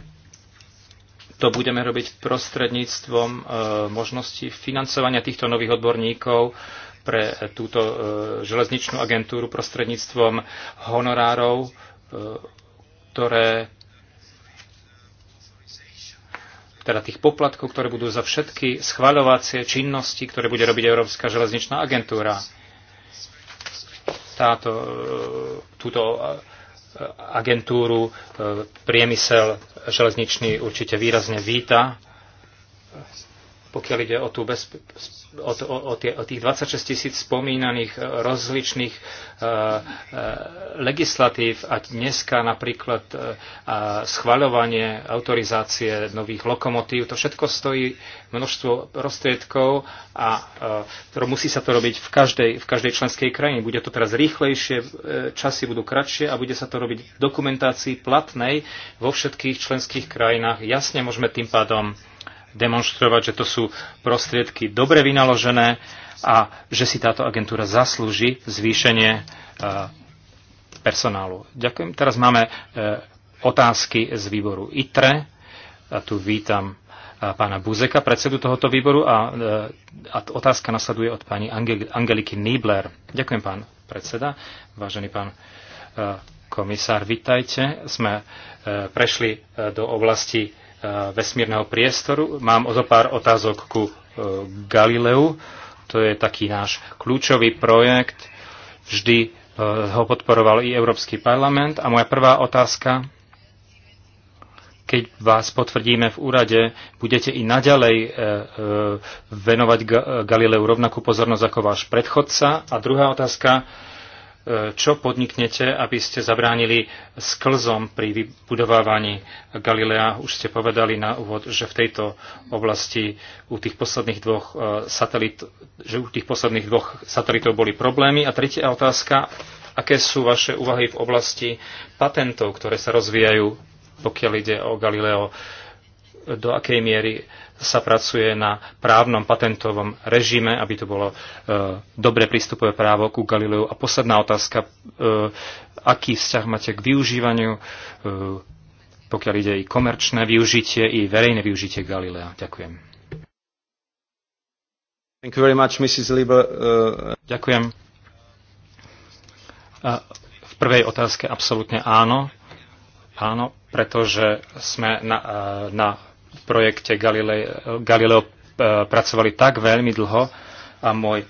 to budeme robiť prostredníctvom e, možnosti financovania týchto nových odborníkov pre e, túto e, železničnú agentúru prostredníctvom honorárov, e, ktoré teda tých poplatkov, ktoré budú za všetky schvaľovacie činnosti, ktoré bude robiť Európska železničná agentúra. Táto, e, túto agentúru. E, priemysel železničný určite výrazne víta pokiaľ ide o, tú bezpe- o, o, o, tie, o tých 26 tisíc spomínaných e, rozličných uh, uh, legislatív a dneska napríklad uh, schvaľovanie autorizácie nových lokomotív, to všetko stojí množstvo prostriedkov a e, musí sa to robiť v každej, v každej členskej krajine. Bude to teraz rýchlejšie, časy budú kratšie a bude sa to robiť v dokumentácii platnej vo všetkých členských krajinách. Jasne môžeme tým pádom demonstrovať, že to sú prostriedky dobre vynaložené a že si táto agentúra zaslúži zvýšenie e, personálu. Ďakujem. Teraz máme e, otázky z výboru ITRE. A tu vítam e, pána Buzeka, predsedu tohoto výboru a, a otázka nasleduje od pani Angeliky Niebler. Ďakujem, pán predseda. Vážený pán komisár, vitajte. Sme prešli do oblasti vesmírneho priestoru. Mám o pár otázok ku e, Galileu. To je taký náš kľúčový projekt. Vždy e, ho podporoval i Európsky parlament. A moja prvá otázka, keď vás potvrdíme v úrade, budete i naďalej e, venovať Galileu rovnakú pozornosť ako váš predchodca. A druhá otázka, čo podniknete, aby ste zabránili sklzom pri vybudovávaní Galilea? Už ste povedali na úvod, že v tejto oblasti u tých posledných dvoch, e, satelit, že u tých posledných dvoch satelitov boli problémy. A tretia otázka, aké sú vaše úvahy v oblasti patentov, ktoré sa rozvíjajú, pokiaľ ide o Galileo? Do akej miery sa pracuje na právnom patentovom režime, aby to bolo e, dobre prístupové právo ku Galileu. A posledná otázka, e, aký vzťah máte k využívaniu, e, pokiaľ ide i komerčné využitie, i verejné využitie Galilea. Ďakujem. Thank you very much, Mrs. Lieber. Uh... Ďakujem. A e, v prvej otázke absolútne áno. Áno, pretože sme na, e, na projekte Galileo, Galileo pracovali tak veľmi dlho a môj e,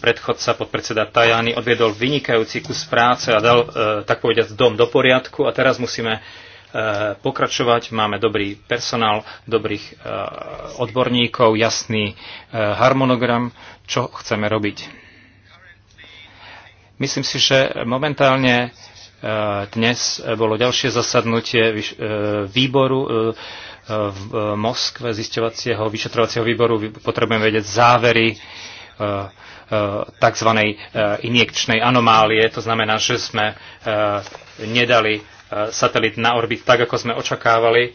predchodca, podpredseda Tajany, odviedol vynikajúci kus práce a dal, e, tak povediať, dom do poriadku a teraz musíme e, pokračovať. Máme dobrý personál, dobrých odborníkov, jasný harmonogram, čo chceme robiť. Myslím si, že momentálne dnes bolo ďalšie zasadnutie e, výboru e, v Moskve, zisťovacieho, vyšetrovacieho výboru. Potrebujeme vedieť závery e, tzv. injekčnej anomálie. To znamená, že sme nedali satelit na orbit tak, ako sme očakávali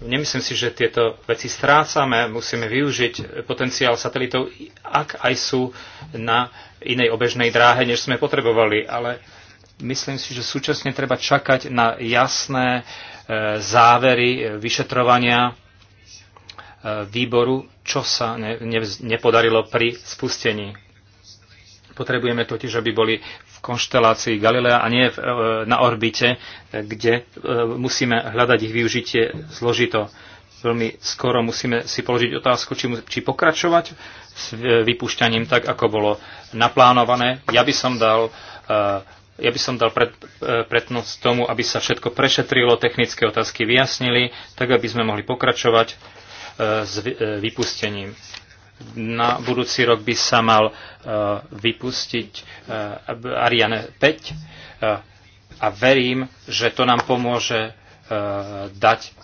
Nemyslím si, že tieto veci strácame, musíme využiť potenciál satelitov, ak aj sú na inej obežnej dráhe, než sme potrebovali. Ale myslím si, že súčasne treba čakať na jasné e, závery e, vyšetrovania e, výboru, čo sa nepodarilo pri spustení Potrebujeme totiž, aby boli v konštelácii Galilea a nie e, na orbite, e, kde e, musíme hľadať ich využitie zložito. Veľmi skoro musíme si položiť otázku, či, či pokračovať s vypúšťaním tak, ako bolo naplánované. Ja by som dal ja by som dal pred, prednosť tomu, aby sa všetko prešetrilo, technické otázky vyjasnili, tak aby sme mohli pokračovať s vypustením. Na budúci rok by sa mal e, vypustiť e, Ariane 5 e, a verím, že to nám pomôže dať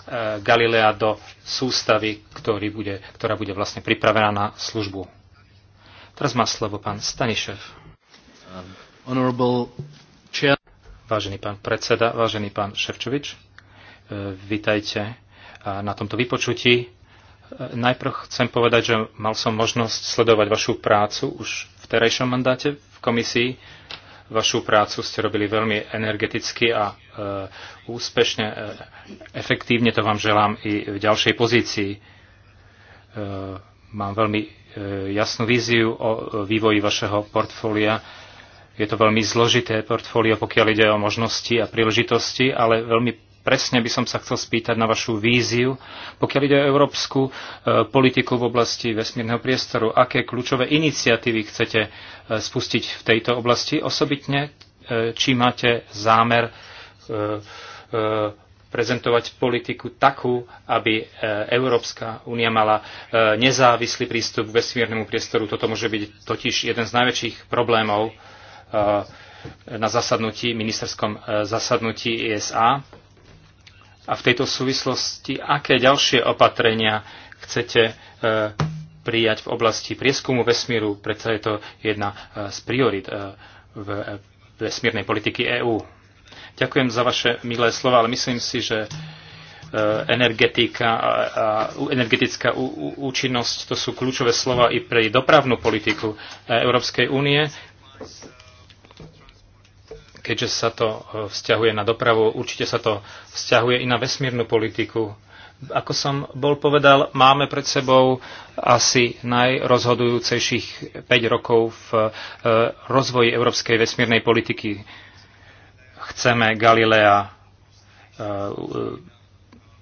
Galilea do sústavy, ktorý bude, ktorá bude vlastne pripravená na službu. Teraz má slovo pán Stanišev. Um, vážený pán predseda, vážený pán Ševčovič, vítajte na tomto vypočutí. Najprv chcem povedať, že mal som možnosť sledovať vašu prácu už v terajšom mandáte v komisii. Vašu prácu ste robili veľmi energeticky a e, úspešne, e, efektívne, to vám želám i v ďalšej pozícii. E, mám veľmi e, jasnú víziu o vývoji vašeho portfólia. Je to veľmi zložité portfólio, pokiaľ ide o možnosti a príležitosti, ale veľmi presne by som sa chcel spýtať na vašu víziu, pokiaľ ide o európsku e, politiku v oblasti vesmírneho priestoru. Aké kľúčové iniciatívy chcete e, spustiť v tejto oblasti? Osobitne, e, či máte zámer prezentovať politiku takú, aby Európska únia mala nezávislý prístup k vesmírnemu priestoru. Toto môže byť totiž jeden z najväčších problémov na zasadnutí, ministerskom zasadnutí ISA a v tejto súvislosti, aké ďalšie opatrenia chcete e, prijať v oblasti prieskumu vesmíru? Predsa je to jedna e, z priorit e, v e, vesmírnej politiky EÚ. Ďakujem za vaše milé slova, ale myslím si, že e, energetika a, energetická účinnosť, to sú kľúčové slova i pre dopravnú politiku Európskej únie keďže sa to e, vzťahuje na dopravu, určite sa to vzťahuje i na vesmírnu politiku. Ako som bol povedal, máme pred sebou asi najrozhodujúcejších 5 rokov v e, rozvoji európskej vesmírnej politiky. Chceme Galilea e,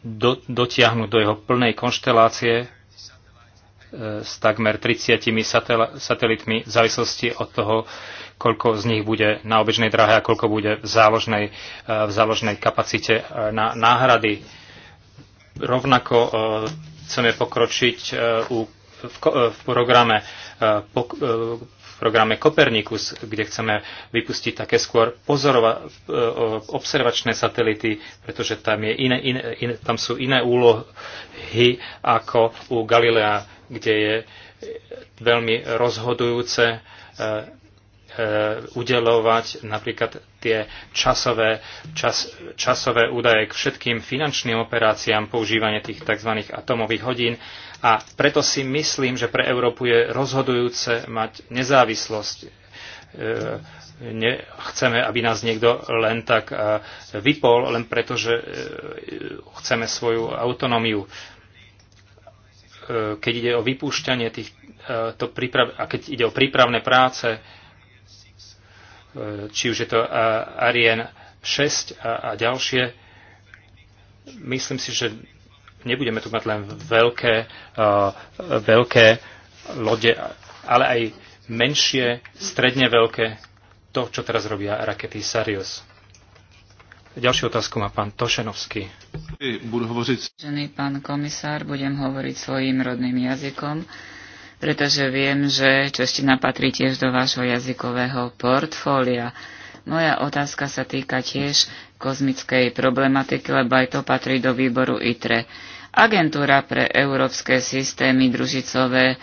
do, dotiahnuť do jeho plnej konštelácie s takmer 30 satelitmi v závislosti od toho, koľko z nich bude na obežnej drahe a koľko bude v záložnej, eh, v záložnej kapacite eh, na náhrady. Rovnako eh, chceme pokročiť v, programe v programe Copernicus, kde chceme vypustiť také skôr pozorova, observačné satelity, pretože tam, je iné, iné, iné, tam sú iné úlohy ako u Galilea, kde je veľmi rozhodujúce Eh, udelovať napríklad tie časové, čas, časové údaje k všetkým finančným operáciám používanie tých tzv. atomových hodín. A preto si myslím, že pre Európu je rozhodujúce mať nezávislosť. Eh, chceme, aby nás niekto len tak eh, vypol, len preto, že chceme svoju autonómiu keď ide o vypúšťanie tých, to príprav, a keď ide o prípravné práce, či už je to Ariane 6 a, a ďalšie. Myslím si, že nebudeme tu mať len veľké, veľké lode, ale aj menšie, stredne veľké, to, čo teraz robia rakety Sarius. Ďalšiu otázku má pán Tošenovský. Budu hovoriť... Žený pán komisár, budem hovoriť svojim rodným jazykom pretože viem, že čeština patrí tiež do vášho jazykového portfólia. Moja otázka sa týka tiež kozmickej problematiky, lebo aj to patrí do výboru ITRE. Agentúra pre európske systémy družicové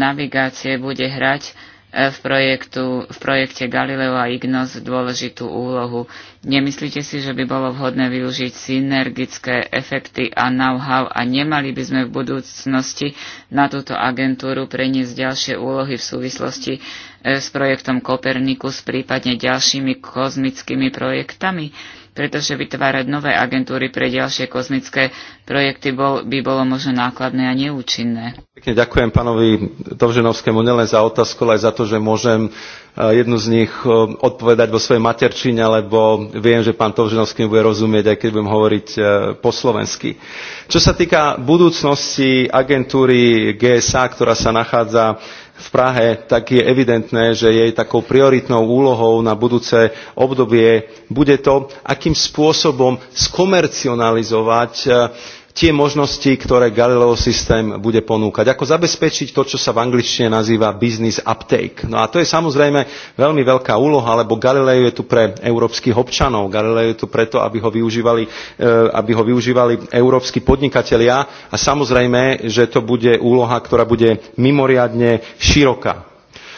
navigácie bude hrať Eh, v, projektu, v projekte Galileo a Ignos dôležitú úlohu. Nemyslíte si, že by bolo vhodné využiť synergické efekty a know-how a nemali by sme v budúcnosti na túto agentúru preniesť ďalšie úlohy v súvislosti eh, s projektom Kopernikus, prípadne ďalšími kozmickými projektami? pretože vytvárať nové agentúry pre ďalšie kozmické projekty bol, by bolo možno nákladné a neúčinné. Pekne ďakujem pánovi Dovženovskému nielen za otázku, ale aj za to, že môžem e, jednu z nich e, odpovedať vo svojej materčine, lebo viem, že pán Tovženovský bude rozumieť, aj keď budem hovoriť e, po slovensky. Čo sa týka budúcnosti agentúry GSA, ktorá sa nachádza v Prahe, tak je evidentné, že jej takou prioritnou úlohou na budúce obdobie bude to, akým spôsobom skomercionalizovať tie možnosti, ktoré Galileo systém bude ponúkať. Ako zabezpečiť to, čo sa v angličtine nazýva business uptake. No a to je samozrejme veľmi veľká úloha, lebo Galileo je tu pre európskych občanov. Galileo je tu preto, aby ho využívali, eh, aby ho využívali európsky podnikatelia a samozrejme, že to bude úloha, ktorá bude mimoriadne široká.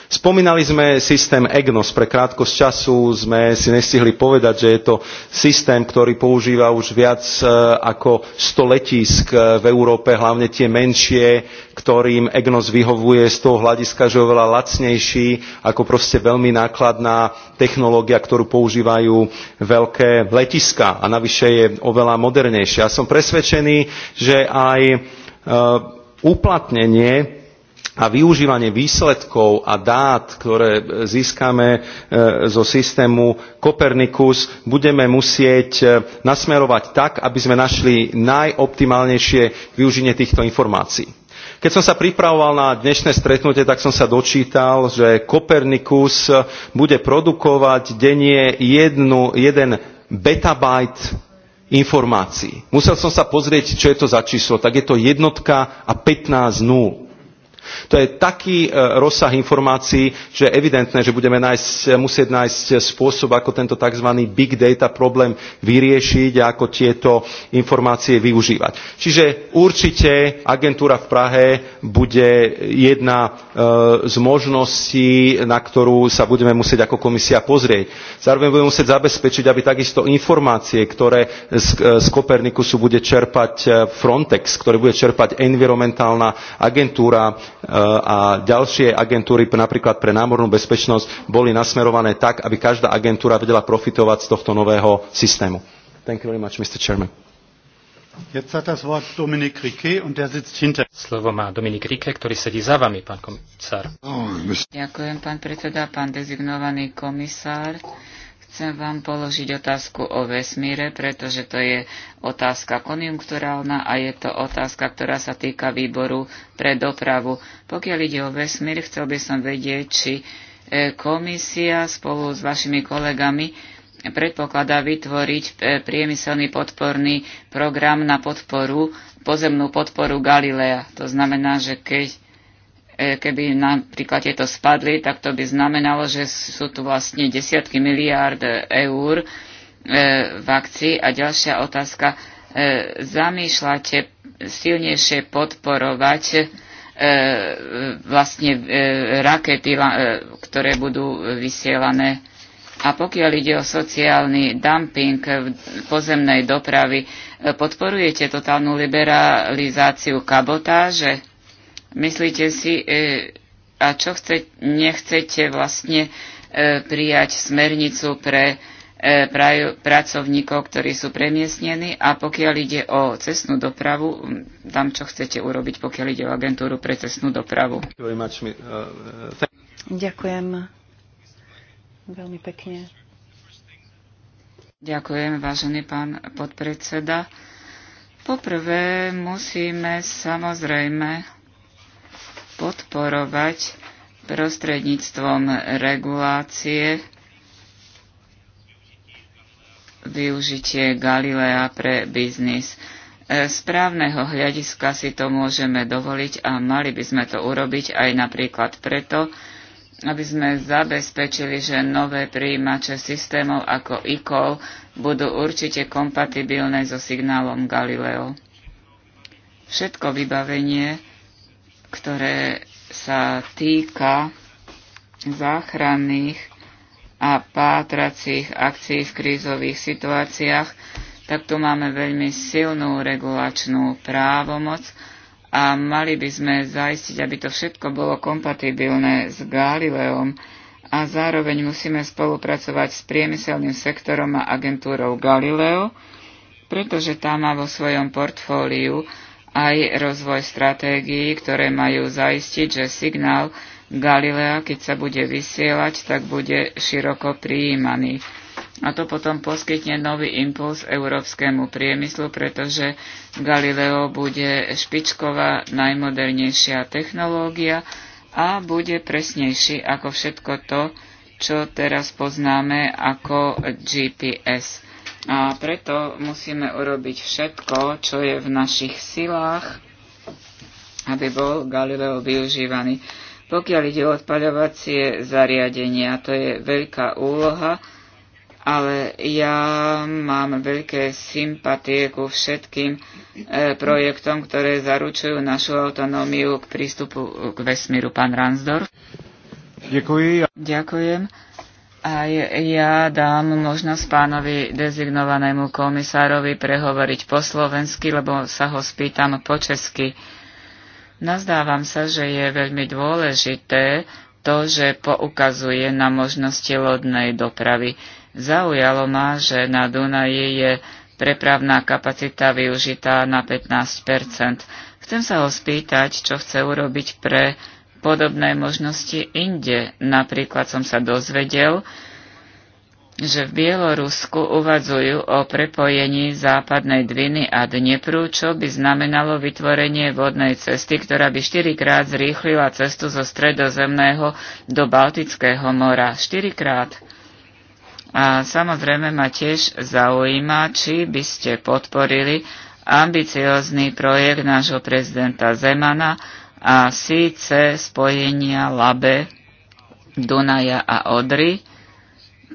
Spomínali sme systém EGNOS. Pre krátkosť času sme si nestihli povedať, že je to systém, ktorý používa už viac e, ako 100 letísk e, v Európe, hlavne tie menšie, ktorým EGNOS vyhovuje z toho hľadiska, že je oveľa lacnejší ako proste veľmi nákladná technológia, ktorú používajú veľké letiska a navyše je oveľa modernejšia. Ja som presvedčený, že aj e, uplatnenie a využívanie výsledkov a dát, ktoré e, získame e, zo systému Copernicus, budeme musieť e, nasmerovať tak, aby sme našli najoptimálnejšie využitie týchto informácií. Keď som sa pripravoval na dnešné stretnutie, tak som sa dočítal, že Copernicus bude produkovať denne jednu, jeden betabajt informácií. Musel som sa pozrieť, čo je to za číslo. Tak je to jednotka a 15 nul to je taký e, rozsah informácií, že je evidentné, že budeme nájsť, musieť nájsť spôsob, ako tento tzv. big data problém vyriešiť a ako tieto informácie využívať. Čiže určite agentúra v Prahe bude jedna e, z možností, na ktorú sa budeme musieť ako komisia pozrieť. Zároveň budeme musieť zabezpečiť, aby takisto informácie, ktoré z, e, z Kopernikusu bude čerpať Frontex, ktoré bude čerpať environmentálna agentúra, a ďalšie agentúry, napríklad pre námornú bezpečnosť, boli nasmerované tak, aby každá agentúra vedela profitovať z tohto nového systému. Thank you very much, Mr. Chairman. Jetzt hat das Wort Dominik und der sitzt hinter. Slovo má Dominik Rike, ktorý sedí za vami, pán komisár. Ďakujem, pán predseda, pán dezignovaný komisár. Chcem vám položiť otázku o vesmíre, pretože to je otázka konjunkturálna a je to otázka, ktorá sa týka výboru pre dopravu. Pokiaľ ide o vesmír, chcel by som vedieť, či e, komisia spolu s vašimi kolegami predpokladá vytvoriť e, priemyselný podporný program na podporu, pozemnú podporu Galilea. To znamená, že keď, e, keby napríklad tieto spadli, tak to by znamenalo, že sú tu vlastne desiatky miliárd eur v akcii. A ďalšia otázka, zamýšľate silnejšie podporovať E, vlastne e, rakety, e, ktoré budú vysielané. A pokiaľ ide o sociálny dumping pozemnej dopravy, podporujete totálnu liberalizáciu kabotáže? Myslíte si, a čo chce, nechcete vlastne prijať smernicu pre E, pracovníkov, ktorí sú premiestnení a pokiaľ ide o cestnú dopravu, tam čo chcete urobiť, pokiaľ ide o agentúru pre cestnú dopravu. Uh, uh, Ďakujem veľmi pekne. Ďakujem, vážený pán podpredseda. Poprvé musíme samozrejme podporovať prostredníctvom regulácie využitie Galilea pre biznis. E, z právneho hľadiska si to môžeme dovoliť a mali by sme to urobiť aj napríklad preto, aby sme zabezpečili, že nové príjimače systémov ako ICOL budú určite kompatibilné so signálom Galileo. Všetko vybavenie, ktoré sa týka záchranných a pátracích akcií v krízových situáciách, tak tu máme veľmi silnú regulačnú právomoc a mali by sme zaistiť, aby to všetko bolo kompatibilné s Galileom a zároveň musíme spolupracovať s priemyselným sektorom a agentúrou Galileo, pretože tá má vo svojom portfóliu aj rozvoj stratégií, ktoré majú zaistiť, že signál, Galilea, keď sa bude vysielať, tak bude široko prijímaný. A to potom poskytne nový impuls európskemu priemyslu, pretože Galileo bude špičková najmodernejšia technológia a bude presnejší ako všetko to, čo teraz poznáme ako GPS. A preto musíme urobiť všetko, čo je v našich silách, aby bol Galileo využívaný pokiaľ ide o odpaľovacie zariadenia. To je veľká úloha, ale ja mám veľké sympatie ku všetkým e, projektom, ktoré zaručujú našu autonómiu k prístupu k vesmíru. Pán Ransdorf. Ďakujem. Ďakujem. A ja dám možnosť pánovi dezignovanému komisárovi prehovoriť po slovensky, lebo sa ho spýtam po česky. Nazdávam sa, že je veľmi dôležité to, že poukazuje na možnosti lodnej dopravy. Zaujalo ma, že na Dunaji je prepravná kapacita využitá na 15 Chcem sa ho spýtať, čo chce urobiť pre podobné možnosti inde. Napríklad som sa dozvedel, že v Bielorusku uvadzujú o prepojení západnej Dviny a Dnepru, čo by znamenalo vytvorenie vodnej cesty, ktorá by štyrikrát zrýchlila cestu zo stredozemného do Baltického mora. Štyrikrát. A samozrejme ma tiež zaujíma, či by ste podporili ambiciózny projekt nášho prezidenta Zemana a síce spojenia Labe, Dunaja a Odry,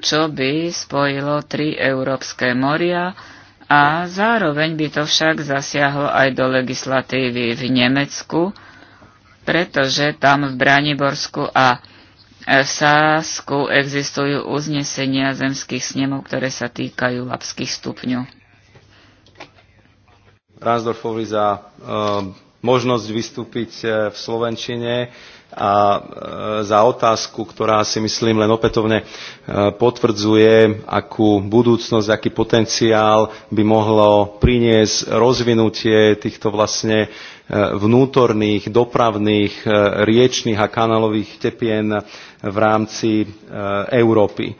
čo by spojilo tri európske moria a zároveň by to však zasiahlo aj do legislatívy v Nemecku, pretože tam v Braniborsku a v Sásku existujú uznesenia zemských snemov, ktoré sa týkajú lapských stupňov. Ransdorfovi za um, možnosť vystúpiť eh, v Slovenčine a e, za otázku, ktorá si myslím len opätovne e, potvrdzuje, akú budúcnosť, aký potenciál by mohlo priniesť rozvinutie týchto vlastne e, vnútorných, dopravných, riečných a kanálových tepien v rámci Európy.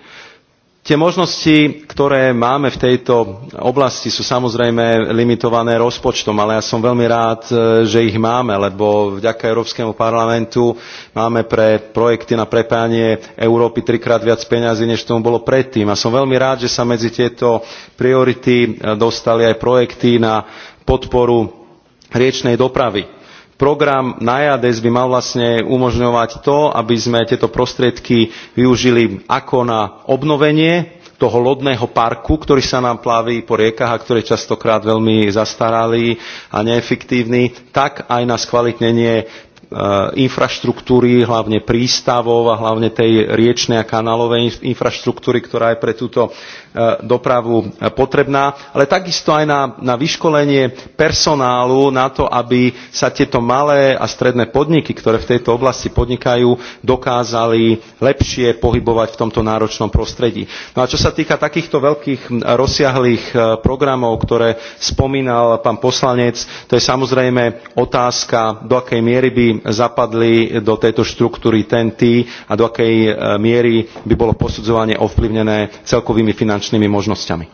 Tie možnosti, ktoré máme v tejto oblasti, sú samozrejme limitované rozpočtom, ale ja som veľmi rád, e, že ich máme, lebo vďaka Európskemu parlamentu máme pre projekty na prepájanie Európy trikrát viac peňazí, než tomu bolo predtým. A som veľmi rád, že sa medzi tieto priority e, dostali aj projekty na podporu riečnej dopravy program NAJADES e by mal vlastne umožňovať to, aby sme tieto prostriedky využili ako na obnovenie toho lodného parku, ktorý sa nám plaví po riekach a ktorý je častokrát veľmi zastaralý a neefektívny, tak aj na skvalitnenie Eh, infraštruktúry, hlavne prístavov a hlavne tej riečnej a kanálovej infraštruktúry, ktorá je pre túto eh, dopravu eh, potrebná, ale takisto aj na, na vyškolenie personálu na to, aby sa tieto malé a stredné podniky, ktoré v tejto oblasti podnikajú, dokázali lepšie pohybovať v tomto náročnom prostredí. No a čo sa týka takýchto veľkých rozsiahlých programov, ktoré spomínal pán poslanec, to je samozrejme otázka, do akej miery by zapadli do tejto štruktúry TNT a do akej e, miery by bolo posudzovanie ovplyvnené celkovými finančnými možnosťami.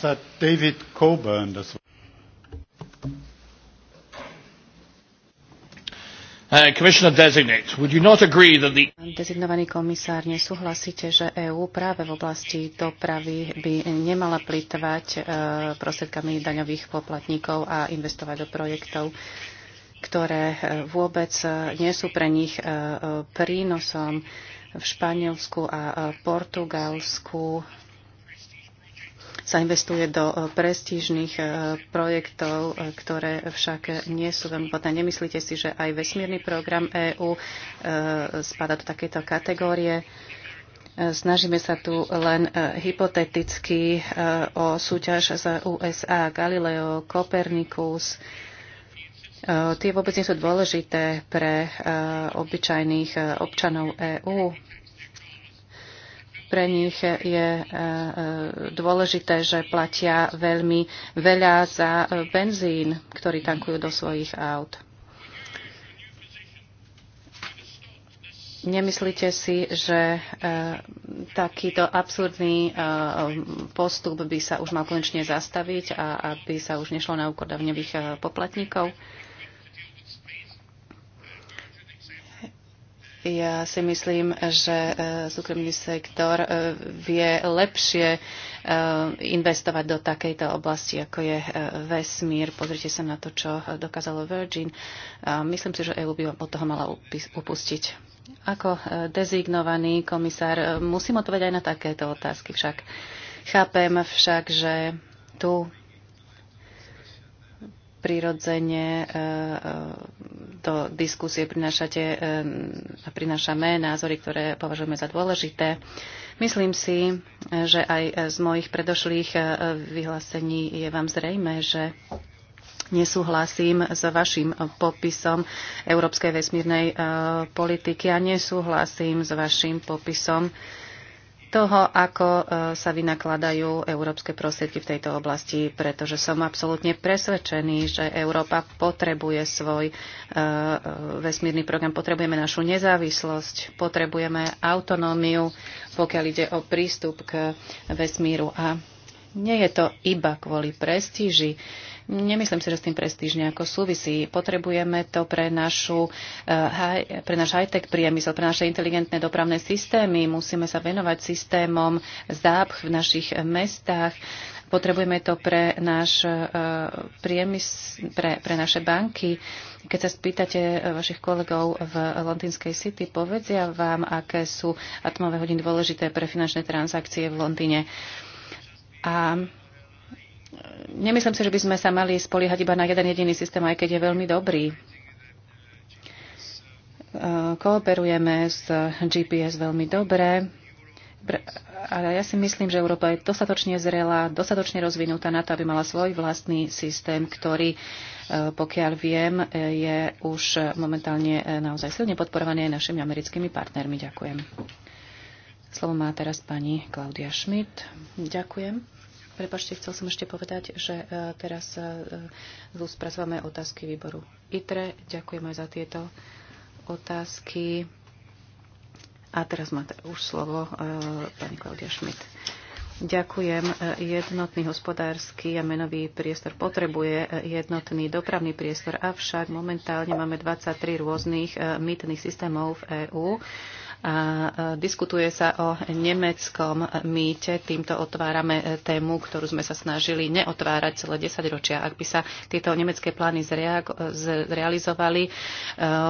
Uh, David Coburn, Uh, dezignovaný komisár, nesúhlasíte, že EÚ práve v oblasti dopravy by nemala plitvať uh, prostriedkami daňových poplatníkov a investovať do projektov, ktoré uh, vôbec nie sú pre nich prínosom v Španielsku a Portugalsku sa investuje do e, prestížnych e, projektov, e, ktoré však nie sú veľmi potné. Nemyslíte si, že aj vesmírny program EÚ spada do takéto kategórie? Snažíme sa tu len hypoteticky o súťaž z USA, Galileo, Copernicus. Tie vôbec nie sú dôležité pre obyčajných občanov EÚ. Pre nich je e, e, dôležité, že platia veľmi veľa za e, benzín, ktorý tankujú do svojich aut. Nemyslíte si, že takýto absurdný postup by sa už mal konečne zastaviť a aby sa už nešlo na úkor davnevých poplatníkov? Ja si myslím, že e, súkromný sektor e, vie lepšie e, investovať do takejto oblasti, ako je vesmír. Pozrite sa na to, čo dokázalo Virgin. Myslím si, že EU by od toho mala upustiť. Ako dezignovaný komisár musím odpovedať aj na takéto otázky však. Chápem však, že tu prirodzene do e, e, diskusie prinášate e, a prinášame názory, ktoré považujeme za dôležité. Myslím si, že aj z mojich predošlých vyhlásení je vám zrejme, že nesúhlasím s vašim popisom európskej vesmírnej politiky a nesúhlasím s vašim popisom toho, ako e, sa vynakladajú európske prostriedky v tejto oblasti, pretože som absolútne presvedčený, že Európa potrebuje svoj e, e, vesmírny program, potrebujeme našu nezávislosť, potrebujeme autonómiu, pokiaľ ide o prístup k vesmíru. A nie je to iba kvôli prestíži, Nemyslím si, že s tým prestíž nejako súvisí. Potrebujeme to pre, našu, eh, pre náš high-tech priemysel, pre naše inteligentné dopravné systémy. Musíme sa venovať systémom zápch v našich mestách. Potrebujeme to pre, náš, eh, priemys, pre, pre naše banky. Keď sa spýtate eh, vašich kolegov v Londýnskej City, povedia vám, aké sú atmové hodiny dôležité pre finančné transakcie v Londýne. A Nemyslím si, že by sme sa mali spoliehať iba na jeden jediný systém, aj keď je veľmi dobrý. E, kooperujeme s GPS veľmi dobre, ale ja si myslím, že Európa je dostatočne zrelá, dostatočne rozvinutá na to, aby mala svoj vlastný systém, ktorý, e, pokiaľ viem, je už momentálne e, naozaj silne podporovaný aj našimi americkými partnermi. Ďakujem. Slovo má teraz pani Klaudia Schmidt. Ďakujem. Prepačte, chcel som ešte povedať, že e, teraz e, e, spracovame otázky výboru ITRE. Ďakujem aj za tieto otázky. A teraz máte už slovo pani Klaudia Šmit. Ďakujem. Jednotný hospodársky a menový priestor potrebuje jednotný dopravný priestor, avšak momentálne máme 23 rôznych mýtnych systémov v EÚ a e, diskutuje sa o nemeckom mýte. Týmto otvárame e, tému, ktorú sme sa snažili neotvárať celé 10 ročia. Ak by sa tieto nemecké plány zrealizovali, e,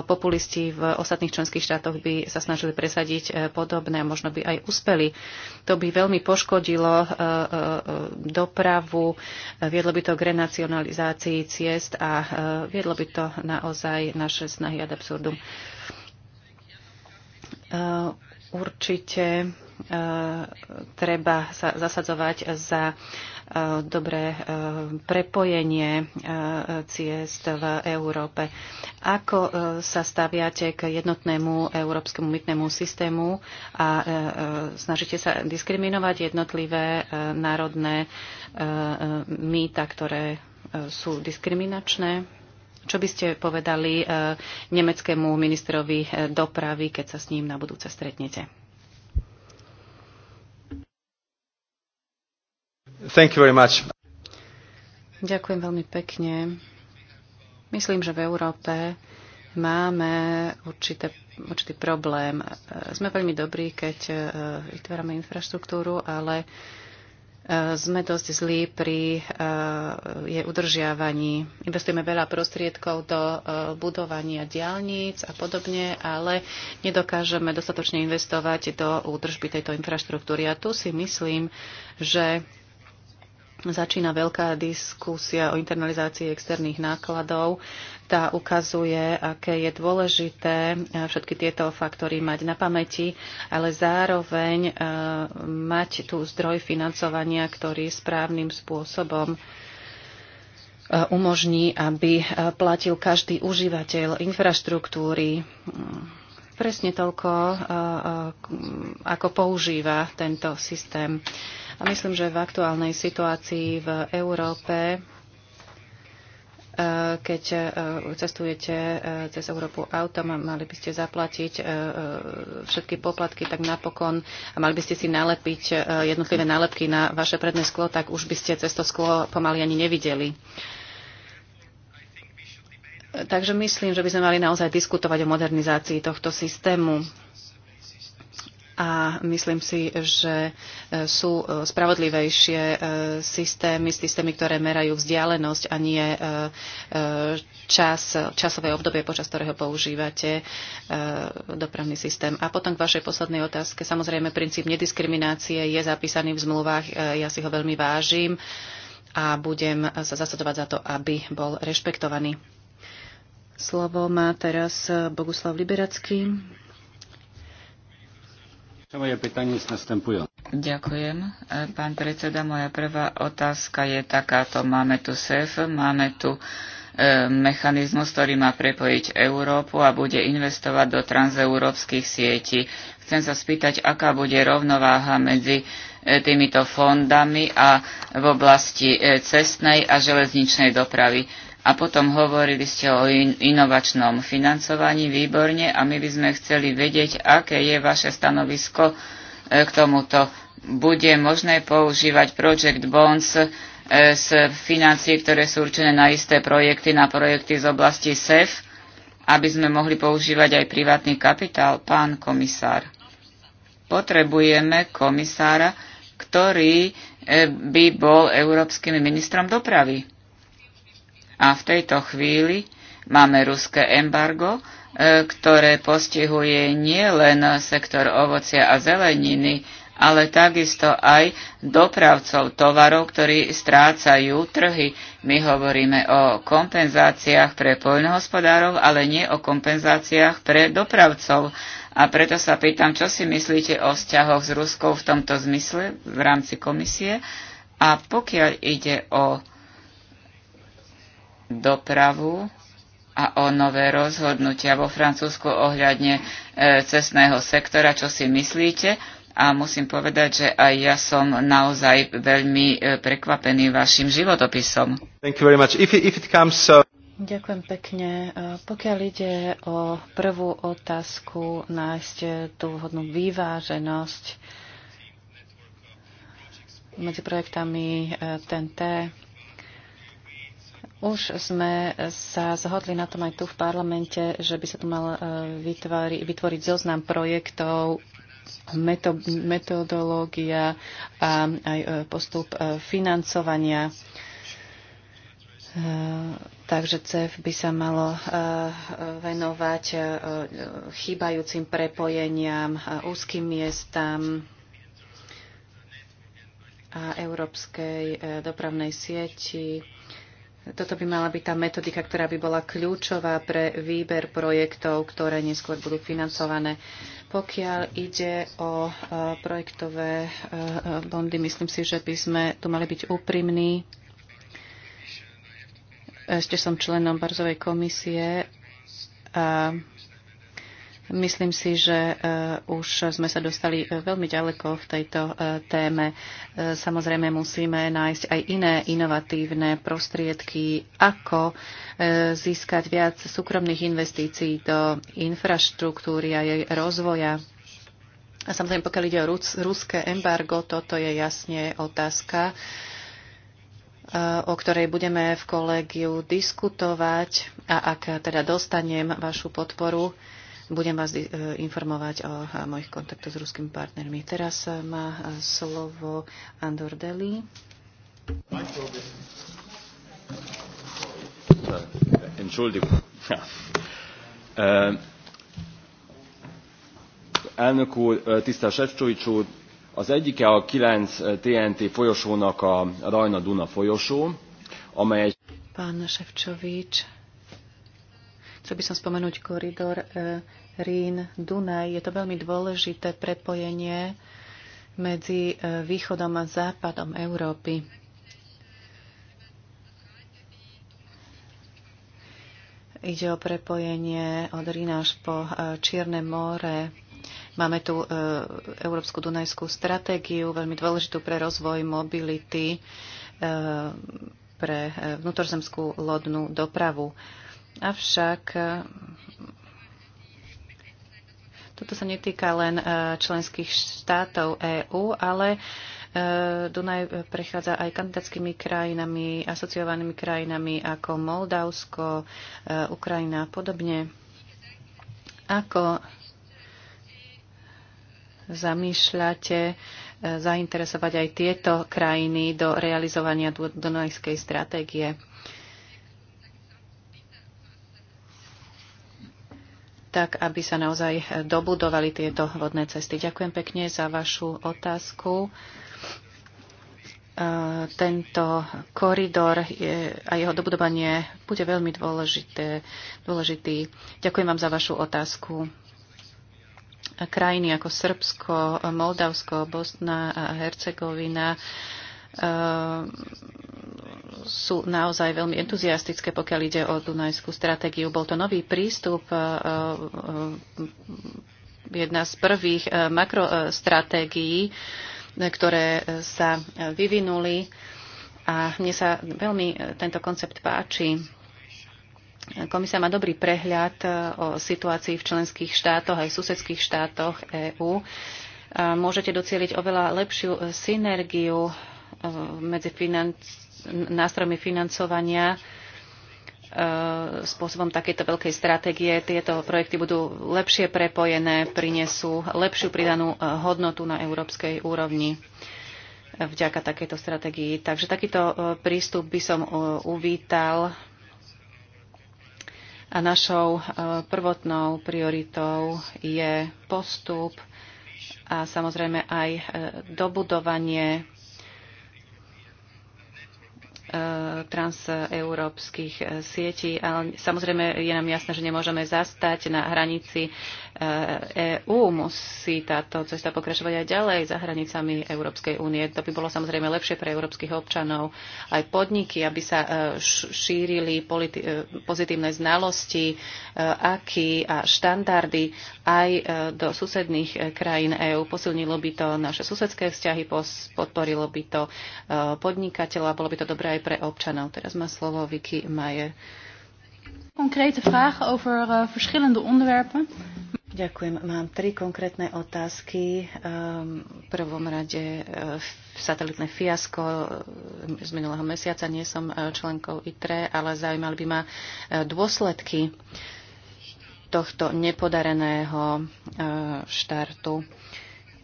populisti v ostatných členských štátoch by sa snažili presadiť podobné a možno by aj uspeli. To by veľmi poškodilo dopravu, viedlo by to k renacionalizácii ciest a viedlo by to naozaj naše snahy ad absurdum. Eh, určite eh, treba sa zasadzovať za eh, dobré prepojenie ciest v Európe. Ako sa staviate k jednotnému európskemu mytnému systému a snažíte sa diskriminovať jednotlivé národné mýta, ktoré sú diskriminačné? Čo by ste povedali e, nemeckému ministrovi e, dopravy, keď sa s ním na budúce stretnete? Thank you very much. Ďakujem veľmi pekne. Myslím, že v Európe máme určité, určitý problém. E, sme veľmi dobrí, keď vytvárame infraštruktúru, ale sme dosť zlí pri eh, jej udržiavaní. Investujeme veľa prostriedkov do eh, budovania diálnic a podobne, ale nedokážeme dostatočne investovať do údržby tejto infraštruktúry. A tu si myslím, že začína veľká diskusia o internalizácii externých nákladov. Tá ukazuje, aké je dôležité eh, všetky tieto faktory mať na pamäti, ale zároveň eh, mať tu zdroj financovania, ktorý správnym spôsobom eh, umožní, aby platil každý užívateľ infraštruktúry presne toľko, ako používa tento systém. A myslím, že v aktuálnej situácii v Európe e, keď e, cestujete e, cez Európu autom a mali by ste zaplatiť všetky poplatky, tak napokon a mali by ste si nalepiť jednotlivé nálepky na vaše predné sklo, tak už by ste cez to sklo pomaly ani nevideli. Takže myslím, že by sme mali naozaj diskutovať o modernizácii tohto systému a myslím si, že e, sú e, spravodlivejšie e, systémy, systémy, ktoré merajú vzdialenosť a nie čas, časové obdobie, počas ktorého používate dopravný systém. A potom k vašej poslednej otázke. Samozrejme, princíp nediskriminácie je zapísaný v zmluvách. Ja si ho veľmi vážim a budem sa zasadovať za to, aby bol rešpektovaný. Slovo má teraz Boguslav Liberacký. Moje pytanie następujące. Ďakujem. Pán predseda, moja prvá otázka je takáto. Máme tu SEF, máme tu e, mechanizmus, ktorý má prepojiť Európu a bude investovať do transeurópskych sietí. Chcem sa spýtať, aká bude rovnováha medzi e, týmito fondami a v oblasti e, cestnej a železničnej dopravy. A potom hovorili ste o in- inovačnom financovaní, výborne, a my by sme chceli vedieť, aké je vaše stanovisko e, k tomuto. Bude možné používať Project Bonds e, z financií, ktoré sú určené na isté projekty, na projekty z oblasti SEF, aby sme mohli používať aj privátny kapitál, pán komisár. Potrebujeme komisára, ktorý e, by bol európskym ministrom dopravy a v tejto chvíli máme ruské embargo, e, ktoré postihuje nielen sektor ovocia a zeleniny, ale takisto aj dopravcov tovarov, ktorí strácajú trhy. My hovoríme o kompenzáciách pre poľnohospodárov, ale nie o kompenzáciách pre dopravcov. A preto sa pýtam, čo si myslíte o vzťahoch s Ruskou v tomto zmysle v rámci komisie. A pokiaľ ide o dopravu a o nové rozhodnutia vo Francúzsku ohľadne e, cestného sektora, čo si myslíte. A musím povedať, že aj ja som naozaj veľmi e, prekvapený vašim životopisom. Thank you very much. If, if it comes, uh... Ďakujem pekne. E, pokiaľ ide o prvú otázku, nájsť tú vhodnú vyváženosť medzi projektami TNT, e, už sme sa zhodli na tom aj tu v parlamente, že by sa tu mal e, vytvori, vytvoriť zoznam projektov, metodológia a aj e, postup e, financovania. Takže CEF by sa malo venovať chýbajúcim prepojeniam, úzkým miestam a európskej dopravnej sieti toto by mala byť tá metodika, ktorá by bola kľúčová pre výber projektov, ktoré neskôr budú financované. Pokiaľ ide o e, projektové e, e, bondy, myslím si, že by sme tu mali byť úprimní. Ešte som členom Barzovej komisie a Myslím si, že eh, už sme sa dostali eh, veľmi ďaleko v tejto eh, téme. Samozrejme musíme nájsť aj iné inovatívne prostriedky, ako získať viac súkromných investícií do infraštruktúry a jej rozvoja. A samozrejme, pokiaľ ide o ruské embargo, toto je jasne otázka, o ktorej budeme v kolegiu diskutovať a ak teda dostanem vašu podporu, budem vás eh, informovať o eh, mojich kontaktoch s ruskými partnermi. Teraz eh, má slovo Andor Deli. Elnök úr, tisztelt Sefcsovics úr, az egyike a 9 TNT folyosónak a Rajna-Duna folyosó, amely egy... Pán Sefcsovics, chcel by som spomenúť koridor Rín, Dunaj. Je to veľmi dôležité prepojenie medzi e, východom a západom Európy. Ide o prepojenie od Rína až po e, Čierne more. Máme tu e, Európsku Dunajskú stratégiu, veľmi dôležitú pre rozvoj mobility, pre vnútorzemskú lodnú dopravu. Avšak toto sa netýka len e, členských štátov EÚ, ale e, Dunaj prechádza aj kandidátskymi krajinami, asociovanými krajinami ako Moldavsko, e, Ukrajina a podobne. Ako zamýšľate zainteresovať aj tieto krajiny do realizovania Dunajskej stratégie? tak aby sa naozaj dobudovali tieto vodné cesty. Ďakujem pekne za vašu otázku e, tento koridor a jeho dobudovanie bude veľmi dôležité, dôležitý. Ďakujem vám za vašu otázku. Krajiny ako Srbsko, Moldavsko, Bosna a Hercegovina e, sú naozaj veľmi entuziastické, pokiaľ ide o Dunajskú stratégiu. Bol to nový prístup, e, e, jedna z prvých e, makrostratégií, ktoré sa vyvinuli a mne sa veľmi tento koncept páči. Komisia má dobrý prehľad o situácii v členských štátoch aj v susedských štátoch EÚ. Môžete docieliť oveľa lepšiu synergiu medzi financí nástrojmi financovania e, spôsobom takejto veľkej stratégie. Tieto projekty budú lepšie prepojené, prinesú lepšiu pridanú e, hodnotu na európskej úrovni vďaka takejto stratégii. Takže takýto e, prístup by som uvítal. A našou prvotnou prioritou je postup a samozrejme aj dobudovanie Eh, transeurópskych eh, sietí. Ale samozrejme je nám jasné, že nemôžeme zastať na hranici EÚ. E musí táto cesta pokračovať aj ďalej za hranicami Európskej únie. To by bolo samozrejme lepšie pre európskych občanov, aj podniky, aby sa e, šírili e, pozitívne znalosti, aký a štandardy aj do susedných krajín EÚ. Posilnilo by to naše susedské vzťahy, podporilo by to podnikateľa, bolo by to dobré aj pre občanov. Teraz má slovo Vicky Majer. Concrete vragen over uh, verschillende onderwerpen. Ďakujem. Mám tri konkrétne otázky. Ehm, v prvom rade eh, satelitné fiasko eh, z minulého mesiaca. Nie som eh, členkou ITRE, ale zaujímali by ma dôsledky tohto nepodareného štartu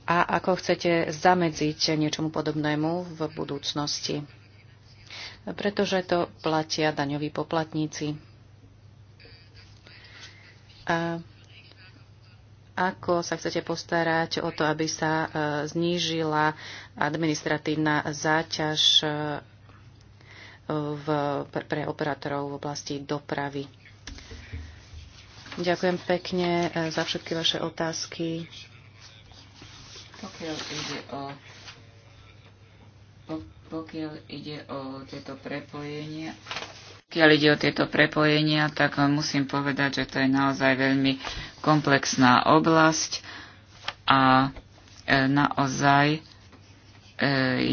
a ako chcete zamedziť niečomu podobnému v budúcnosti. Pretože to platia daňoví poplatníci. A ako sa chcete postarať o to, aby sa e, znížila administratívna záťaž e, v, pre, pre operátorov v oblasti dopravy? Ďakujem pekne e, za všetky vaše otázky. Pokiaľ ide o, pokiaľ ide o tieto prepojenia, pokiaľ ide o tieto prepojenia, tak musím povedať, že to je naozaj veľmi komplexná oblasť a e, naozaj e,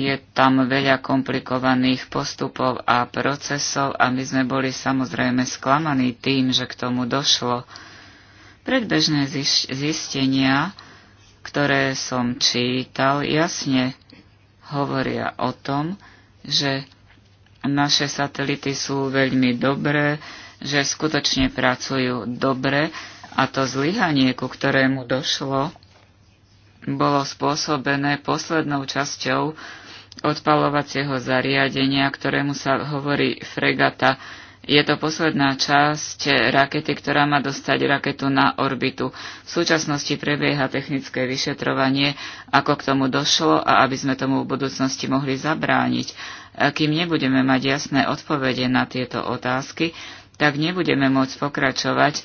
je tam veľa komplikovaných postupov a procesov a my sme boli samozrejme sklamaní tým, že k tomu došlo. Predbežné zistenia, ktoré som čítal, jasne hovoria o tom, že naše satelity sú veľmi dobré, že skutočne pracujú dobre a to zlyhanie, ku ktorému došlo, bolo spôsobené poslednou časťou odpalovacieho zariadenia, ktorému sa hovorí fregata je to posledná časť rakety, ktorá má dostať raketu na orbitu. V súčasnosti prebieha technické vyšetrovanie, ako k tomu došlo a aby sme tomu v budúcnosti mohli zabrániť. Kým nebudeme mať jasné odpovede na tieto otázky, tak nebudeme môcť pokračovať e,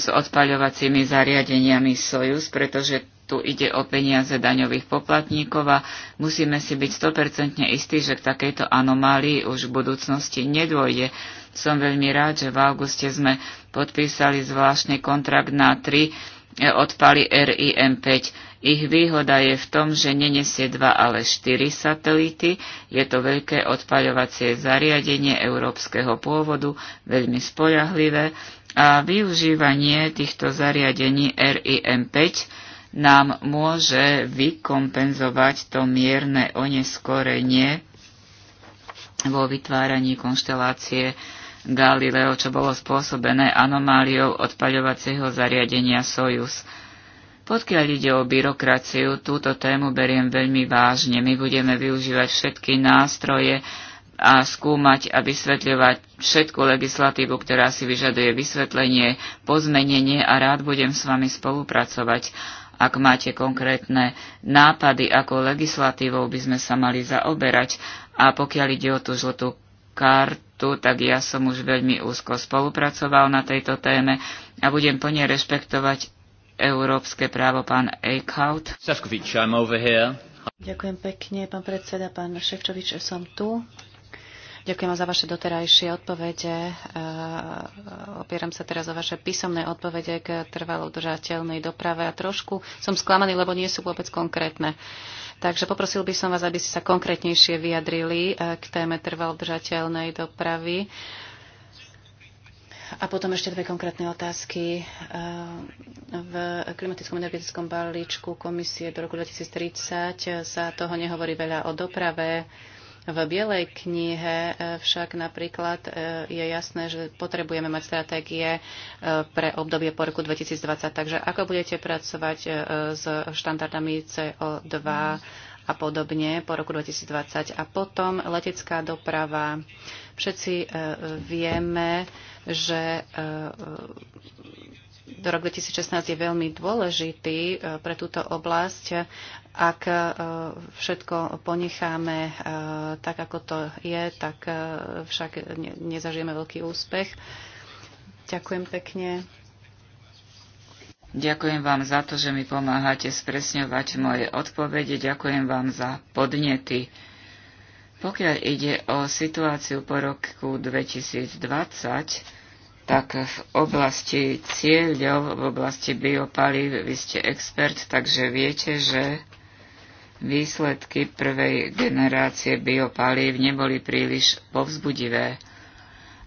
s odpaľovacími zariadeniami Sojus, pretože tu ide o peniaze daňových poplatníkov a musíme si byť 100% istí, že k takejto anomálii už v budúcnosti nedôjde. Som veľmi rád, že v auguste sme podpísali zvláštny kontrakt na tri e, odpaly RIM-5. Ich výhoda je v tom, že nenesie dva, ale štyri satelity. Je to veľké odpaľovacie zariadenie európskeho pôvodu, veľmi spoľahlivé a využívanie týchto zariadení RIM-5 nám môže vykompenzovať to mierne oneskorenie vo vytváraní konštelácie Galileo, čo bolo spôsobené anomáliou odpaľovacieho zariadenia Sojus. Podkiaľ ide o byrokraciu, túto tému beriem veľmi vážne. My budeme využívať všetky nástroje a skúmať a vysvetľovať všetku legislatívu, ktorá si vyžaduje vysvetlenie, pozmenenie a rád budem s vami spolupracovať. Ak máte konkrétne nápady, ako legislatívou by sme sa mali zaoberať a pokiaľ ide o tú žltú kartu, tak ja som už veľmi úzko spolupracoval na tejto téme a budem plne rešpektovať európske právo pán Eichhout. Ďakujem pekne, pán predseda, pán Ševčovič, som tu. Ďakujem za vaše doterajšie odpovede. E, e, opieram sa teraz o vaše písomné odpovede k trvalo udržateľnej doprave a trošku som sklamaný, lebo nie sú vôbec konkrétne. Takže poprosil by som vás, aby ste sa konkrétnejšie vyjadrili e, k téme trvalo udržateľnej dopravy. A potom ešte dve konkrétne otázky. V klimatickom energetickom balíčku komisie do roku 2030 sa toho nehovorí veľa o doprave. V Bielej knihe e, však napríklad e, je jasné, že potrebujeme mať stratégie e, pre obdobie po roku 2020. Takže ako budete pracovať s štandardami CO2 a podobne po roku 2020. A potom letecká doprava. Všetci vieme, že do rok 2016 je veľmi dôležitý pre túto oblasť ak e, všetko ponecháme e, tak, ako to je, tak e, však nezažijeme veľký úspech. Ďakujem pekne. Ďakujem vám za to, že mi pomáhate spresňovať moje odpovede. Ďakujem vám za podnety. Pokiaľ ide o situáciu po roku 2020, tak v oblasti cieľov, v oblasti biopalív, vy ste expert, takže viete, že výsledky prvej generácie biopalív neboli príliš povzbudivé.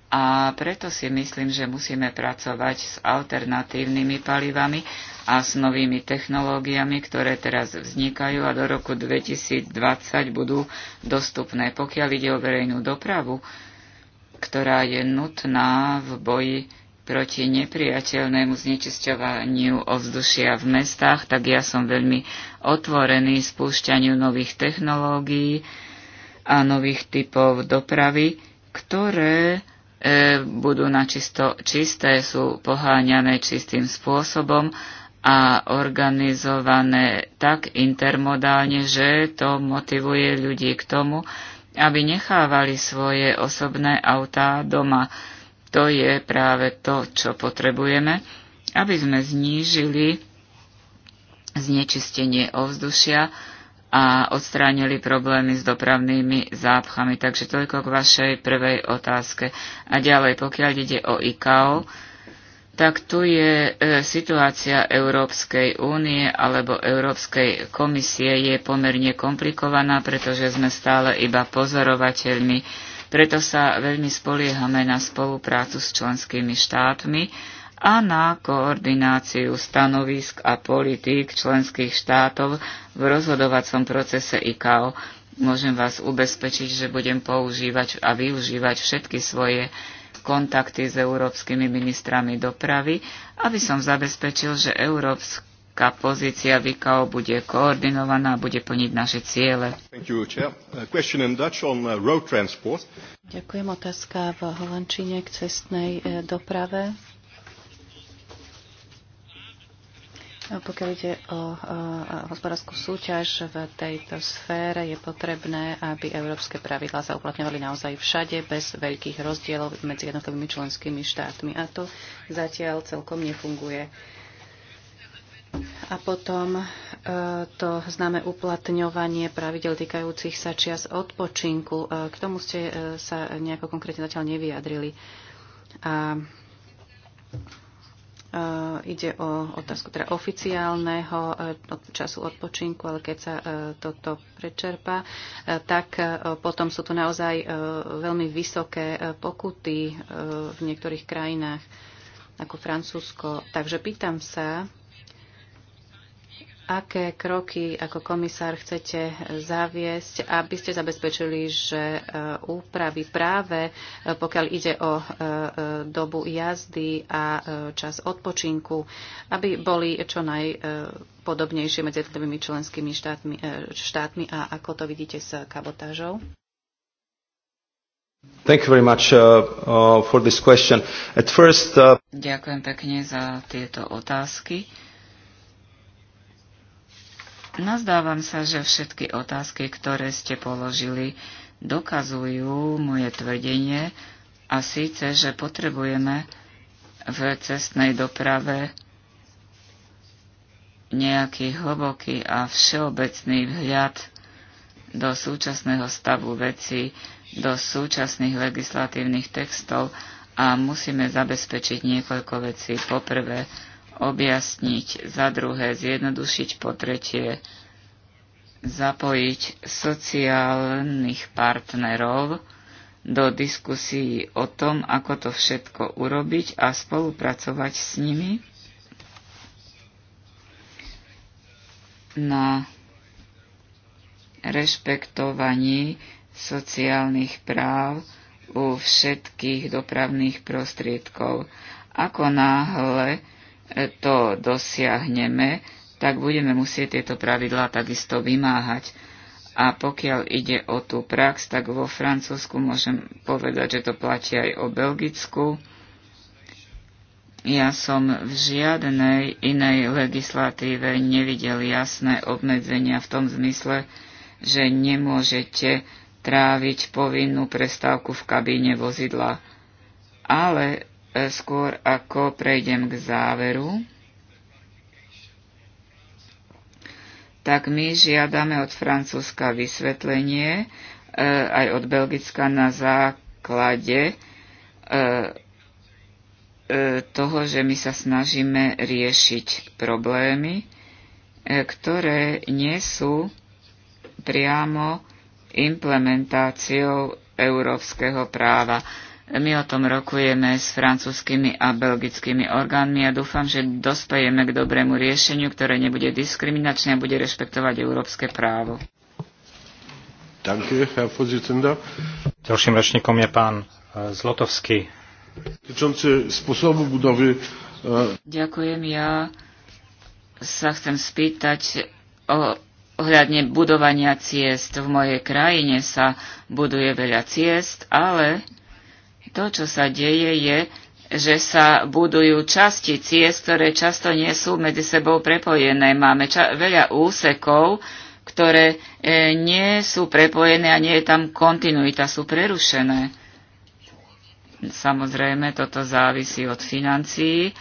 A preto si myslím, že musíme pracovať s alternatívnymi palivami a s novými technológiami, ktoré teraz vznikajú a do roku 2020 budú dostupné. Pokiaľ ide o verejnú dopravu, ktorá je nutná v boji proti nepriateľnému znečisťovaniu ovzdušia v mestách, tak ja som veľmi otvorený spúšťaniu nových technológií a nových typov dopravy, ktoré e, budú načisto čisté, sú poháňané čistým spôsobom a organizované tak intermodálne, že to motivuje ľudí k tomu, aby nechávali svoje osobné autá doma. To je práve to, čo potrebujeme, aby sme znížili znečistenie ovzdušia a odstránili problémy s dopravnými zápchami. Takže toľko k vašej prvej otázke. A ďalej, pokiaľ ide o ICAO, tak tu je e, situácia Európskej únie alebo Európskej komisie je pomerne komplikovaná, pretože sme stále iba pozorovateľmi preto sa veľmi spoliehame na spoluprácu s členskými štátmi a na koordináciu stanovisk a politík členských štátov v rozhodovacom procese ICAO. Môžem vás ubezpečiť, že budem používať a využívať všetky svoje kontakty s európskymi ministrami dopravy, aby som zabezpečil, že európsky aká pozícia VKO bude koordinovaná a bude plniť naše ciele. Uh, Ďakujem. Otázka v Holandčine k cestnej e, doprave. Pokiaľ ide o e, e, hospodárskú súťaž v tejto sfére, je potrebné, aby európske pravidlá sa uplatňovali naozaj všade, bez veľkých rozdielov medzi jednotlivými členskými štátmi. A to zatiaľ celkom nefunguje. A potom e, to známe uplatňovanie pravidel týkajúcich sa čias odpočinku. E, k tomu ste e, sa nejako konkrétne zatiaľ nevyjadrili. A ide o otázku teda oficiálneho času odpočinku, ale keď sa toto prečerpa, tak potom sú tu naozaj veľmi vysoké pokuty v niektorých krajinách ako Francúzsko. Takže pýtam sa, aké kroky ako komisár chcete zaviesť, aby ste zabezpečili, že e, úpravy práve, e, pokiaľ ide o e, dobu jazdy a čas odpočinku, aby boli čo najpodobnejšie medzi jednotlivými členskými štátmi, štátmi a ako to vidíte s kabotážou? Thank you very much uh, uh, for this question. At first, uh... Ďakujem pekne za tieto otázky. Nazdávam sa, že všetky otázky, ktoré ste položili, dokazujú moje tvrdenie a síce, že potrebujeme v cestnej doprave nejaký hlboký a všeobecný vhľad do súčasného stavu veci, do súčasných legislatívnych textov a musíme zabezpečiť niekoľko vecí. Poprvé, objasniť, za druhé zjednodušiť, po tretie zapojiť sociálnych partnerov do diskusí o tom, ako to všetko urobiť a spolupracovať s nimi na rešpektovaní sociálnych práv u všetkých dopravných prostriedkov. Ako náhle to dosiahneme, tak budeme musieť tieto pravidlá takisto vymáhať. A pokiaľ ide o tú prax, tak vo Francúzsku môžem povedať, že to platí aj o Belgicku. Ja som v žiadnej inej legislatíve nevidel jasné obmedzenia v tom zmysle, že nemôžete tráviť povinnú prestávku v kabíne vozidla. Ale E, skôr ako prejdem k záveru, tak my žiadame od Francúzska vysvetlenie, e, aj od Belgicka na základe e, toho, že my sa snažíme riešiť problémy, ktoré nie sú priamo implementáciou európskeho práva. My o tom rokujeme s francúzskými a belgickými orgánmi a dúfam, že dospejeme k dobrému riešeniu, ktoré nebude diskriminačné a bude rešpektovať európske právo. Ďalším ročníkom je pán e, Zlotovský. E, Ďakujem. Ja sa chcem spýtať o ohľadne budovania ciest. V mojej krajine sa buduje veľa ciest, ale to, čo sa deje, je, že sa budujú časti ciest, ktoré často nie sú medzi sebou prepojené. Máme veľa úsekov, ktoré e, nie sú prepojené a nie je tam kontinuita, sú prerušené. Samozrejme, toto závisí od financií,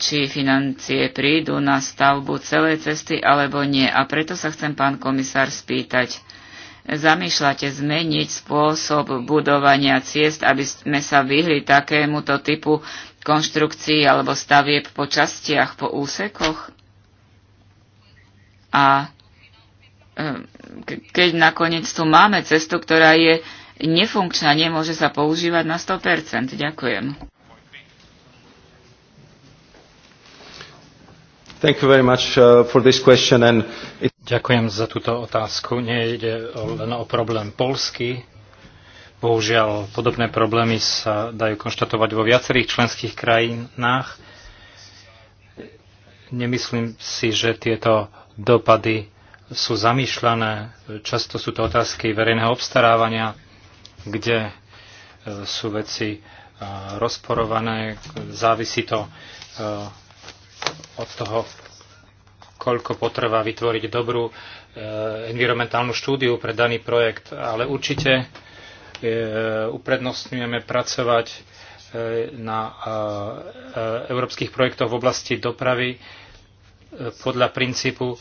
či financie prídu na stavbu celej cesty alebo nie. A preto sa chcem, pán komisár, spýtať, zamýšľate zmeniť spôsob budovania ciest, aby sme sa vyhli takémuto typu konštrukcií alebo stavieb po častiach, po úsekoch? A e, keď nakoniec tu máme cestu, ktorá je nefunkčná, nemôže sa používať na 100%. Ďakujem. Thank you very much uh, for this question and Ďakujem za túto otázku. Nie ide len o problém Polsky. Bohužiaľ, podobné problémy sa dajú konštatovať vo viacerých členských krajinách. Nemyslím si, že tieto dopady sú zamýšľané. Často sú to otázky verejného obstarávania, kde e, sú veci e, rozporované. Závisí to e, od toho, koľko potreba vytvoriť dobrú e, environmentálnu štúdiu pre daný projekt, ale určite e, uprednostňujeme pracovať e, na európskych projektoch v oblasti dopravy podľa princípu,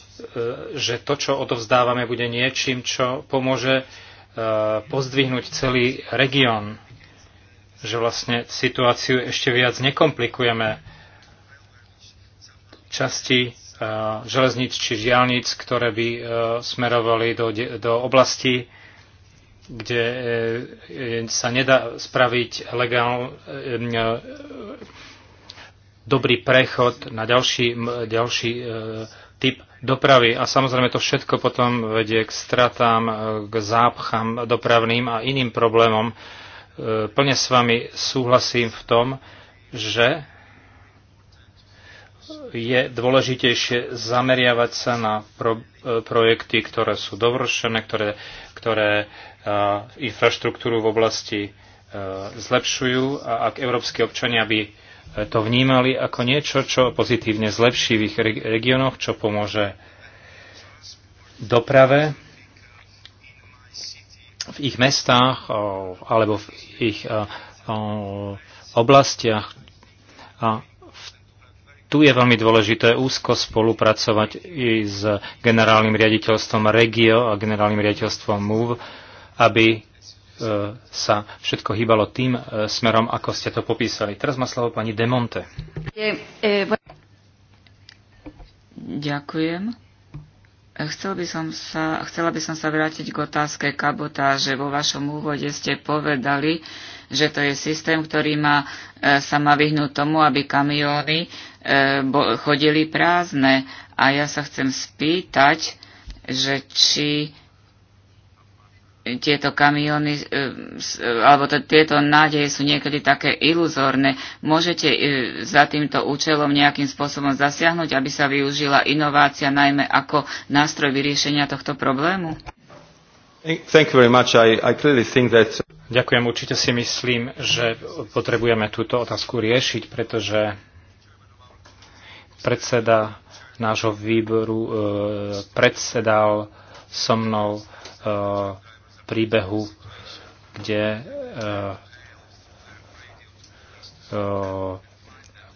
že to, čo odovzdávame, bude niečím, čo pomôže pozdvihnúť celý región, že vlastne situáciu ešte viac nekomplikujeme časti železníc či diálnic, ktoré by e, smerovali do, do oblasti, kde e, e, sa nedá spraviť legál, dobrý prechod na ďalší, ďalší typ dopravy. A samozrejme to všetko potom vedie k stratám, k zápcham dopravným a iným problémom. Plne s vami súhlasím v tom, že je dôležitejšie zameriavať sa na pro, e, projekty, ktoré sú dovršené, ktoré, ktoré uh, infraštruktúru v oblasti uh, zlepšujú a ak európsky občania by to vnímali ako niečo, čo pozitívne zlepší v ich regiónoch, čo pomôže doprave v ich mestách alebo v ich oblastiach. A tu je veľmi dôležité úzko spolupracovať i s generálnym riaditeľstvom Regio a generálnym riaditeľstvom MOVE, aby e, sa všetko hýbalo tým e, smerom, ako ste to popísali. Teraz má slovo pani Demonte. E, Ďakujem. Chcel by som sa, chcela by som sa vrátiť k otázke že Vo vašom úvode ste povedali, že to je systém, ktorý má, sa má vyhnúť tomu, aby kamióny E, chodili prázdne. A ja sa chcem spýtať, že či tieto kamiony, e, e, alebo to, tieto nádeje sú niekedy také iluzórne. Môžete za týmto účelom nejakým spôsobom zasiahnuť, aby sa využila inovácia najmä ako nástroj vyriešenia tohto problému? Thank you very much. I, I clearly think that... Ďakujem, určite si myslím, že potrebujeme túto otázku riešiť, pretože Predseda nášho výboru e, predsedal so mnou e, príbehu, kde e, e,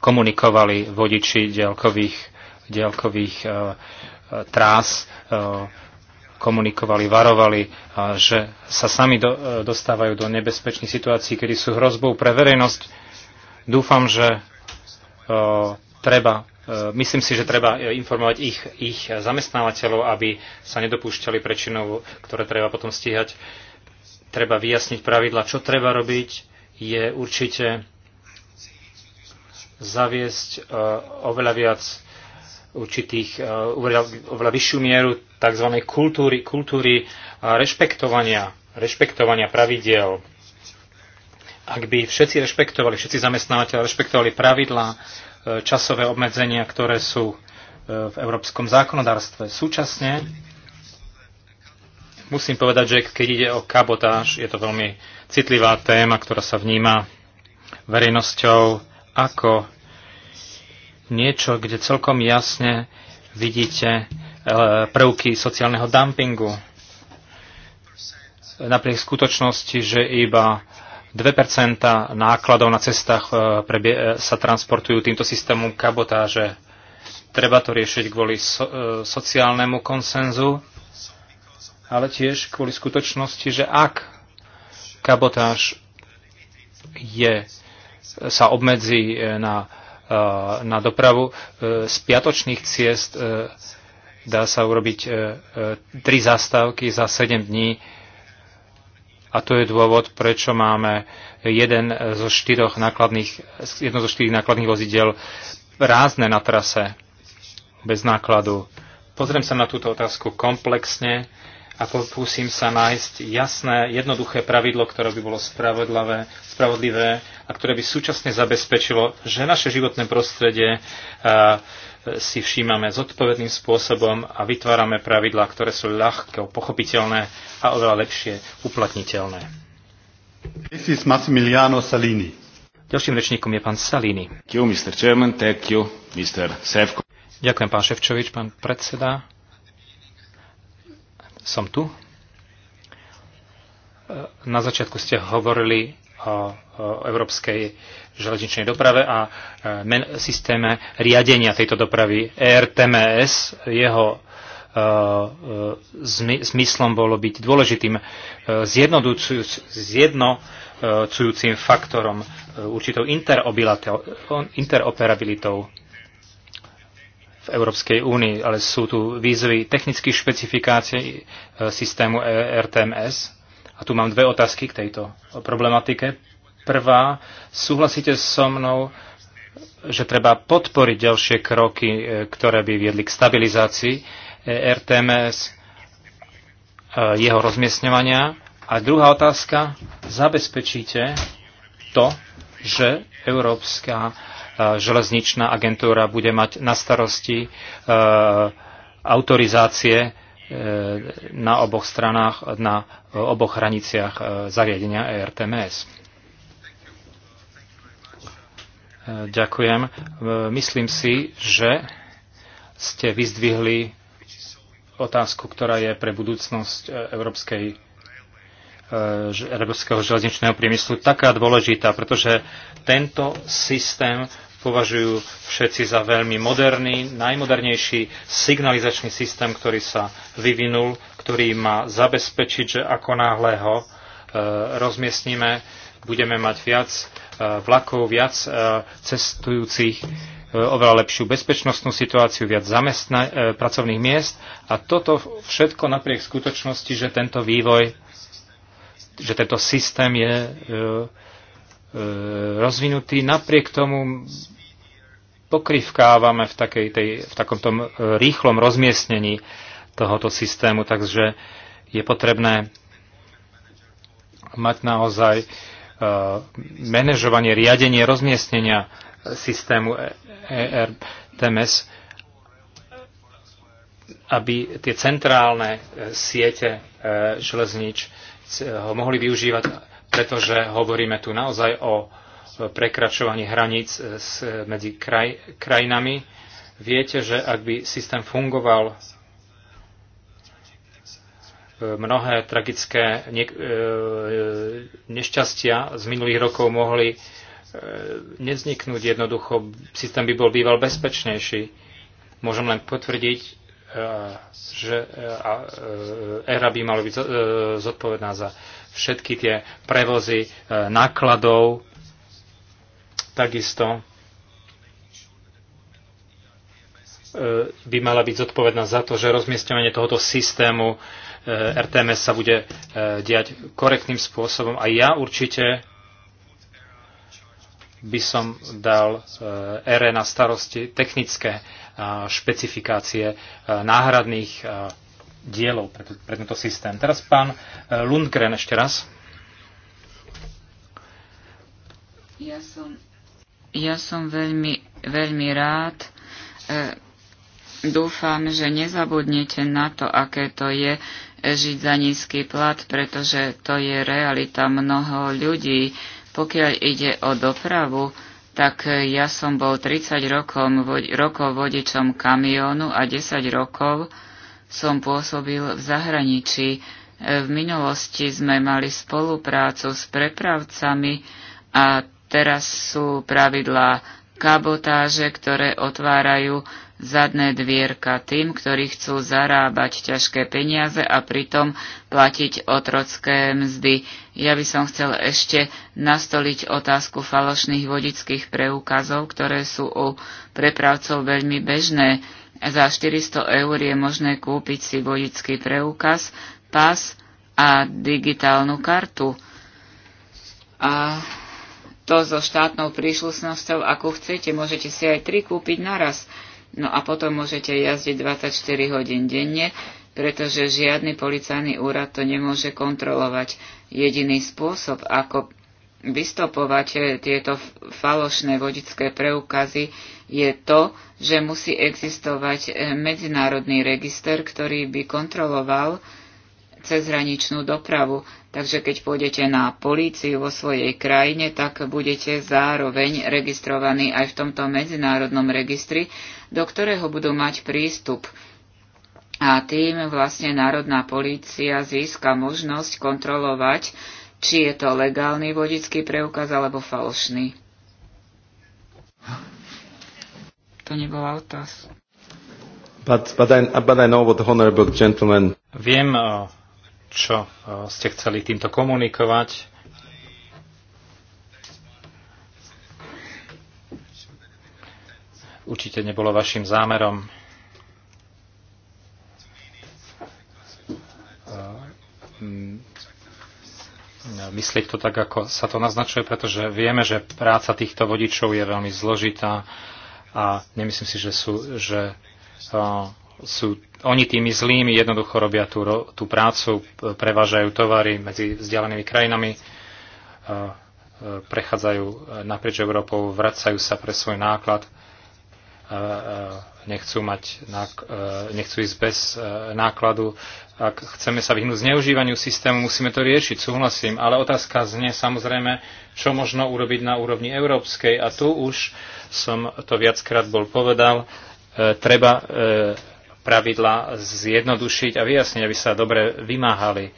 komunikovali vodiči dielkových, dielkových e, trás, e, komunikovali, varovali, a e, že sa sami do, e, dostávajú do nebezpečných situácií, kedy sú hrozbou pre verejnosť. Dúfam, že e, treba Eh, myslím si, že treba eh, informovať ich, ich zamestnávateľov, aby sa nedopúšťali prečinov, ktoré treba potom stíhať. Treba vyjasniť pravidla, čo treba robiť. Je určite zaviesť eh, oveľa viac určitých, oveľa vyššiu mieru tzv. kultúry, kultúry rešpektovania, rešpektovania pravidiel. Ak by všetci rešpektovali, všetci zamestnávateľe rešpektovali pravidlá, časové obmedzenia, ktoré sú e, v európskom zákonodárstve. Súčasne musím povedať, že keď ide o kabotáž, je to veľmi citlivá téma, ktorá sa vníma verejnosťou ako niečo, kde celkom jasne vidíte e, prvky sociálneho dumpingu. Napriek skutočnosti, že iba 2% nákladov na cestách e, e, sa transportujú týmto systémom kabotáže. Treba to riešiť kvôli so, e, sociálnemu konsenzu, ale tiež kvôli skutočnosti, že ak kabotáž je, sa obmedzí na, na dopravu z piatočných ciest, dá sa urobiť tri zastávky za 7 dní, a to je dôvod, prečo máme jeden zo štyroch nákladných, jedno zo štyroch nákladných vozidel rázne na trase bez nákladu. Pozriem sa na túto otázku komplexne a pokúsim sa nájsť jasné, jednoduché pravidlo, ktoré by bolo spravodlivé, spravodlivé a ktoré by súčasne zabezpečilo, že naše životné prostredie uh, si všímame zodpovedným spôsobom a vytvárame pravidlá, ktoré sú ľahké, pochopiteľné a oveľa lepšie uplatniteľné. This is Massimiliano Salini. Ďalším rečníkom je pán Salini. Thank you, Mr. Chairman. Thank you, Mr. Sevko. Ďakujem, pán Ševčovič, pán predseda. Som tu. Na začiatku ste hovorili o, európskej železničnej doprave a e, systéme riadenia tejto dopravy ERTMS. Jeho e, e, zmyslom bolo byť dôležitým zjednocujúcim faktorom určitou interoperabilitou v Európskej únii, ale sú tu výzvy technických špecifikácií systému RTMS, a tu mám dve otázky k tejto problematike. Prvá, súhlasíte so mnou, že treba podporiť ďalšie kroky, e, ktoré by viedli k stabilizácii e, RTMS, e, jeho rozmiestňovania. A druhá otázka, zabezpečíte to, že Európska železničná agentúra bude mať na starosti autorizácie na oboch stranách, na oboch hraniciach e, zariadenia ERTMS. E, ďakujem. E, myslím si, že ste vyzdvihli otázku, ktorá je pre budúcnosť európskej európskeho železničného priemyslu taká dôležitá, pretože tento systém považujú všetci za veľmi moderný, najmodernejší signalizačný systém, ktorý sa vyvinul, ktorý má zabezpečiť, že ako náhle ho e, rozmiestnime, budeme mať viac e, vlakov, viac e, cestujúcich, e, oveľa lepšiu bezpečnostnú situáciu, viac zamestna- e, pracovných miest a toto všetko napriek skutočnosti, že tento vývoj, že tento systém je e, E, rozvinutý. Napriek tomu pokrivkávame v, takej tej, v takomto rýchlom rozmiestnení tohoto systému, takže je potrebné mať naozaj e, manažovanie, riadenie rozmiestnenia systému ERTMS, e, aby tie centrálne siete železnič ho mohli využívať pretože hovoríme tu naozaj o prekračovaní hraníc e, e, medzi kraj, krajinami. Viete, že ak by systém fungoval, e, mnohé tragické nešťastia z minulých rokov mohli nevzniknúť jednoducho. Systém by bol býval bezpečnejší. Môžem len potvrdiť, že ERA by mala byť zodpovedná za všetky tie prevozy e, nákladov, takisto e, by mala byť zodpovedná za to, že rozmiestňovanie tohoto systému e, RTMS sa bude diať korektným spôsobom. A ja určite by som dal ERE na starosti technické špecifikácie náhradných dielov pre, pre tento systém. Teraz pán e, Lundgren ešte raz. Ja som, ja som veľmi, veľmi rád. E, dúfam, že nezabudnete na to, aké to je e, žiť za nízky plat, pretože to je realita mnoho ľudí. Pokiaľ ide o dopravu, tak e, ja som bol 30 rokov, rokov vodičom kamiónu a 10 rokov som pôsobil v zahraničí. E, v minulosti sme mali spoluprácu s prepravcami a teraz sú pravidlá kabotáže, ktoré otvárajú zadné dvierka tým, ktorí chcú zarábať ťažké peniaze a pritom platiť otrocké mzdy. Ja by som chcel ešte nastoliť otázku falošných vodických preukazov, ktoré sú u prepravcov veľmi bežné za 400 eur je možné kúpiť si vodický preukaz, pas a digitálnu kartu. A to so štátnou príšlusnosťou, ako chcete, môžete si aj tri kúpiť naraz. No a potom môžete jazdiť 24 hodín denne, pretože žiadny policajný úrad to nemôže kontrolovať. Jediný spôsob, ako vystopovať e, tieto falošné vodické preukazy je to, že musí existovať e, medzinárodný register, ktorý by kontroloval cezhraničnú dopravu. Takže keď pôjdete na políciu vo svojej krajine, tak budete zároveň registrovaní aj v tomto medzinárodnom registri, do ktorého budú mať prístup. A tým vlastne národná polícia získa možnosť kontrolovať či je to legálny vodický preukaz alebo falošný. To nebola otázka. Viem, eh, čo eh, ste chceli týmto komunikovať. Určite nebolo vašim zámerom eh, myslieť to tak, ako sa to naznačuje, pretože vieme, že práca týchto vodičov je veľmi zložitá a nemyslím si, že sú, že, uh, sú oni tými zlými jednoducho robia tú, tú prácu, prevážajú tovary medzi vzdialenými krajinami, uh, prechádzajú naprieč Európou, vracajú sa pre svoj náklad, uh, nechcú, mať, nechcú ísť bez nákladu, ak chceme sa vyhnúť zneužívaniu systému, musíme to riešiť, súhlasím. Ale otázka znie samozrejme, čo možno urobiť na úrovni európskej. A tu už som to viackrát bol povedal, e, treba e, pravidla zjednodušiť a vyjasniť, aby sa dobre vymáhali.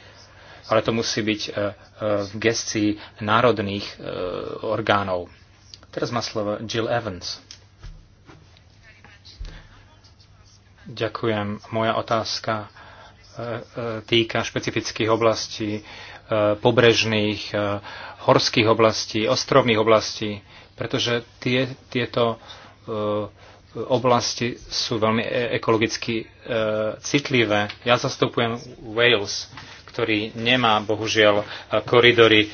Ale to musí byť e, e, v gestii národných e, orgánov. Teraz má slovo Jill Evans. Ďakujem. Moja otázka týka špecifických oblastí, e, pobrežných, e, horských oblastí, ostrovných oblastí, pretože tie, tieto e, oblasti sú veľmi ekologicky citlivé. Ja zastupujem Wales, ktorý nemá bohužiaľ koridory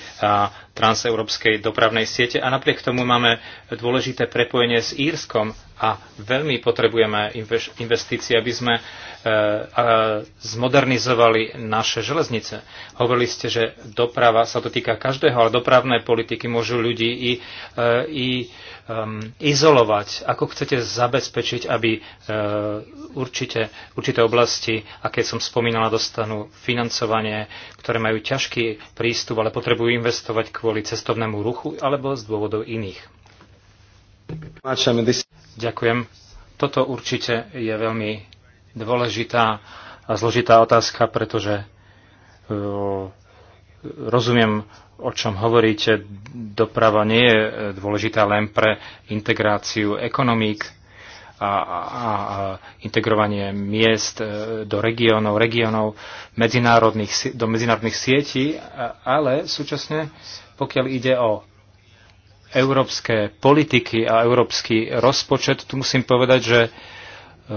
transeurópskej dopravnej siete a napriek tomu máme dôležité prepojenie s Írskom a veľmi potrebujeme investície, aby sme eh, zmodernizovali naše železnice. Hovorili ste, že doprava sa to týka každého, ale dopravné politiky môžu ľudí i, eh, i um, izolovať. Ako chcete zabezpečiť, aby eh, určite, určité oblasti, aké som spomínala, dostanú financovanie, ktoré majú ťažký prístup, ale potrebujú investovať kvôli cestovnému ruchu alebo z dôvodov iných. Ďakujem. Toto určite je veľmi dôležitá a zložitá otázka, pretože e, rozumiem, o čom hovoríte. Doprava nie je dôležitá len pre integráciu ekonomík, a, a, a integrovanie miest e, do regiónov, regiónov medzinárodných, do medzinárodných sietí, ale súčasne, pokiaľ ide o európske politiky a európsky rozpočet, tu musím povedať, že e, e,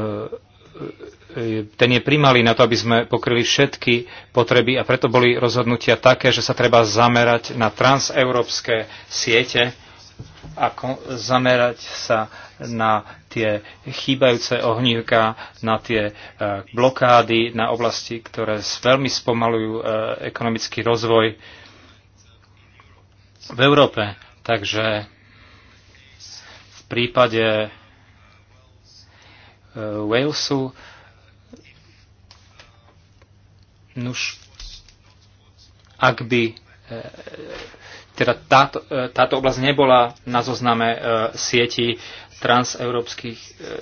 ten je primalý na to, aby sme pokryli všetky potreby a preto boli rozhodnutia také, že sa treba zamerať na transeurópske siete a zamerať sa na tie chýbajúce ohnívka, na tie e, blokády, na oblasti, ktoré veľmi spomalujú e, ekonomický rozvoj v Európe. Takže v prípade e, Walesu nuž, ak by teda táto, táto oblasť nebola na zozname sieti E,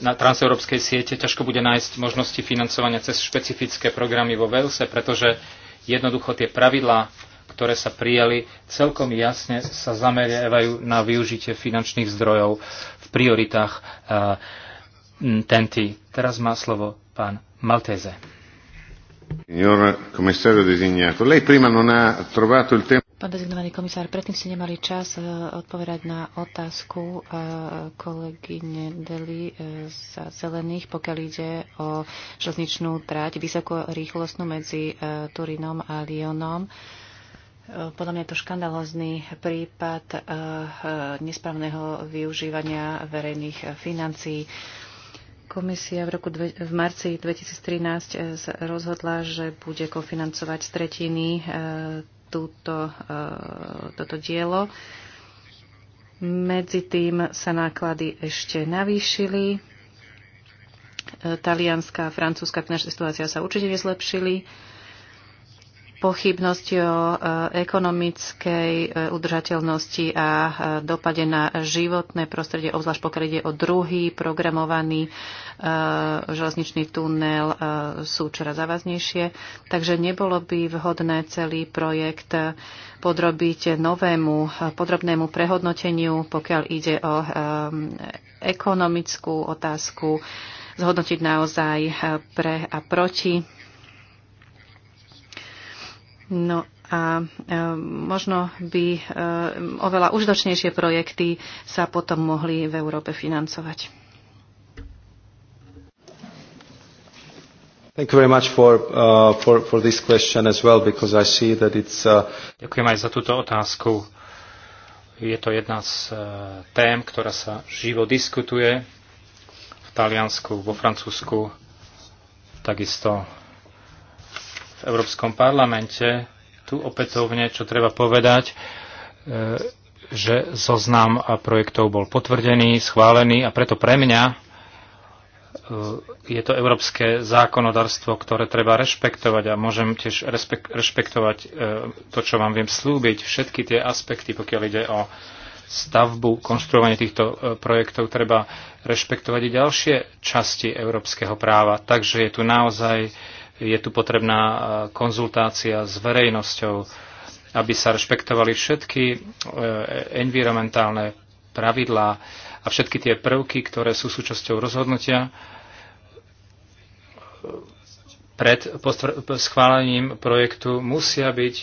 na transeurópskej siete ťažko bude nájsť možnosti financovania cez špecifické programy vo Velse, pretože jednoducho tie pravidlá, ktoré sa prijali, celkom jasne sa zameriavajú na využitie finančných zdrojov v prioritách TNT. E, Teraz má slovo pán Maltese. Signor commissario designato, lei prima non ha trovato il tempo Pán dezignovaný komisár, predtým ste nemali čas e, odpovedať na otázku e, kolegyne Deli e, za zelených, pokiaľ ide o železničnú trať vysokorýchlostnú medzi Turinom a Lyonom. Podľa mňa je to škandalozný prípad nesprávneho využívania verejných financií. Komisia v, roku dve, v marci 2013 rozhodla, že bude kofinancovať z tretiny túto, e, toto dielo. Medzi tým sa náklady ešte navýšili. E, talianská a francúzska finančná situácia sa určite nezlepšili pochybnosti o e, ekonomickej e, udržateľnosti a e, dopade na životné prostredie, obzvlášť pokiaľ ide o druhý programovaný železničný tunel, sú čoraz závaznejšie. Takže nebolo by vhodné celý projekt podrobiť novému podrobnému prehodnoteniu, pokiaľ ide o ekonomickú otázku, zhodnotiť naozaj pre a proti No a e, možno by e, oveľa užitočnejšie projekty sa potom mohli v Európe financovať. Thank you very much for, uh, for, for this question as well, because I see that it's... Uh... Ďakujem aj za túto otázku. Je to jedna z uh, tém, ktorá sa živo diskutuje v Taliansku, vo Francúzsku, takisto v Európskom parlamente. Tu opätovne, čo treba povedať, e, že zoznam projektov bol potvrdený, schválený a preto pre mňa e, je to európske zákonodarstvo, ktoré treba rešpektovať a môžem tiež rešpektovať e, to, čo vám viem slúbiť. Všetky tie aspekty, pokiaľ ide o stavbu, konštruovanie týchto projektov, treba rešpektovať i ďalšie časti európskeho práva. Takže je tu naozaj je tu potrebná e, konzultácia s verejnosťou, aby sa rešpektovali všetky e, environmentálne pravidlá a všetky tie prvky, ktoré sú súčasťou rozhodnutia e, pred schválením projektu musia byť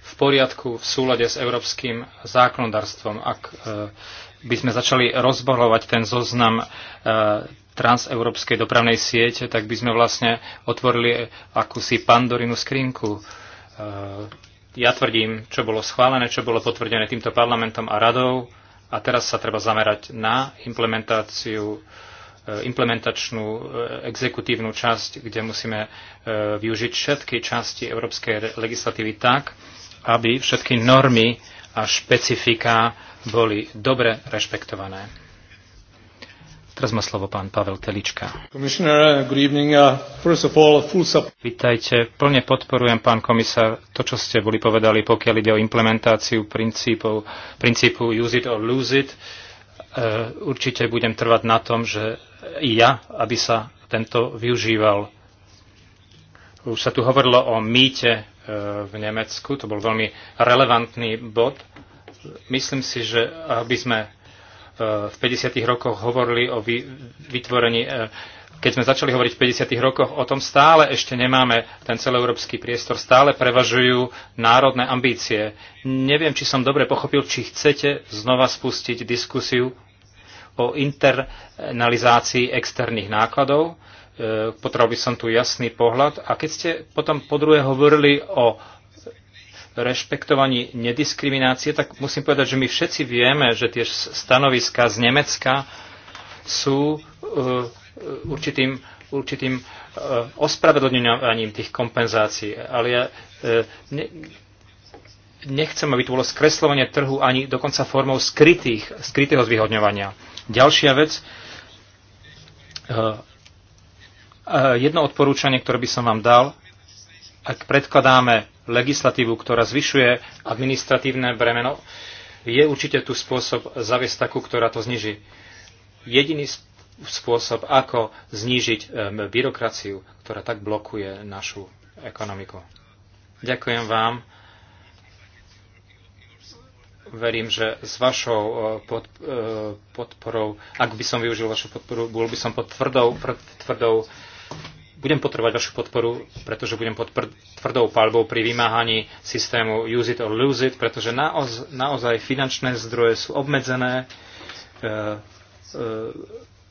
v poriadku, v súlade s európskym zákonodárstvom. Ak by sme začali rozborovať ten zoznam transeurópskej dopravnej siete, tak by sme vlastne otvorili akúsi pandorinu skrinku. E, ja tvrdím, čo bolo schválené, čo bolo potvrdené týmto parlamentom a radou a teraz sa treba zamerať na implementáciu e, implementačnú e, exekutívnu časť, kde musíme využiť všetky časti európskej legislatívy tak, aby všetky normy a špecifika boli dobre rešpektované. Teraz má slovo pán Pavel Telička. Uh, Vítajte, plne podporujem, pán komisár, to, čo ste boli povedali, pokiaľ ide o implementáciu princípov, princípu use it or lose it. Uh, určite budem trvať na tom, že i ja, aby sa tento využíval. Už sa tu hovorilo o mýte uh, v Nemecku, to bol veľmi relevantný bod. Myslím si, že aby sme v 50. rokoch hovorili o vytvorení, e, keď sme začali hovoriť v 50. rokoch, o tom stále ešte nemáme ten celoeurópsky priestor, stále prevažujú národné ambície. Neviem, či som dobre pochopil, či chcete znova spustiť diskusiu o internalizácii externých nákladov. E, potreboval by som tu jasný pohľad. A keď ste potom po druhé hovorili o rešpektovaní nediskriminácie, tak musím povedať, že my všetci vieme, že tie stanoviska z Nemecka sú uh, uh, určitým, určitým uh, ospravedlňovaním tých kompenzácií. Ale ja ne, nechcem, aby to bolo skreslovanie trhu ani dokonca formou skrytých, skrytého zvyhodňovania. Ďalšia vec, jedno odporúčanie, ktoré by som vám dal, ak predkladáme legislatívu, ktorá zvyšuje administratívne bremeno, je určite tu spôsob zaviesť takú, ktorá to zniží. Jediný spôsob, ako znížiť byrokraciu, ktorá tak blokuje našu ekonomiku. Ďakujem vám. Verím, že s vašou pod, e, podporou, ak by som využil vašu podporu, bol by som pod tvrdou, tvrdou budem potrebovať vašu podporu, pretože budem pod tvrdou palbou pri vymáhaní systému use it or lose it, pretože naoz, naozaj finančné zdroje sú obmedzené. E, e,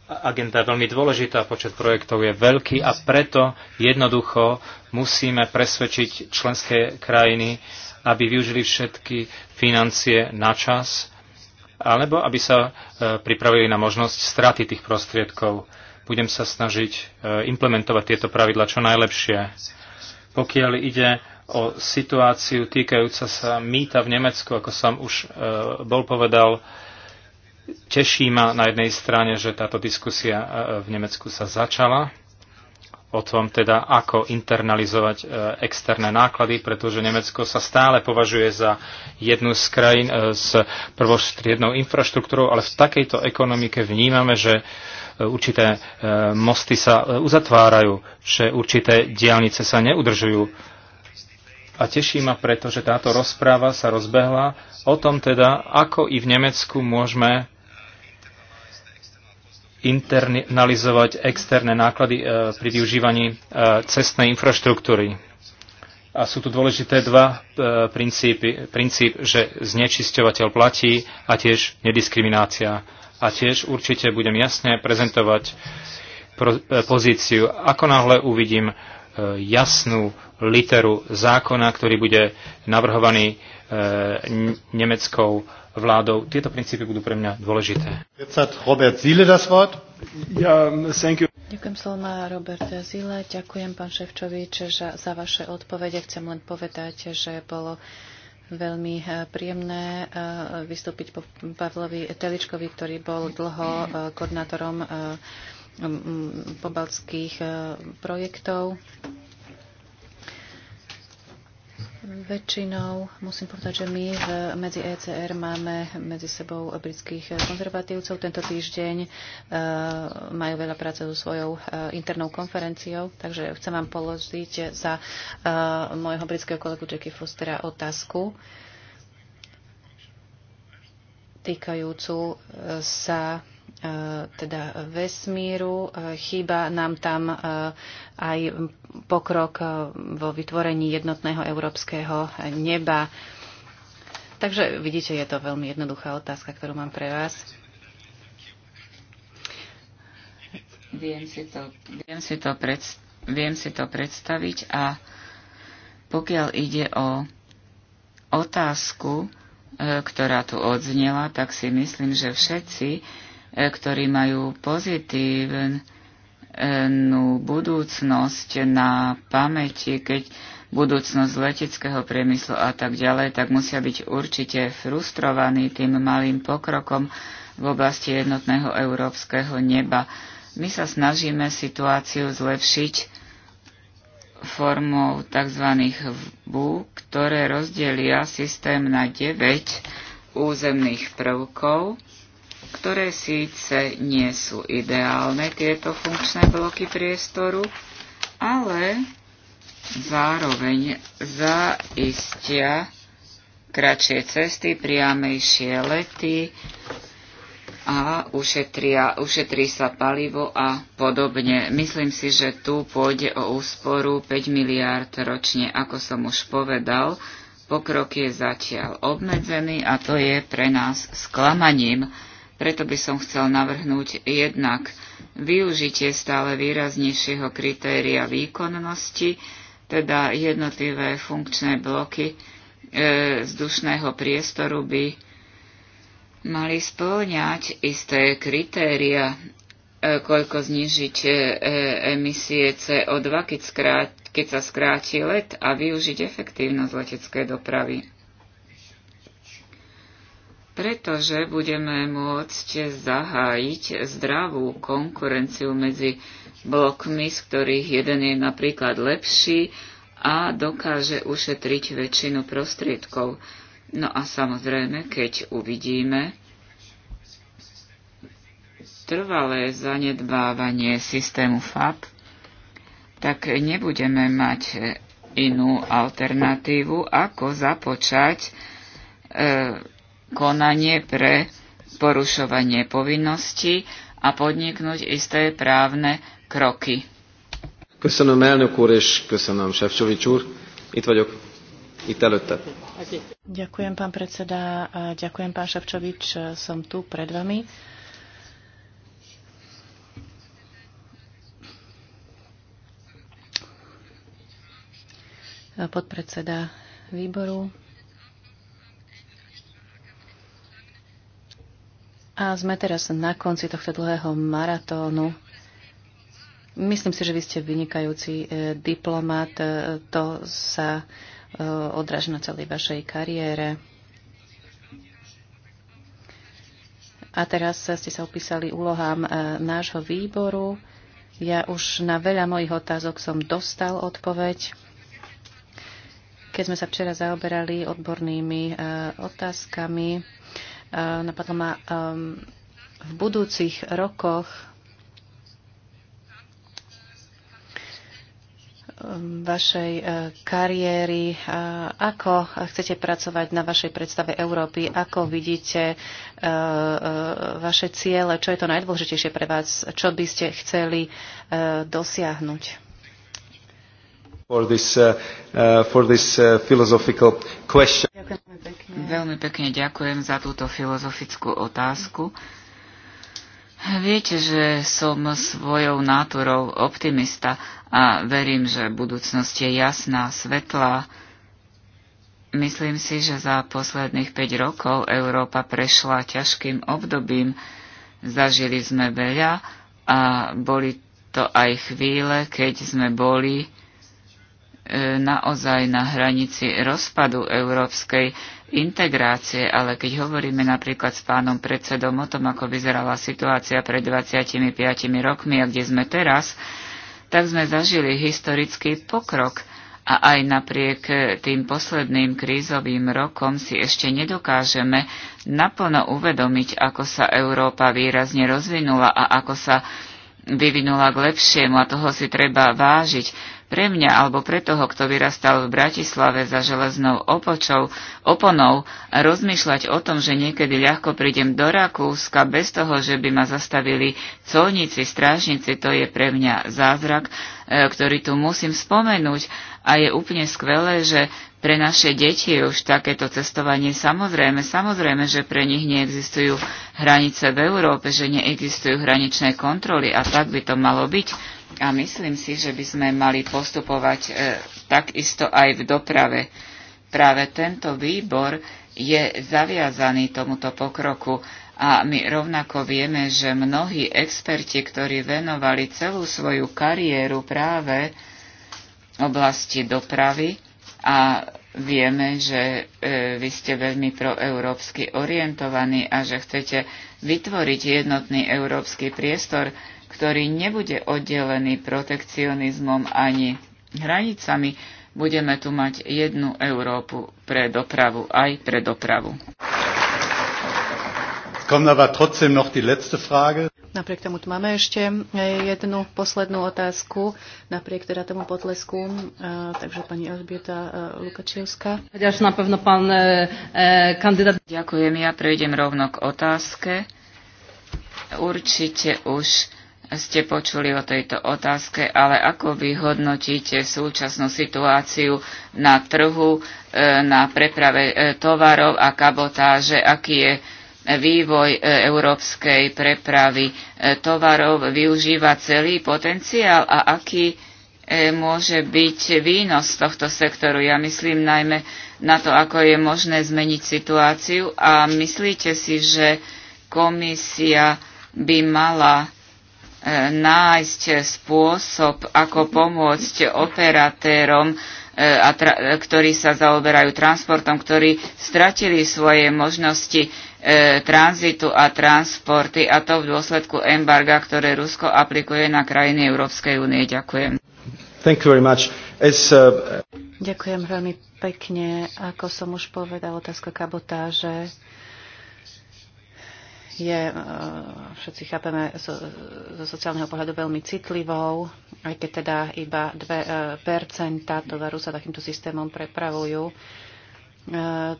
agenda je veľmi dôležitá, počet projektov je veľký a preto jednoducho musíme presvedčiť členské krajiny, aby využili všetky financie na čas, alebo aby sa e, pripravili na možnosť straty tých prostriedkov budem sa snažiť e, implementovať tieto pravidla čo najlepšie. Pokiaľ ide o situáciu týkajúca sa mýta v Nemecku, ako som už e, bol povedal, teší ma na jednej strane, že táto diskusia e, v Nemecku sa začala o tom teda, ako internalizovať externé náklady, pretože Nemecko sa stále považuje za jednu z krajín s prvostriednou infraštruktúrou, ale v takejto ekonomike vnímame, že E, určité e, mosty sa e, uzatvárajú, že určité diálnice sa neudržujú. A teší ma preto, že táto rozpráva sa rozbehla o tom teda, ako i v Nemecku môžeme internalizovať externé náklady pri využívaní cestnej infraštruktúry. A sú tu dôležité dva princípy. Princíp, že znečisťovateľ platí a tiež nediskriminácia a tiež určite budem jasne prezentovať e, pozíciu. Ako náhle uvidím e, jasnú literu zákona, ktorý bude navrhovaný e, nemeckou vládou. Tieto princípy budú pre mňa dôležité. Um, Ďakujem slovo má Robert Zile. Ďakujem pán Ševčovič za vaše odpovede. Chcem len povedať, že bolo veľmi eh, príjemné eh, vystúpiť po Pavlovi Teličkovi, ktorý bol dlho eh, koordinátorom pobaltských projektov. Väčšinou musím povedať, že my v, medzi ECR máme medzi sebou britských konzervatívcov. Tento týždeň e, majú veľa práce so svojou e, internou konferenciou, takže chcem vám položiť za e, môjho britského kolegu Jackie Fostera otázku týkajúcu e, sa E, teda vesmíru. E, chýba nám tam e, aj pokrok vo vytvorení jednotného európskeho neba. Takže vidíte, je to veľmi jednoduchá otázka, ktorú mám pre vás. Viem si to, viem si to, predst- viem si to predstaviť a pokiaľ ide o otázku, ktorá tu odznela, tak si myslím, že všetci, ktorí majú pozitívnu budúcnosť na pamäti, keď budúcnosť leteckého priemyslu a tak ďalej, tak musia byť určite frustrovaní tým malým pokrokom v oblasti jednotného európskeho neba. My sa snažíme situáciu zlepšiť formou tzv. VBU, ktoré rozdelia systém na 9 územných prvkov ktoré síce nie sú ideálne, tieto funkčné bloky priestoru, ale zároveň zaistia kratšie cesty, priamejšie lety a ušetria, ušetrí sa palivo a podobne. Myslím si, že tu pôjde o úsporu 5 miliárd ročne. Ako som už povedal, pokrok je zatiaľ obmedzený a to je pre nás sklamaním. Preto by som chcel navrhnúť jednak využitie stále výraznejšieho kritéria výkonnosti, teda jednotlivé funkčné bloky e, vzdušného priestoru by mali spĺňať isté kritéria, e, koľko znižiť e, emisie CO2, keď, skrát, keď sa skráti let a využiť efektívnosť leteckej dopravy pretože budeme môcť zahájiť zdravú konkurenciu medzi blokmi, z ktorých jeden je napríklad lepší a dokáže ušetriť väčšinu prostriedkov. No a samozrejme, keď uvidíme trvalé zanedbávanie systému FAP, tak nebudeme mať inú alternatívu, ako započať e, konanie pre porušovanie povinností a podniknúť isté právne kroky. Köszönöm elnök úr, és köszönöm Sefcsovics úr. Itt vagyok. Itt előtte. Ďakujem, pán predseda. ďakujem, pán Ševčovič. Som tu pred vami. Podpredseda výboru A sme teraz na konci tohto dlhého maratónu. Myslím si, že vy ste vynikajúci e, diplomat. E, to sa e, odráža na celej vašej kariére. A teraz ste sa opísali úlohám nášho výboru. Ja už na veľa mojich otázok som dostal odpoveď. Keď sme sa včera zaoberali odbornými otázkami, Ehm, napadlo ma ehm, v budúcich rokoch ehm, vašej eh, kariéry, eh, ako chcete pracovať na vašej predstave Európy, ako vidíte eh, vaše ciele, čo je to najdôležitejšie pre vás, čo by ste chceli dosiahnuť for this, uh, uh, for this uh, philosophical question. Veľmi pekne ďakujem za túto filozofickú otázku. Viete, že som svojou náturou optimista a verím, že budúcnosť je jasná, svetlá. Myslím si, že za posledných 5 rokov Európa prešla ťažkým obdobím. Zažili sme veľa a boli to aj chvíle, keď sme boli E, naozaj na hranici rozpadu európskej integrácie, ale keď hovoríme napríklad s pánom predsedom o tom, ako vyzerala situácia pred 25 rokmi a kde sme teraz, tak sme zažili historický pokrok a aj napriek e, tým posledným krízovým rokom si ešte nedokážeme naplno uvedomiť, ako sa Európa výrazne rozvinula a ako sa vyvinula k lepšiemu a toho si treba vážiť. Pre mňa alebo pre toho, kto vyrastal v Bratislave za železnou opočou, oponou a rozmýšľať o tom, že niekedy ľahko prídem do Rakúska bez toho, že by ma zastavili colníci, strážnici, to je pre mňa zázrak, e, ktorý tu musím spomenúť a je úplne skvelé, že pre naše deti je už takéto cestovanie samozrejme, samozrejme, že pre nich neexistujú hranice v Európe, že neexistujú hraničné kontroly a tak by to malo byť a myslím si, že by sme mali postupovať e, takisto aj v doprave. Práve tento výbor je zaviazaný tomuto pokroku a my rovnako vieme, že mnohí experti, ktorí venovali celú svoju kariéru práve oblasti dopravy a vieme, že e, vy ste veľmi proeurópsky orientovaní a že chcete vytvoriť jednotný európsky priestor, ktorý nebude oddelený protekcionizmom ani hranicami, budeme tu mať jednu Európu pre dopravu, aj pre dopravu. Napriek tomu tu máme ešte eh, jednu poslednú otázku, napriek teda tomu potlesku, eh, takže pani Elžbieta eh, Lukačevská. Ďakujem, ja prejdem rovno k otázke. Určite už ste počuli o tejto otázke, ale ako vy hodnotíte súčasnú situáciu na trhu, e, na preprave e, tovarov a kabotáže, aký je vývoj e, európskej prepravy tovarov, využíva celý potenciál a aký môže byť výnos tohto sektoru. Ja myslím najmä na to, ako je možné zmeniť situáciu a myslíte si, že komisia by mala nájsť spôsob, ako pomôcť operatérom, e, ktorí sa zaoberajú transportom, ktorí stratili svoje možnosti e, tranzitu a transporty, a to v dôsledku embarga, ktoré Rusko aplikuje na krajiny Európskej únie. Ďakujem. Thank you very much. As, uh... Ďakujem veľmi pekne. Ako som už povedal, otázka kabotáže je, e, všetci chápeme, zo, zo sociálneho pohľadu veľmi citlivou, aj keď teda iba 2% e, tovaru sa takýmto systémom prepravujú. E,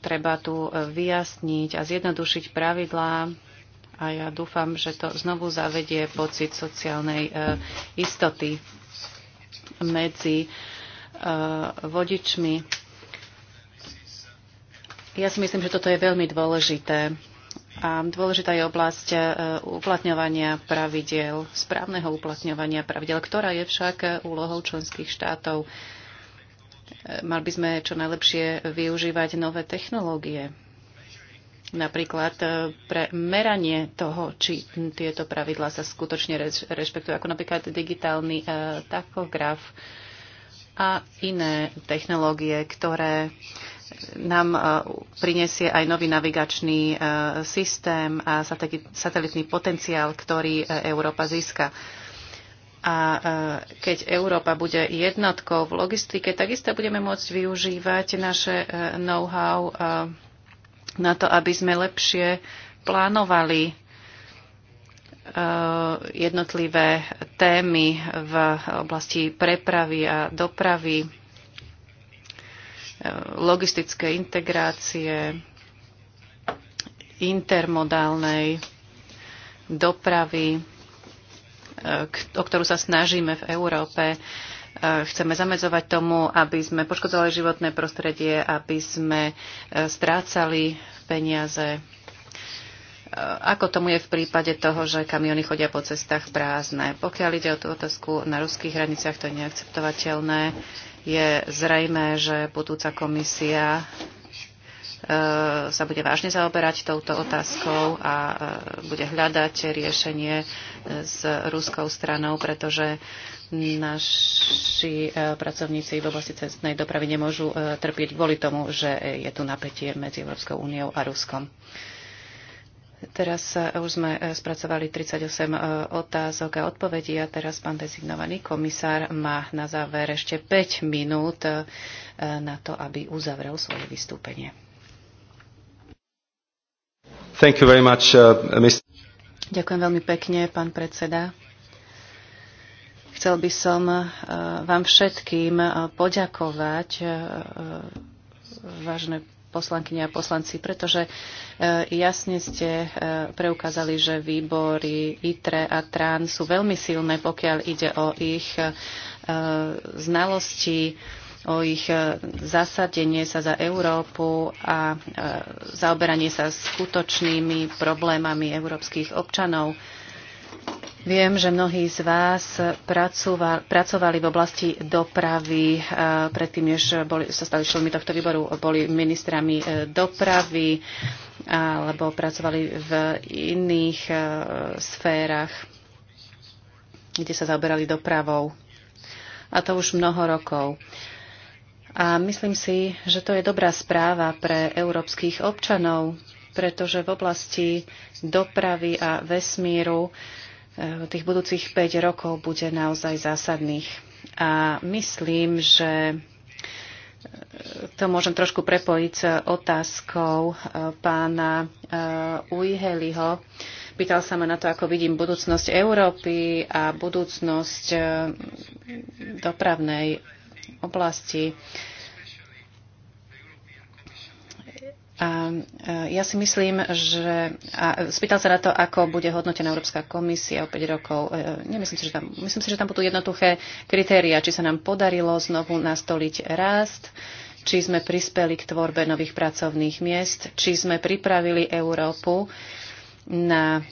treba tu vyjasniť a zjednodušiť pravidlá a ja dúfam, že to znovu zavedie pocit sociálnej istoty medzi vodičmi. Ja si myslím, že toto je veľmi dôležité a dôležitá je oblasť e, uplatňovania pravidel, správneho uplatňovania pravidel, ktorá je však úlohou členských štátov. E, mal by sme čo najlepšie využívať nové technológie, napríklad e, pre meranie toho, či tieto pravidlá sa skutočne rešpektujú, ako napríklad digitálny tachograf a iné technológie, ktoré nám e, prinesie aj nový navigačný e, systém a satelitný potenciál, ktorý e, Európa získa. A keď Európa bude jednotkou v logistike, takisto budeme môcť využívať naše know-how na to, aby sme lepšie plánovali jednotlivé témy v oblasti prepravy a dopravy logistické integrácie, intermodálnej dopravy, e, o ktorú sa snažíme v Európe. E, chceme zamedzovať tomu, aby sme poškodzovali životné prostredie, aby sme e, strácali peniaze ako tomu je v prípade toho, že kamiony chodia po cestách prázdne. Pokiaľ ide o tú otázku na ruských hraniciach, to je neakceptovateľné. Je zrejme, že budúca komisia e, sa bude vážne zaoberať touto otázkou a e, bude hľadať riešenie e, s ruskou stranou, pretože naši pracovníci v oblasti cestnej dopravy nemôžu trpieť kvôli tomu, že je tu napätie medzi Európskou úniou a Ruskom. Teraz eh, už sme eh, spracovali 38 eh, otázok a odpovedí a teraz pán dezignovaný komisár má na záver ešte 5 minút na to, aby uzavrel svoje vystúpenie. Thank you very much, uh, Mr. Ďakujem veľmi pekne, pán predseda. Chcel by som vám všetkým poďakovať, vážne poslankyne a poslanci, pretože e, jasne ste e, preukázali, že výbory ITRE a TRAN sú veľmi silné, pokiaľ ide o ich e, znalosti, o ich zasadenie sa za Európu a zaoberanie sa skutočnými problémami európskych občanov. Viem, že mnohí z vás pracovali v oblasti dopravy. E, predtým, než boli, sa stali členmi tohto výboru, boli ministrami e, dopravy alebo pracovali v iných e, sférach, kde sa zaoberali dopravou. A to už mnoho rokov. A myslím si, že to je dobrá správa pre európskych občanov, pretože v oblasti dopravy a vesmíru tých budúcich 5 rokov bude naozaj zásadných. A myslím, že to môžem trošku prepojiť s otázkou e, pána e, Ujheliho. Pýtal sa ma na to, ako vidím budúcnosť Európy a budúcnosť e, dopravnej oblasti. A e, ja si myslím, že... A e, spýtal sa na to, ako bude hodnotená Európska komisia o 5 rokov. E, nemyslím si, že tam, myslím si, že tam budú jednoduché kritéria, či sa nám podarilo znovu nastoliť rast, či sme prispeli k tvorbe nových pracovných miest, či sme pripravili Európu na e,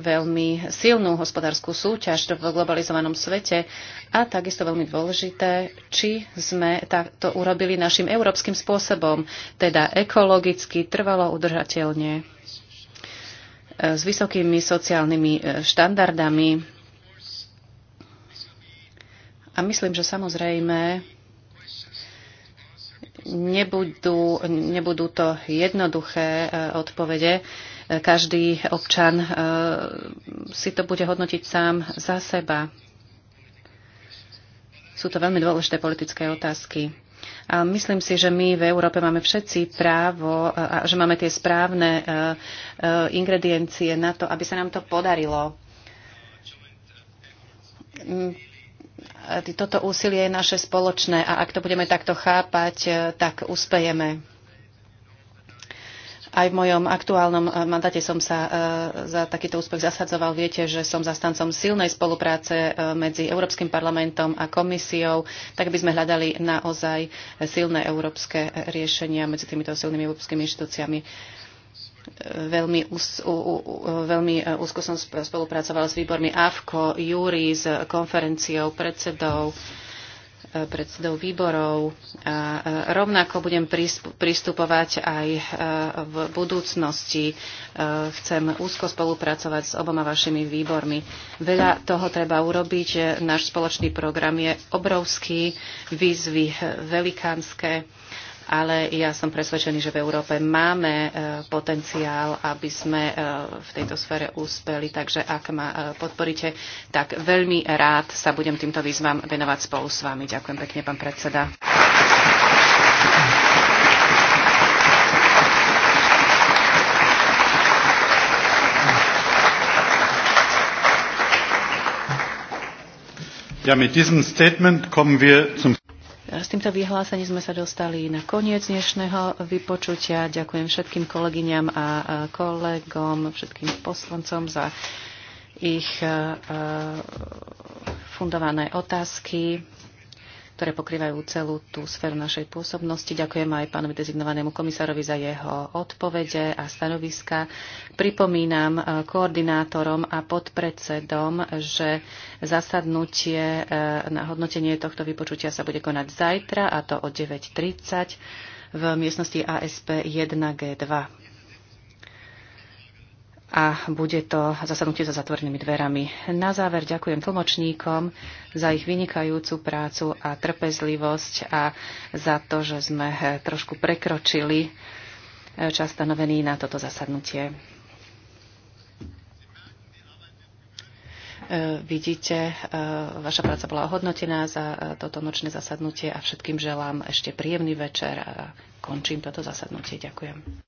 veľmi silnú hospodárskú súťaž v globalizovanom svete a takisto veľmi dôležité, či sme to urobili našim európskym spôsobom, teda ekologicky, trvalo udržateľne, e, s vysokými sociálnymi e, štandardami. A myslím, že samozrejme nebudú, nebudú to jednoduché odpovede každý občan e, si to bude hodnotiť sám za seba. Sú to veľmi dôležité politické otázky. A myslím si, že my v Európe máme všetci právo e, a že máme tie správne e, ingrediencie na to, aby sa nám to podarilo. Mm, toto úsilie je naše spoločné a ak to budeme takto chápať, tak uspejeme. Aj v mojom aktuálnom eh, mandáte som sa eh, za takýto úspech zasadzoval. Viete, že som zastancom silnej spolupráce eh, medzi Európskym parlamentom a komisiou, tak by sme hľadali naozaj silné európske riešenia medzi týmito silnými európskymi inštitúciami veľmi, ús, u, u, veľmi úzko som spolupracovala s výbormi AFKO, Júri, s konferenciou predsedov, Eh, predsedov výborov. A eh, rovnako budem pristupovať aj eh, v budúcnosti. Chcem úzko spolupracovať s oboma vašimi výbormi. Veľa toho treba urobiť. Náš spoločný program je obrovský, výzvy velikánske ale ja som presvedčený, že v Európe máme e, potenciál, aby sme e, v tejto sfére úspeli, takže ak ma e, podporíte, tak veľmi rád sa budem týmto výzvam venovať spolu s vami. Ďakujem pekne, pán predseda. Ja, mit diesem Statement kommen wir zum s týmto vyhlásením sme sa dostali na koniec dnešného vypočutia. Ďakujem všetkým kolegyňam a kolegom, všetkým poslancom za ich e, e, fundované otázky ktoré pokrývajú celú tú sféru našej pôsobnosti. Ďakujem aj pánovi dezignovanému komisárovi za jeho odpovede a stanoviska. Pripomínam e, koordinátorom a podpredsedom, že zasadnutie e, na hodnotenie tohto vypočutia sa bude konať zajtra, a to o 9.30 v miestnosti ASP 1G2 a bude to zasadnutie za zatvorenými dverami. Na záver ďakujem tlmočníkom za ich vynikajúcu prácu a trpezlivosť a za to, že sme eh, trošku prekročili eh, čas stanovený na toto zasadnutie. Eh, vidíte, vaša práca bola ohodnotená za toto nočné zasadnutie a všetkým želám ešte príjemný večer a končím toto zasadnutie. Ďakujem.